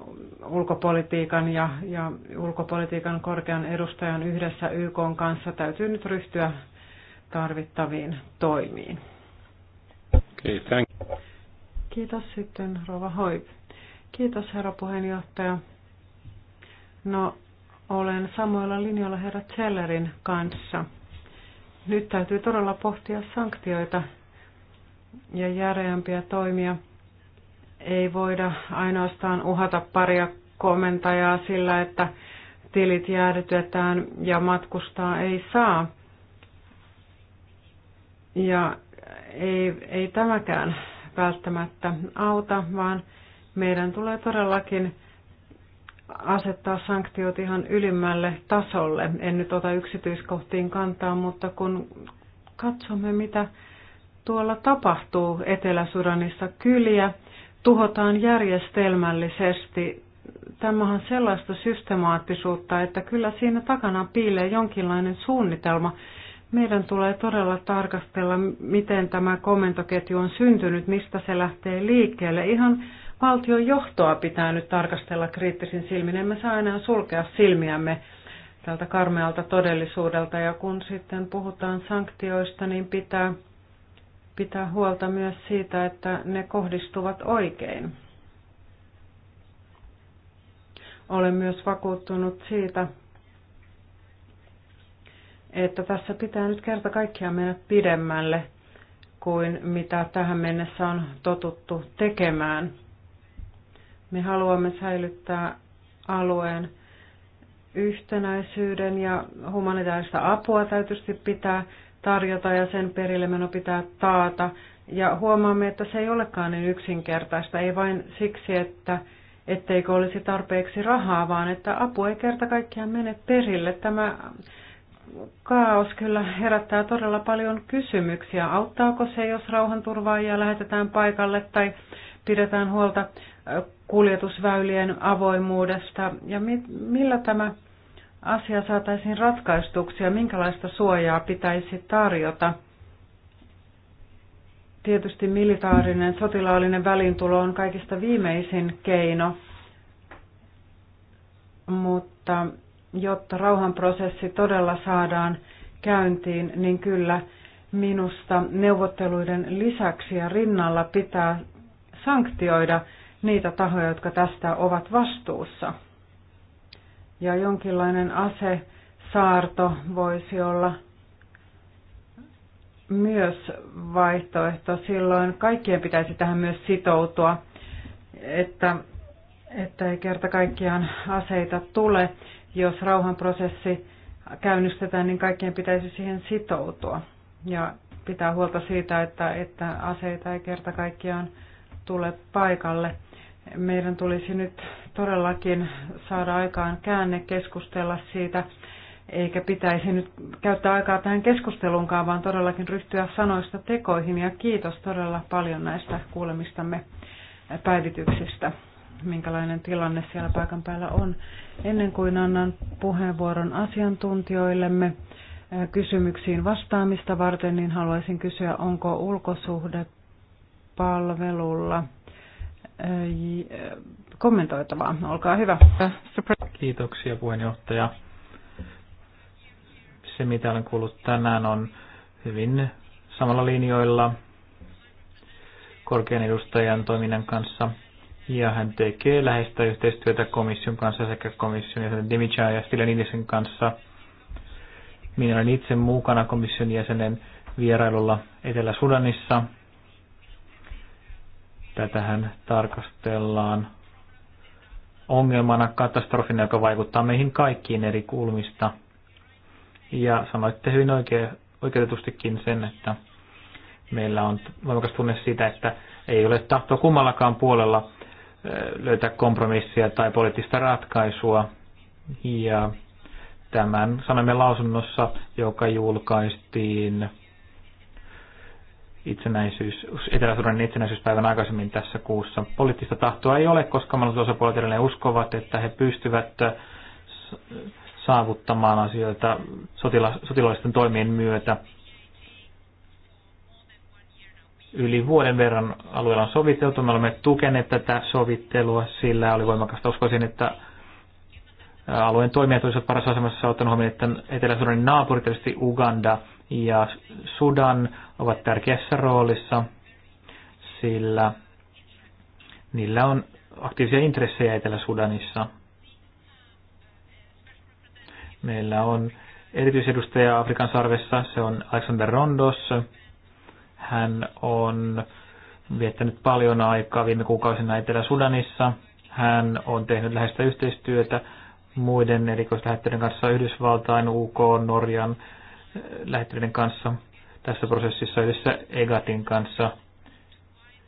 ulkopolitiikan ja, ja ulkopolitiikan korkean edustajan yhdessä YK kanssa täytyy nyt ryhtyä tarvittaviin toimiin. Okay, Kiitos sitten Rova Hoi. Kiitos herra puheenjohtaja. No, olen samoilla linjoilla herra Zellerin kanssa. Nyt täytyy todella pohtia sanktioita ja järeämpiä toimia. Ei voida ainoastaan uhata paria komentajaa sillä, että tilit jäädytetään ja matkustaa ei saa. Ja ei, ei tämäkään välttämättä auta, vaan meidän tulee todellakin asettaa sanktiot ihan ylimmälle tasolle. En nyt ota yksityiskohtiin kantaa, mutta kun katsomme, mitä tuolla tapahtuu Etelä-Sudanissa, kyliä tuhotaan järjestelmällisesti. Tämä on sellaista systemaattisuutta, että kyllä siinä takana piilee jonkinlainen suunnitelma, meidän tulee todella tarkastella, miten tämä komentoketju on syntynyt, mistä se lähtee liikkeelle. Ihan valtion johtoa pitää nyt tarkastella kriittisin silmin. Emme saa enää sulkea silmiämme tältä karmealta todellisuudelta. Ja kun sitten puhutaan sanktioista, niin pitää, pitää huolta myös siitä, että ne kohdistuvat oikein. Olen myös vakuuttunut siitä, että tässä pitää nyt kerta kaikkiaan mennä pidemmälle kuin mitä tähän mennessä on totuttu tekemään. Me haluamme säilyttää alueen yhtenäisyyden ja humanitaarista apua täytyy pitää tarjota ja sen perille meno pitää taata. Ja huomaamme, että se ei olekaan niin yksinkertaista, ei vain siksi, että etteikö olisi tarpeeksi rahaa, vaan että apu ei kerta kaikkiaan mene perille. Tämä kaos kyllä herättää todella paljon kysymyksiä. Auttaako se, jos rauhanturvaajia lähetetään paikalle tai pidetään huolta kuljetusväylien avoimuudesta ja mi- millä tämä asia saataisiin ratkaistuksi ja minkälaista suojaa pitäisi tarjota? Tietysti militaarinen, sotilaallinen välintulo on kaikista viimeisin keino, mutta jotta rauhanprosessi todella saadaan käyntiin, niin kyllä minusta neuvotteluiden lisäksi ja rinnalla pitää sanktioida niitä tahoja, jotka tästä ovat vastuussa. Ja jonkinlainen saarto voisi olla myös vaihtoehto. Silloin kaikkien pitäisi tähän myös sitoutua, että, että ei kerta kaikkiaan aseita tule jos rauhanprosessi käynnistetään, niin kaikkien pitäisi siihen sitoutua ja pitää huolta siitä, että, että aseita ei kerta kaikkiaan tule paikalle. Meidän tulisi nyt todellakin saada aikaan käänne keskustella siitä, eikä pitäisi nyt käyttää aikaa tähän keskusteluunkaan, vaan todellakin ryhtyä sanoista tekoihin. Ja kiitos todella paljon näistä kuulemistamme päivityksistä minkälainen tilanne siellä paikan päällä on. Ennen kuin annan puheenvuoron asiantuntijoillemme kysymyksiin vastaamista varten, niin haluaisin kysyä, onko ulkosuhdepalvelulla kommentoitavaa. Olkaa hyvä. Kiitoksia puheenjohtaja. Se, mitä olen kuullut tänään, on hyvin samalla linjoilla korkean edustajan toiminnan kanssa ja hän tekee läheistä yhteistyötä komission kanssa sekä komission jäsenen Dimicha ja Stilenidisen kanssa. Minä olen itse mukana komission jäsenen vierailulla Etelä-Sudanissa. Tätähän tarkastellaan ongelmana, katastrofina, joka vaikuttaa meihin kaikkiin eri kulmista. Ja sanoitte hyvin oikein, oikeutetustikin sen, että meillä on voimakas tunne siitä, että ei ole tahtoa kummallakaan puolella löytää kompromissia tai poliittista ratkaisua. Ja tämän sanomme lausunnossa, joka julkaistiin itsenäisyys, Etelä-Sudanin itsenäisyyspäivän aikaisemmin tässä kuussa. Poliittista tahtoa ei ole, koska osapuolet edelleen uskovat, että he pystyvät saavuttamaan asioita sotilaisten toimien myötä yli vuoden verran alueella on soviteltu. Me olemme tukeneet tätä sovittelua, sillä oli voimakasta uskoisin, että alueen toimijat olisivat parassa asemassa ottanut huomioon, että Etelä-Sudanin naapurit, tietysti Uganda ja Sudan, ovat tärkeässä roolissa, sillä niillä on aktiivisia intressejä Etelä-Sudanissa. Meillä on erityisedustaja Afrikan sarvessa, se on Alexander Rondos, hän on viettänyt paljon aikaa viime kuukausina Etelä-Sudanissa. Hän on tehnyt läheistä yhteistyötä muiden erikoislähetteiden kanssa Yhdysvaltain, UK, Norjan eh, lähetteiden kanssa tässä prosessissa yhdessä EGATin kanssa.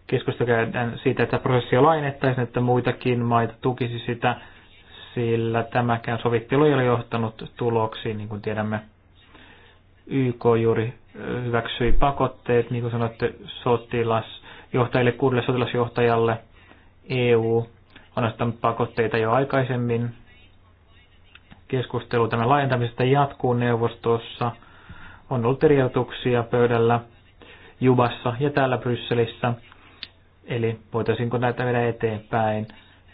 Keskustelu käydään siitä, että prosessia lainettaisiin, että muitakin maita tukisi sitä, sillä tämäkään sovittelu ei ole johtanut tuloksiin, niin kuin tiedämme. YK juuri hyväksyi pakotteet, niin kuin sanoitte, sotilasjohtajille, kuudelle sotilasjohtajalle. EU on asettanut pakotteita jo aikaisemmin. Keskustelu tämän laajentamisesta jatkuu neuvostossa. On ollut eri pöydällä Jubassa ja täällä Brysselissä. Eli voitaisiinko näitä viedä eteenpäin.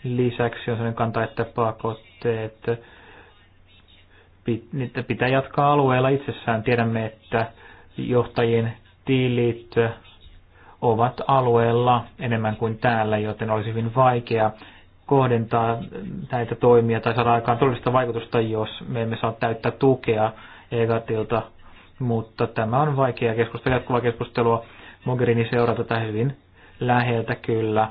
Lisäksi on sellainen kanta, että pakotteet niitä pitää jatkaa alueella itsessään. Tiedämme, että johtajien tiilit ovat alueella enemmän kuin täällä, joten olisi hyvin vaikea kohdentaa näitä toimia tai saada aikaan todellista vaikutusta, jos me emme saa täyttää tukea EGATilta. Mutta tämä on vaikea keskustelu, jatkuvaa keskustelua. Mogherini seuraa tätä hyvin läheltä kyllä,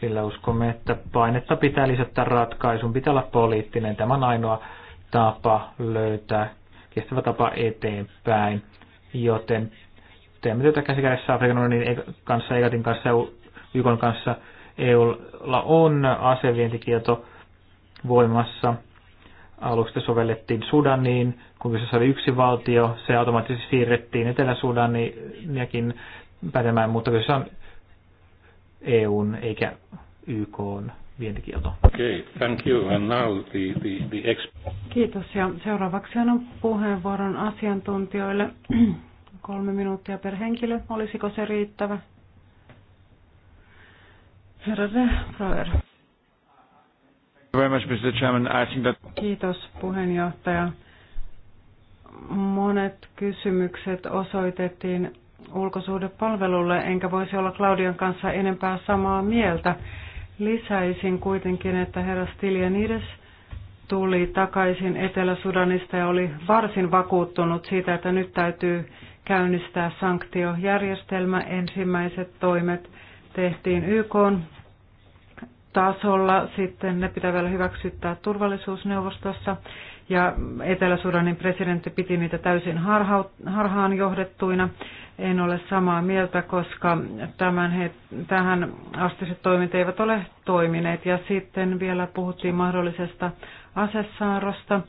sillä uskomme, että painetta pitää lisätä ratkaisun, pitää olla poliittinen. Tämä on ainoa tapa löytää kestävä tapa eteenpäin joten teemme työtä käsikädessä Afrikan unionin e- kanssa, EGATin kanssa ja YKn kanssa. EUlla on asevientikielto voimassa. Aluksi sovellettiin Sudaniin, kun kyseessä oli yksi valtio, se automaattisesti siirrettiin Etelä-Sudaniakin pätemään, mutta kyseessä on EUn eikä YKn vientikielto. Okay, thank you. And now the, the, the exp- Kiitos. Ja seuraavaksi on puheenvuoron asiantuntijoille. Kolme minuuttia per henkilö. Olisiko se riittävä? Herra de Breuer. Kiitos puheenjohtaja. Monet kysymykset osoitettiin ulkosuhdepalvelulle, enkä voisi olla Claudian kanssa enempää samaa mieltä. Lisäisin kuitenkin, että herra Stiljanides tuli takaisin Etelä-Sudanista ja oli varsin vakuuttunut siitä, että nyt täytyy käynnistää sanktiojärjestelmä. Ensimmäiset toimet tehtiin YK tasolla, sitten ne pitää vielä hyväksyttää turvallisuusneuvostossa. Ja Etelä-Sudanin presidentti piti niitä täysin harhaan johdettuina en ole samaa mieltä, koska tämän he, tähän astiset toimet eivät ole toimineet. Ja sitten vielä puhuttiin mahdollisesta asessaarosta.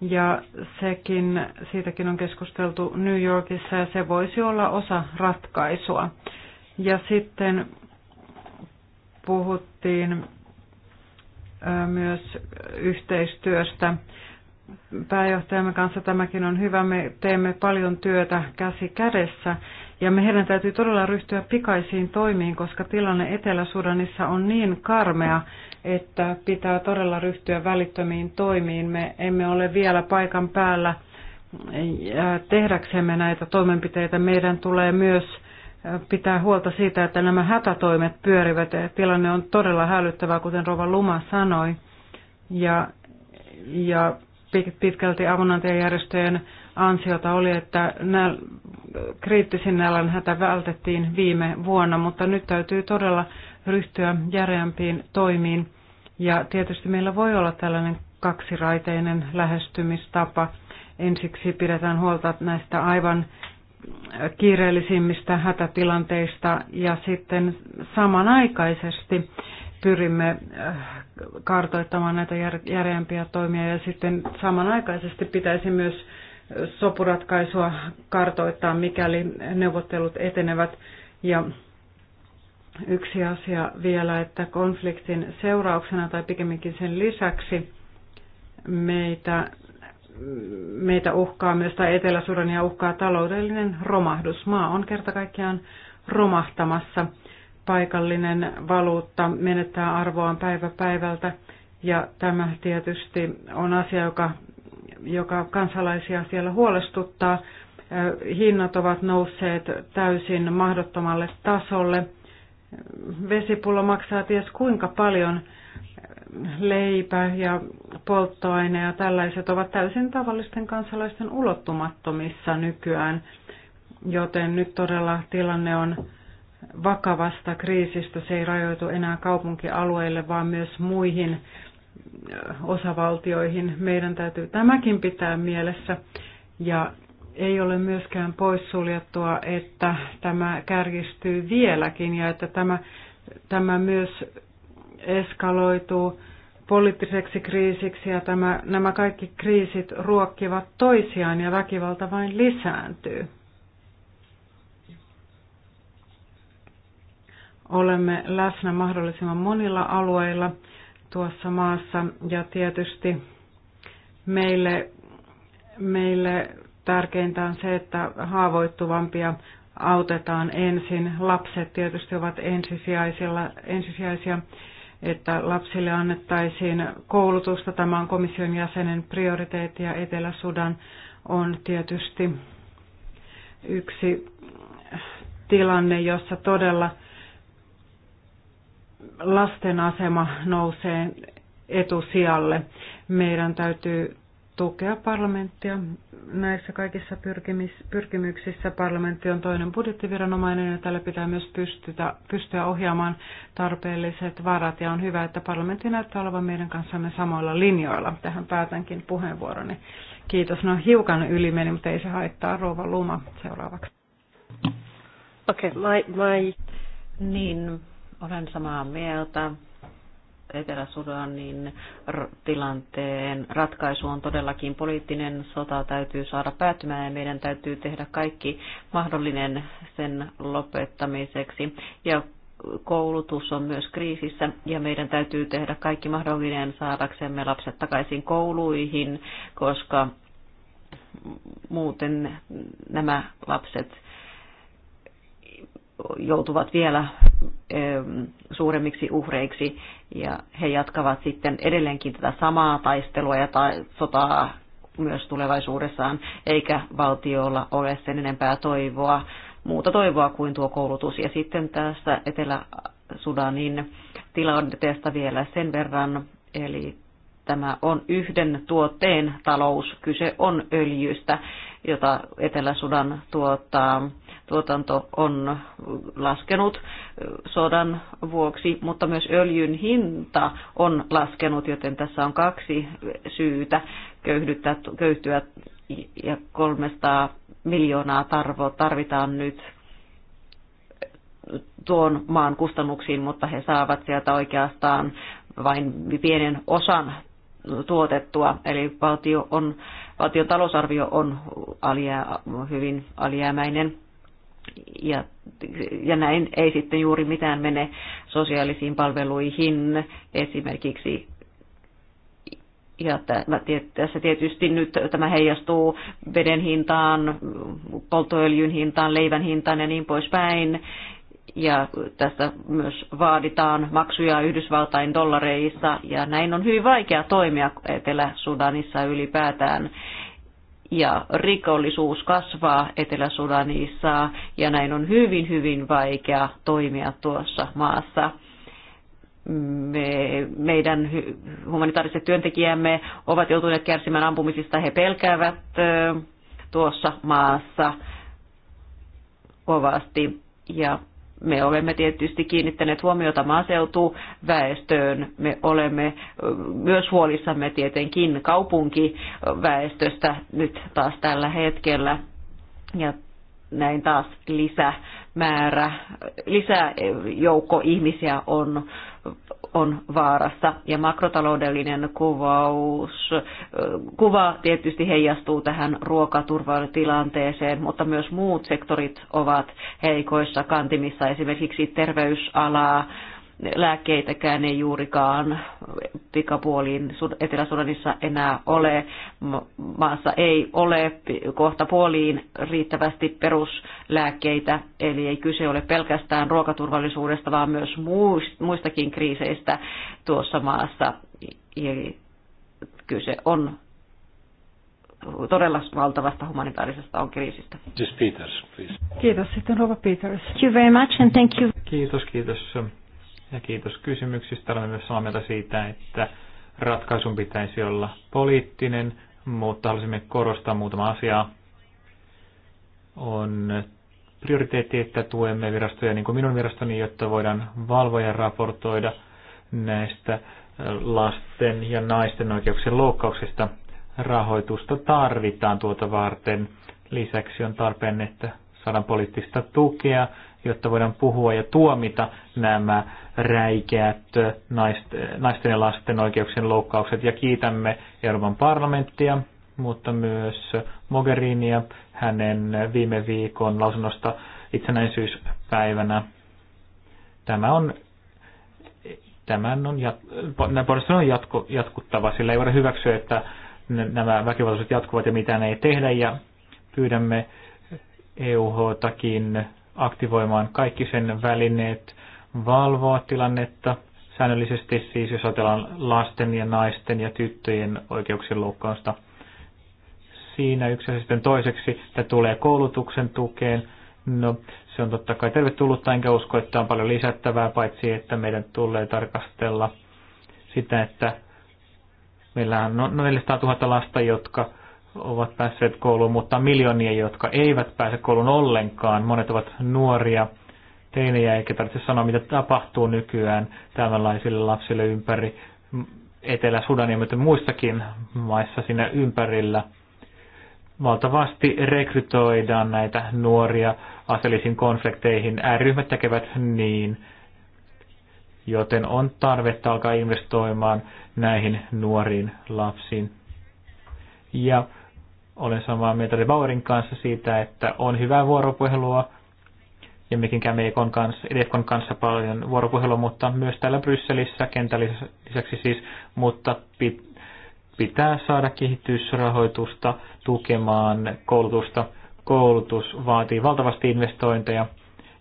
Ja sekin, siitäkin on keskusteltu New Yorkissa ja se voisi olla osa ratkaisua. Ja sitten puhuttiin myös yhteistyöstä pääjohtajamme kanssa tämäkin on hyvä. Me teemme paljon työtä käsi kädessä ja me heidän täytyy todella ryhtyä pikaisiin toimiin, koska tilanne Etelä-Sudanissa on niin karmea, että pitää todella ryhtyä välittömiin toimiin. Me emme ole vielä paikan päällä tehdäksemme näitä toimenpiteitä. Meidän tulee myös pitää huolta siitä, että nämä hätätoimet pyörivät. Tilanne on todella hälyttävää, kuten Rova Luma sanoi. Ja, ja pitkälti avunantajajärjestöjen ansiota oli, että nää, kriittisin nälän hätä vältettiin viime vuonna, mutta nyt täytyy todella ryhtyä järeämpiin toimiin. Ja tietysti meillä voi olla tällainen kaksiraiteinen lähestymistapa. Ensiksi pidetään huolta näistä aivan kiireellisimmistä hätätilanteista ja sitten samanaikaisesti pyrimme äh, kartoittamaan näitä järeämpiä toimia ja sitten samanaikaisesti pitäisi myös äh, sopuratkaisua kartoittaa, mikäli neuvottelut etenevät. Ja yksi asia vielä, että konfliktin seurauksena tai pikemminkin sen lisäksi meitä, meitä uhkaa myös, tai etelä uhkaa taloudellinen romahdus. Maa on kerta kaikkiaan romahtamassa paikallinen valuutta menettää arvoaan päivä päivältä ja tämä tietysti on asia, joka, joka kansalaisia siellä huolestuttaa. Hinnat ovat nousseet täysin mahdottomalle tasolle. Vesipullo maksaa ties kuinka paljon leipä ja polttoaine ja tällaiset ovat täysin tavallisten kansalaisten ulottumattomissa nykyään, joten nyt todella tilanne on vakavasta kriisistä. Se ei rajoitu enää kaupunkialueille, vaan myös muihin osavaltioihin. Meidän täytyy tämäkin pitää mielessä. Ja ei ole myöskään poissuljettua, että tämä kärjistyy vieläkin ja että tämä, tämä myös eskaloituu poliittiseksi kriisiksi ja tämä, nämä kaikki kriisit ruokkivat toisiaan ja väkivalta vain lisääntyy. olemme läsnä mahdollisimman monilla alueilla tuossa maassa ja tietysti meille, meille tärkeintä on se, että haavoittuvampia autetaan ensin. Lapset tietysti ovat ensisijaisilla, ensisijaisia, että lapsille annettaisiin koulutusta. Tämä on komission jäsenen prioriteetti ja Etelä-Sudan on tietysti yksi tilanne, jossa todella lasten asema nousee etusijalle. Meidän täytyy tukea parlamenttia näissä kaikissa pyrkimyksissä. Parlamentti on toinen budjettiviranomainen ja tällä pitää myös pystytä, pystyä ohjaamaan tarpeelliset varat. Ja on hyvä, että parlamentti näyttää olevan meidän kanssamme samoilla linjoilla. Tähän päätänkin puheenvuoroni. Kiitos. No hiukan yli meni, mutta ei se haittaa. Rouva Luma seuraavaksi. Okei, okay, my, my... Niin, olen samaa mieltä. Etelä-Sudanin tilanteen ratkaisu on todellakin poliittinen sota täytyy saada päättymään ja meidän täytyy tehdä kaikki mahdollinen sen lopettamiseksi. Ja koulutus on myös kriisissä ja meidän täytyy tehdä kaikki mahdollinen saadaksemme lapset takaisin kouluihin, koska muuten nämä lapset joutuvat vielä suuremmiksi uhreiksi ja he jatkavat sitten edelleenkin tätä samaa taistelua ja ta- sotaa myös tulevaisuudessaan, eikä valtiolla ole sen enempää toivoa, muuta toivoa kuin tuo koulutus. Ja sitten tässä Etelä-Sudanin tilanteesta vielä sen verran, eli tämä on yhden tuotteen talous, kyse on öljystä jota Etelä-Sudan tuottaa. Tuotanto on laskenut sodan vuoksi, mutta myös öljyn hinta on laskenut, joten tässä on kaksi syytä köyhdyttää, köyhtyä ja 300 miljoonaa tarvo tarvitaan nyt tuon maan kustannuksiin, mutta he saavat sieltä oikeastaan vain pienen osan tuotettua. Eli valtio on valtion talousarvio on alijää, hyvin alijäämäinen ja, ja näin ei sitten juuri mitään mene sosiaalisiin palveluihin esimerkiksi. Ja tässä tietysti nyt tämä heijastuu veden hintaan, polttoöljyn hintaan, leivän hintaan ja niin poispäin ja tästä myös vaaditaan maksuja Yhdysvaltain dollareissa ja näin on hyvin vaikea toimia Etelä-Sudanissa ylipäätään. Ja rikollisuus kasvaa Etelä-Sudanissa ja näin on hyvin, hyvin vaikea toimia tuossa maassa me, meidän humanitaariset työntekijämme ovat joutuneet kärsimään ampumisista. He pelkäävät tuossa maassa kovasti ja me olemme tietysti kiinnittäneet huomiota maaseutuväestöön. Me olemme myös huolissamme tietenkin kaupunkiväestöstä nyt taas tällä hetkellä. Ja näin taas lisämäärä, lisäjoukko ihmisiä on on vaarassa. Ja makrotaloudellinen kuvaus, kuva tietysti heijastuu tähän ruokaturvatilanteeseen, mutta myös muut sektorit ovat heikoissa kantimissa, esimerkiksi terveysalaa, lääkkeitäkään ei juurikaan pikapuoliin Etelä-Sudanissa enää ole. Maassa ei ole kohta puoliin riittävästi peruslääkkeitä, eli ei kyse ole pelkästään ruokaturvallisuudesta, vaan myös muistakin kriiseistä tuossa maassa. Eli kyse on todella valtavasta humanitaarisesta on kriisistä. Peters, please. Kiitos. Sitten Rova Peters. Thank you very much and thank you. Kiitos, kiitos ja kiitos kysymyksistä. Olemme myös samaa mieltä siitä, että ratkaisun pitäisi olla poliittinen, mutta haluaisimme korostaa muutama asiaa. On prioriteetti, että tuemme virastoja, niin kuin minun virastoni, jotta voidaan valvoja ja raportoida näistä lasten ja naisten oikeuksien loukkauksista. Rahoitusta tarvitaan tuota varten. Lisäksi on tarpeen, että saadaan poliittista tukea jotta voidaan puhua ja tuomita nämä räikeät naisten ja lasten oikeuksien loukkaukset. Ja kiitämme Euroopan parlamenttia, mutta myös Mogherinia hänen viime viikon lausunnosta itsenäisyyspäivänä. Tämä on tämän on, jat, on jatku, jatkuttava, sillä ei voida hyväksyä, että nämä väkivaltaiset jatkuvat ja mitään ei tehdä, ja pyydämme EUH-takin aktivoimaan kaikki sen välineet valvoa tilannetta säännöllisesti, siis jos ajatellaan lasten ja naisten ja tyttöjen oikeuksien loukkausta. Siinä yksi ja sitten toiseksi, että tulee koulutuksen tukeen. No, se on totta kai tervetullut, enkä usko, että on paljon lisättävää, paitsi että meidän tulee tarkastella sitä, että meillä on 400 000 lasta, jotka ovat päässeet kouluun, mutta on miljoonia, jotka eivät pääse kouluun ollenkaan. Monet ovat nuoria teinejä, eikä tarvitse sanoa, mitä tapahtuu nykyään tämänlaisille lapsille ympäri Etelä-Sudania, mutta muissakin maissa siinä ympärillä. Valtavasti rekrytoidaan näitä nuoria aseellisiin konflikteihin. Ääryhmät tekevät niin, joten on tarvetta alkaa investoimaan näihin nuoriin lapsiin. Ja olen samaa mieltä Bauerin kanssa siitä, että on hyvää vuoropuhelua ja mekin käymme EKon kanssa, EDFKon kanssa paljon vuoropuhelua, mutta myös täällä Brysselissä kentän lisäksi siis, mutta pitää saada kehitysrahoitusta tukemaan koulutusta. Koulutus vaatii valtavasti investointeja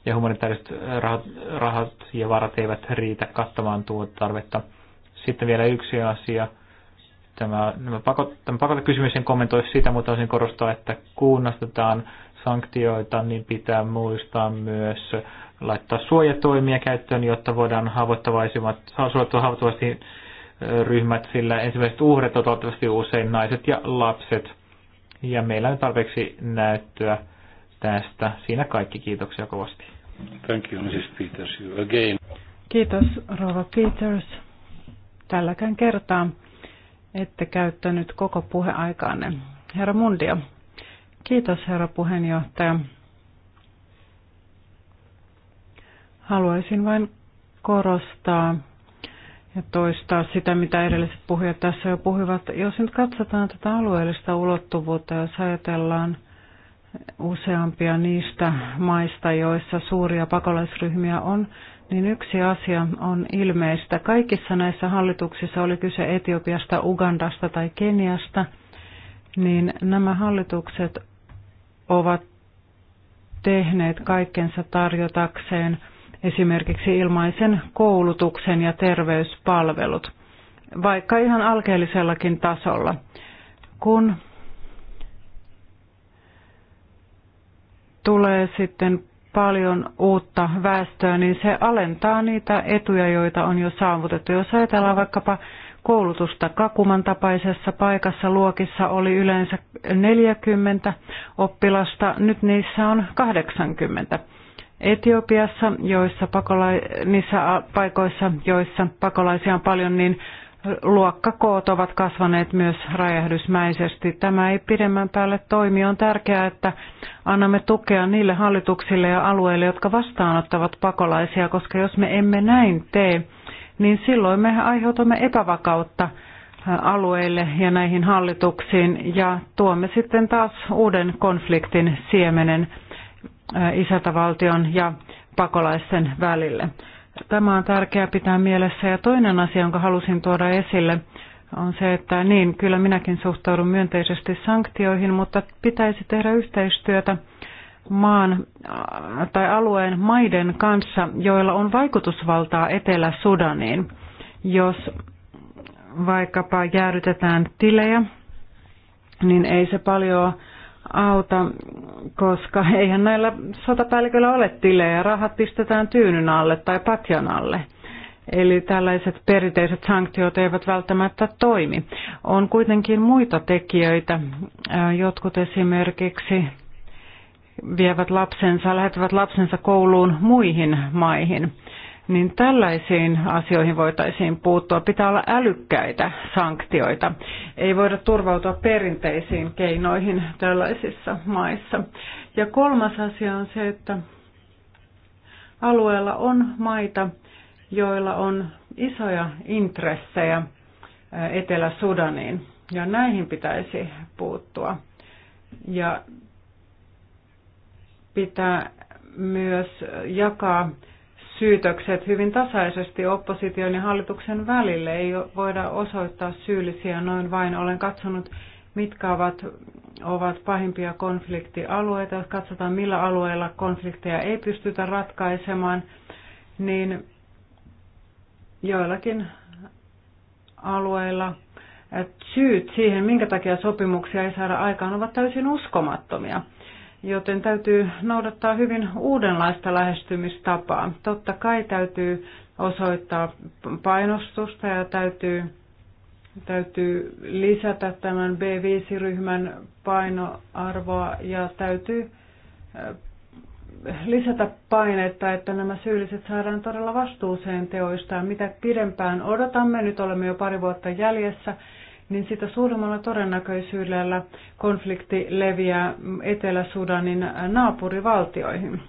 ja humanitaariset rahat, rahat ja varat eivät riitä kattamaan tuota tarvetta. Sitten vielä yksi asia, Tämä, tämä, pakot, tämä pakotekysymys en kommentoi sitä, mutta olisin korostaa, että kun sanktioita, niin pitää muistaa myös laittaa suojatoimia käyttöön, jotta voidaan haavoittavaisimmat, suojattua haavoittavasti ryhmät, sillä ensimmäiset uhret ovat toivottavasti usein naiset ja lapset. Ja meillä on tarpeeksi näyttöä tästä. Siinä kaikki. Kiitoksia kovasti. Thank you, Mrs. Peters. You again. Kiitos, Rova Peters. Tälläkään kertaa ette käyttänyt koko puheaikaanne. Herra Mundia, kiitos herra puheenjohtaja. Haluaisin vain korostaa ja toistaa sitä, mitä edelliset puhujat tässä jo puhuivat. Jos nyt katsotaan tätä alueellista ulottuvuutta, jos ajatellaan useampia niistä maista, joissa suuria pakolaisryhmiä on, niin yksi asia on ilmeistä. Kaikissa näissä hallituksissa, oli kyse Etiopiasta, Ugandasta tai Keniasta, niin nämä hallitukset ovat tehneet kaikkensa tarjotakseen esimerkiksi ilmaisen koulutuksen ja terveyspalvelut, vaikka ihan alkeellisellakin tasolla. Kun tulee sitten paljon uutta väestöä, niin se alentaa niitä etuja, joita on jo saavutettu. Jos ajatellaan vaikkapa koulutusta Kakuman tapaisessa paikassa luokissa oli yleensä 40 oppilasta, nyt niissä on 80. Etiopiassa, joissa pakola- niissä paikoissa, joissa pakolaisia on paljon, niin luokkakoot ovat kasvaneet myös räjähdysmäisesti. Tämä ei pidemmän päälle toimi. On tärkeää, että annamme tukea niille hallituksille ja alueille, jotka vastaanottavat pakolaisia, koska jos me emme näin tee, niin silloin me aiheutamme epävakautta alueille ja näihin hallituksiin ja tuomme sitten taas uuden konfliktin siemenen isätavaltion ja pakolaisten välille. Tämä on tärkeää pitää mielessä. Ja toinen asia, jonka halusin tuoda esille, on se, että niin, kyllä minäkin suhtaudun myönteisesti sanktioihin, mutta pitäisi tehdä yhteistyötä maan äh, tai alueen maiden kanssa, joilla on vaikutusvaltaa Etelä-Sudaniin. Jos vaikkapa jäädytetään tilejä, niin ei se paljon auta, koska eihän näillä sotapäälliköillä ole tilejä. Rahat pistetään tyynyn alle tai patjan alle. Eli tällaiset perinteiset sanktiot eivät välttämättä toimi. On kuitenkin muita tekijöitä. Jotkut esimerkiksi vievät lapsensa, lähettävät lapsensa kouluun muihin maihin niin tällaisiin asioihin voitaisiin puuttua. Pitää olla älykkäitä sanktioita. Ei voida turvautua perinteisiin keinoihin tällaisissa maissa. Ja kolmas asia on se, että alueella on maita, joilla on isoja intressejä Etelä-Sudaniin. Ja näihin pitäisi puuttua. Ja pitää myös jakaa syytökset hyvin tasaisesti opposition ja hallituksen välille. Ei voida osoittaa syyllisiä noin vain. Olen katsonut, mitkä ovat, ovat pahimpia konfliktialueita. Jos katsotaan, millä alueilla konflikteja ei pystytä ratkaisemaan, niin joillakin alueilla syyt siihen, minkä takia sopimuksia ei saada aikaan, ovat täysin uskomattomia joten täytyy noudattaa hyvin uudenlaista lähestymistapaa. Totta kai täytyy osoittaa painostusta ja täytyy, täytyy lisätä tämän B5-ryhmän painoarvoa ja täytyy eh, lisätä painetta, että nämä syylliset saadaan todella vastuuseen teoistaan. Mitä pidempään odotamme, nyt olemme jo pari vuotta jäljessä, niin sitä suuremmalla todennäköisyydellä konflikti leviää Etelä-Sudanin naapurivaltioihin.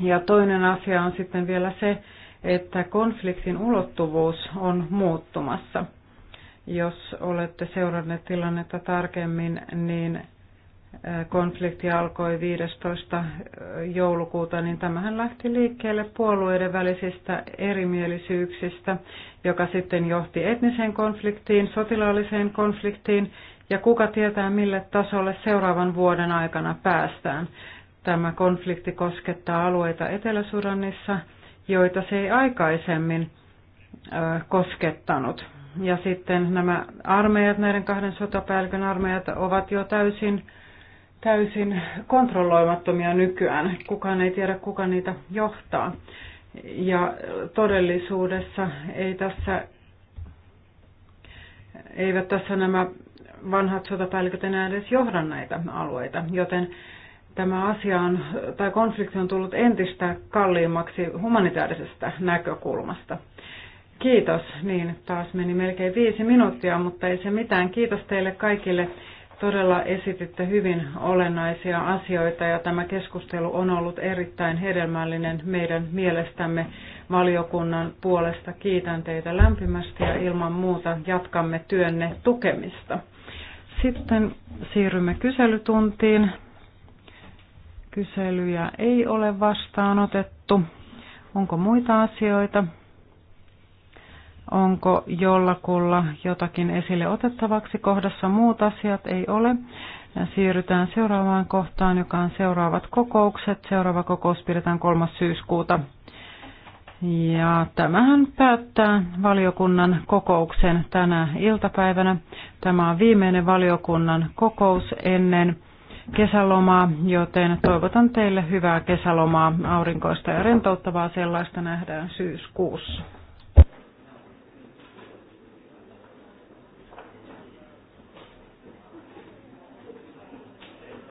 Ja toinen asia on sitten vielä se, että konfliktin ulottuvuus on muuttumassa. Jos olette seuranneet tilannetta tarkemmin, niin konflikti alkoi 15. joulukuuta, niin tämähän lähti liikkeelle puolueiden välisistä erimielisyyksistä, joka sitten johti etniseen konfliktiin, sotilaalliseen konfliktiin ja kuka tietää mille tasolle seuraavan vuoden aikana päästään. Tämä konflikti koskettaa alueita Etelä-Sudanissa, joita se ei aikaisemmin koskettanut. Ja sitten nämä armeijat, näiden kahden sotapäällikön armeijat ovat jo täysin täysin kontrolloimattomia nykyään. Kukaan ei tiedä, kuka niitä johtaa. Ja todellisuudessa ei tässä, eivät tässä nämä vanhat sotapäälliköt enää edes johda näitä alueita, joten tämä asia on, tai konflikti on tullut entistä kalliimmaksi humanitaarisesta näkökulmasta. Kiitos. Niin, taas meni melkein viisi minuuttia, mutta ei se mitään. Kiitos teille kaikille todella esititte hyvin olennaisia asioita ja tämä keskustelu on ollut erittäin hedelmällinen meidän mielestämme valiokunnan puolesta. Kiitän teitä lämpimästi ja ilman muuta jatkamme työnne tukemista. Sitten siirrymme kyselytuntiin. Kyselyjä ei ole vastaanotettu. Onko muita asioita? Onko jollakulla jotakin esille otettavaksi? Kohdassa muut asiat ei ole. Siirrytään seuraavaan kohtaan, joka on seuraavat kokoukset. Seuraava kokous pidetään 3. syyskuuta. Ja tämähän päättää valiokunnan kokouksen tänä iltapäivänä. Tämä on viimeinen valiokunnan kokous ennen kesälomaa, joten toivotan teille hyvää kesälomaa, aurinkoista ja rentouttavaa sellaista nähdään syyskuussa.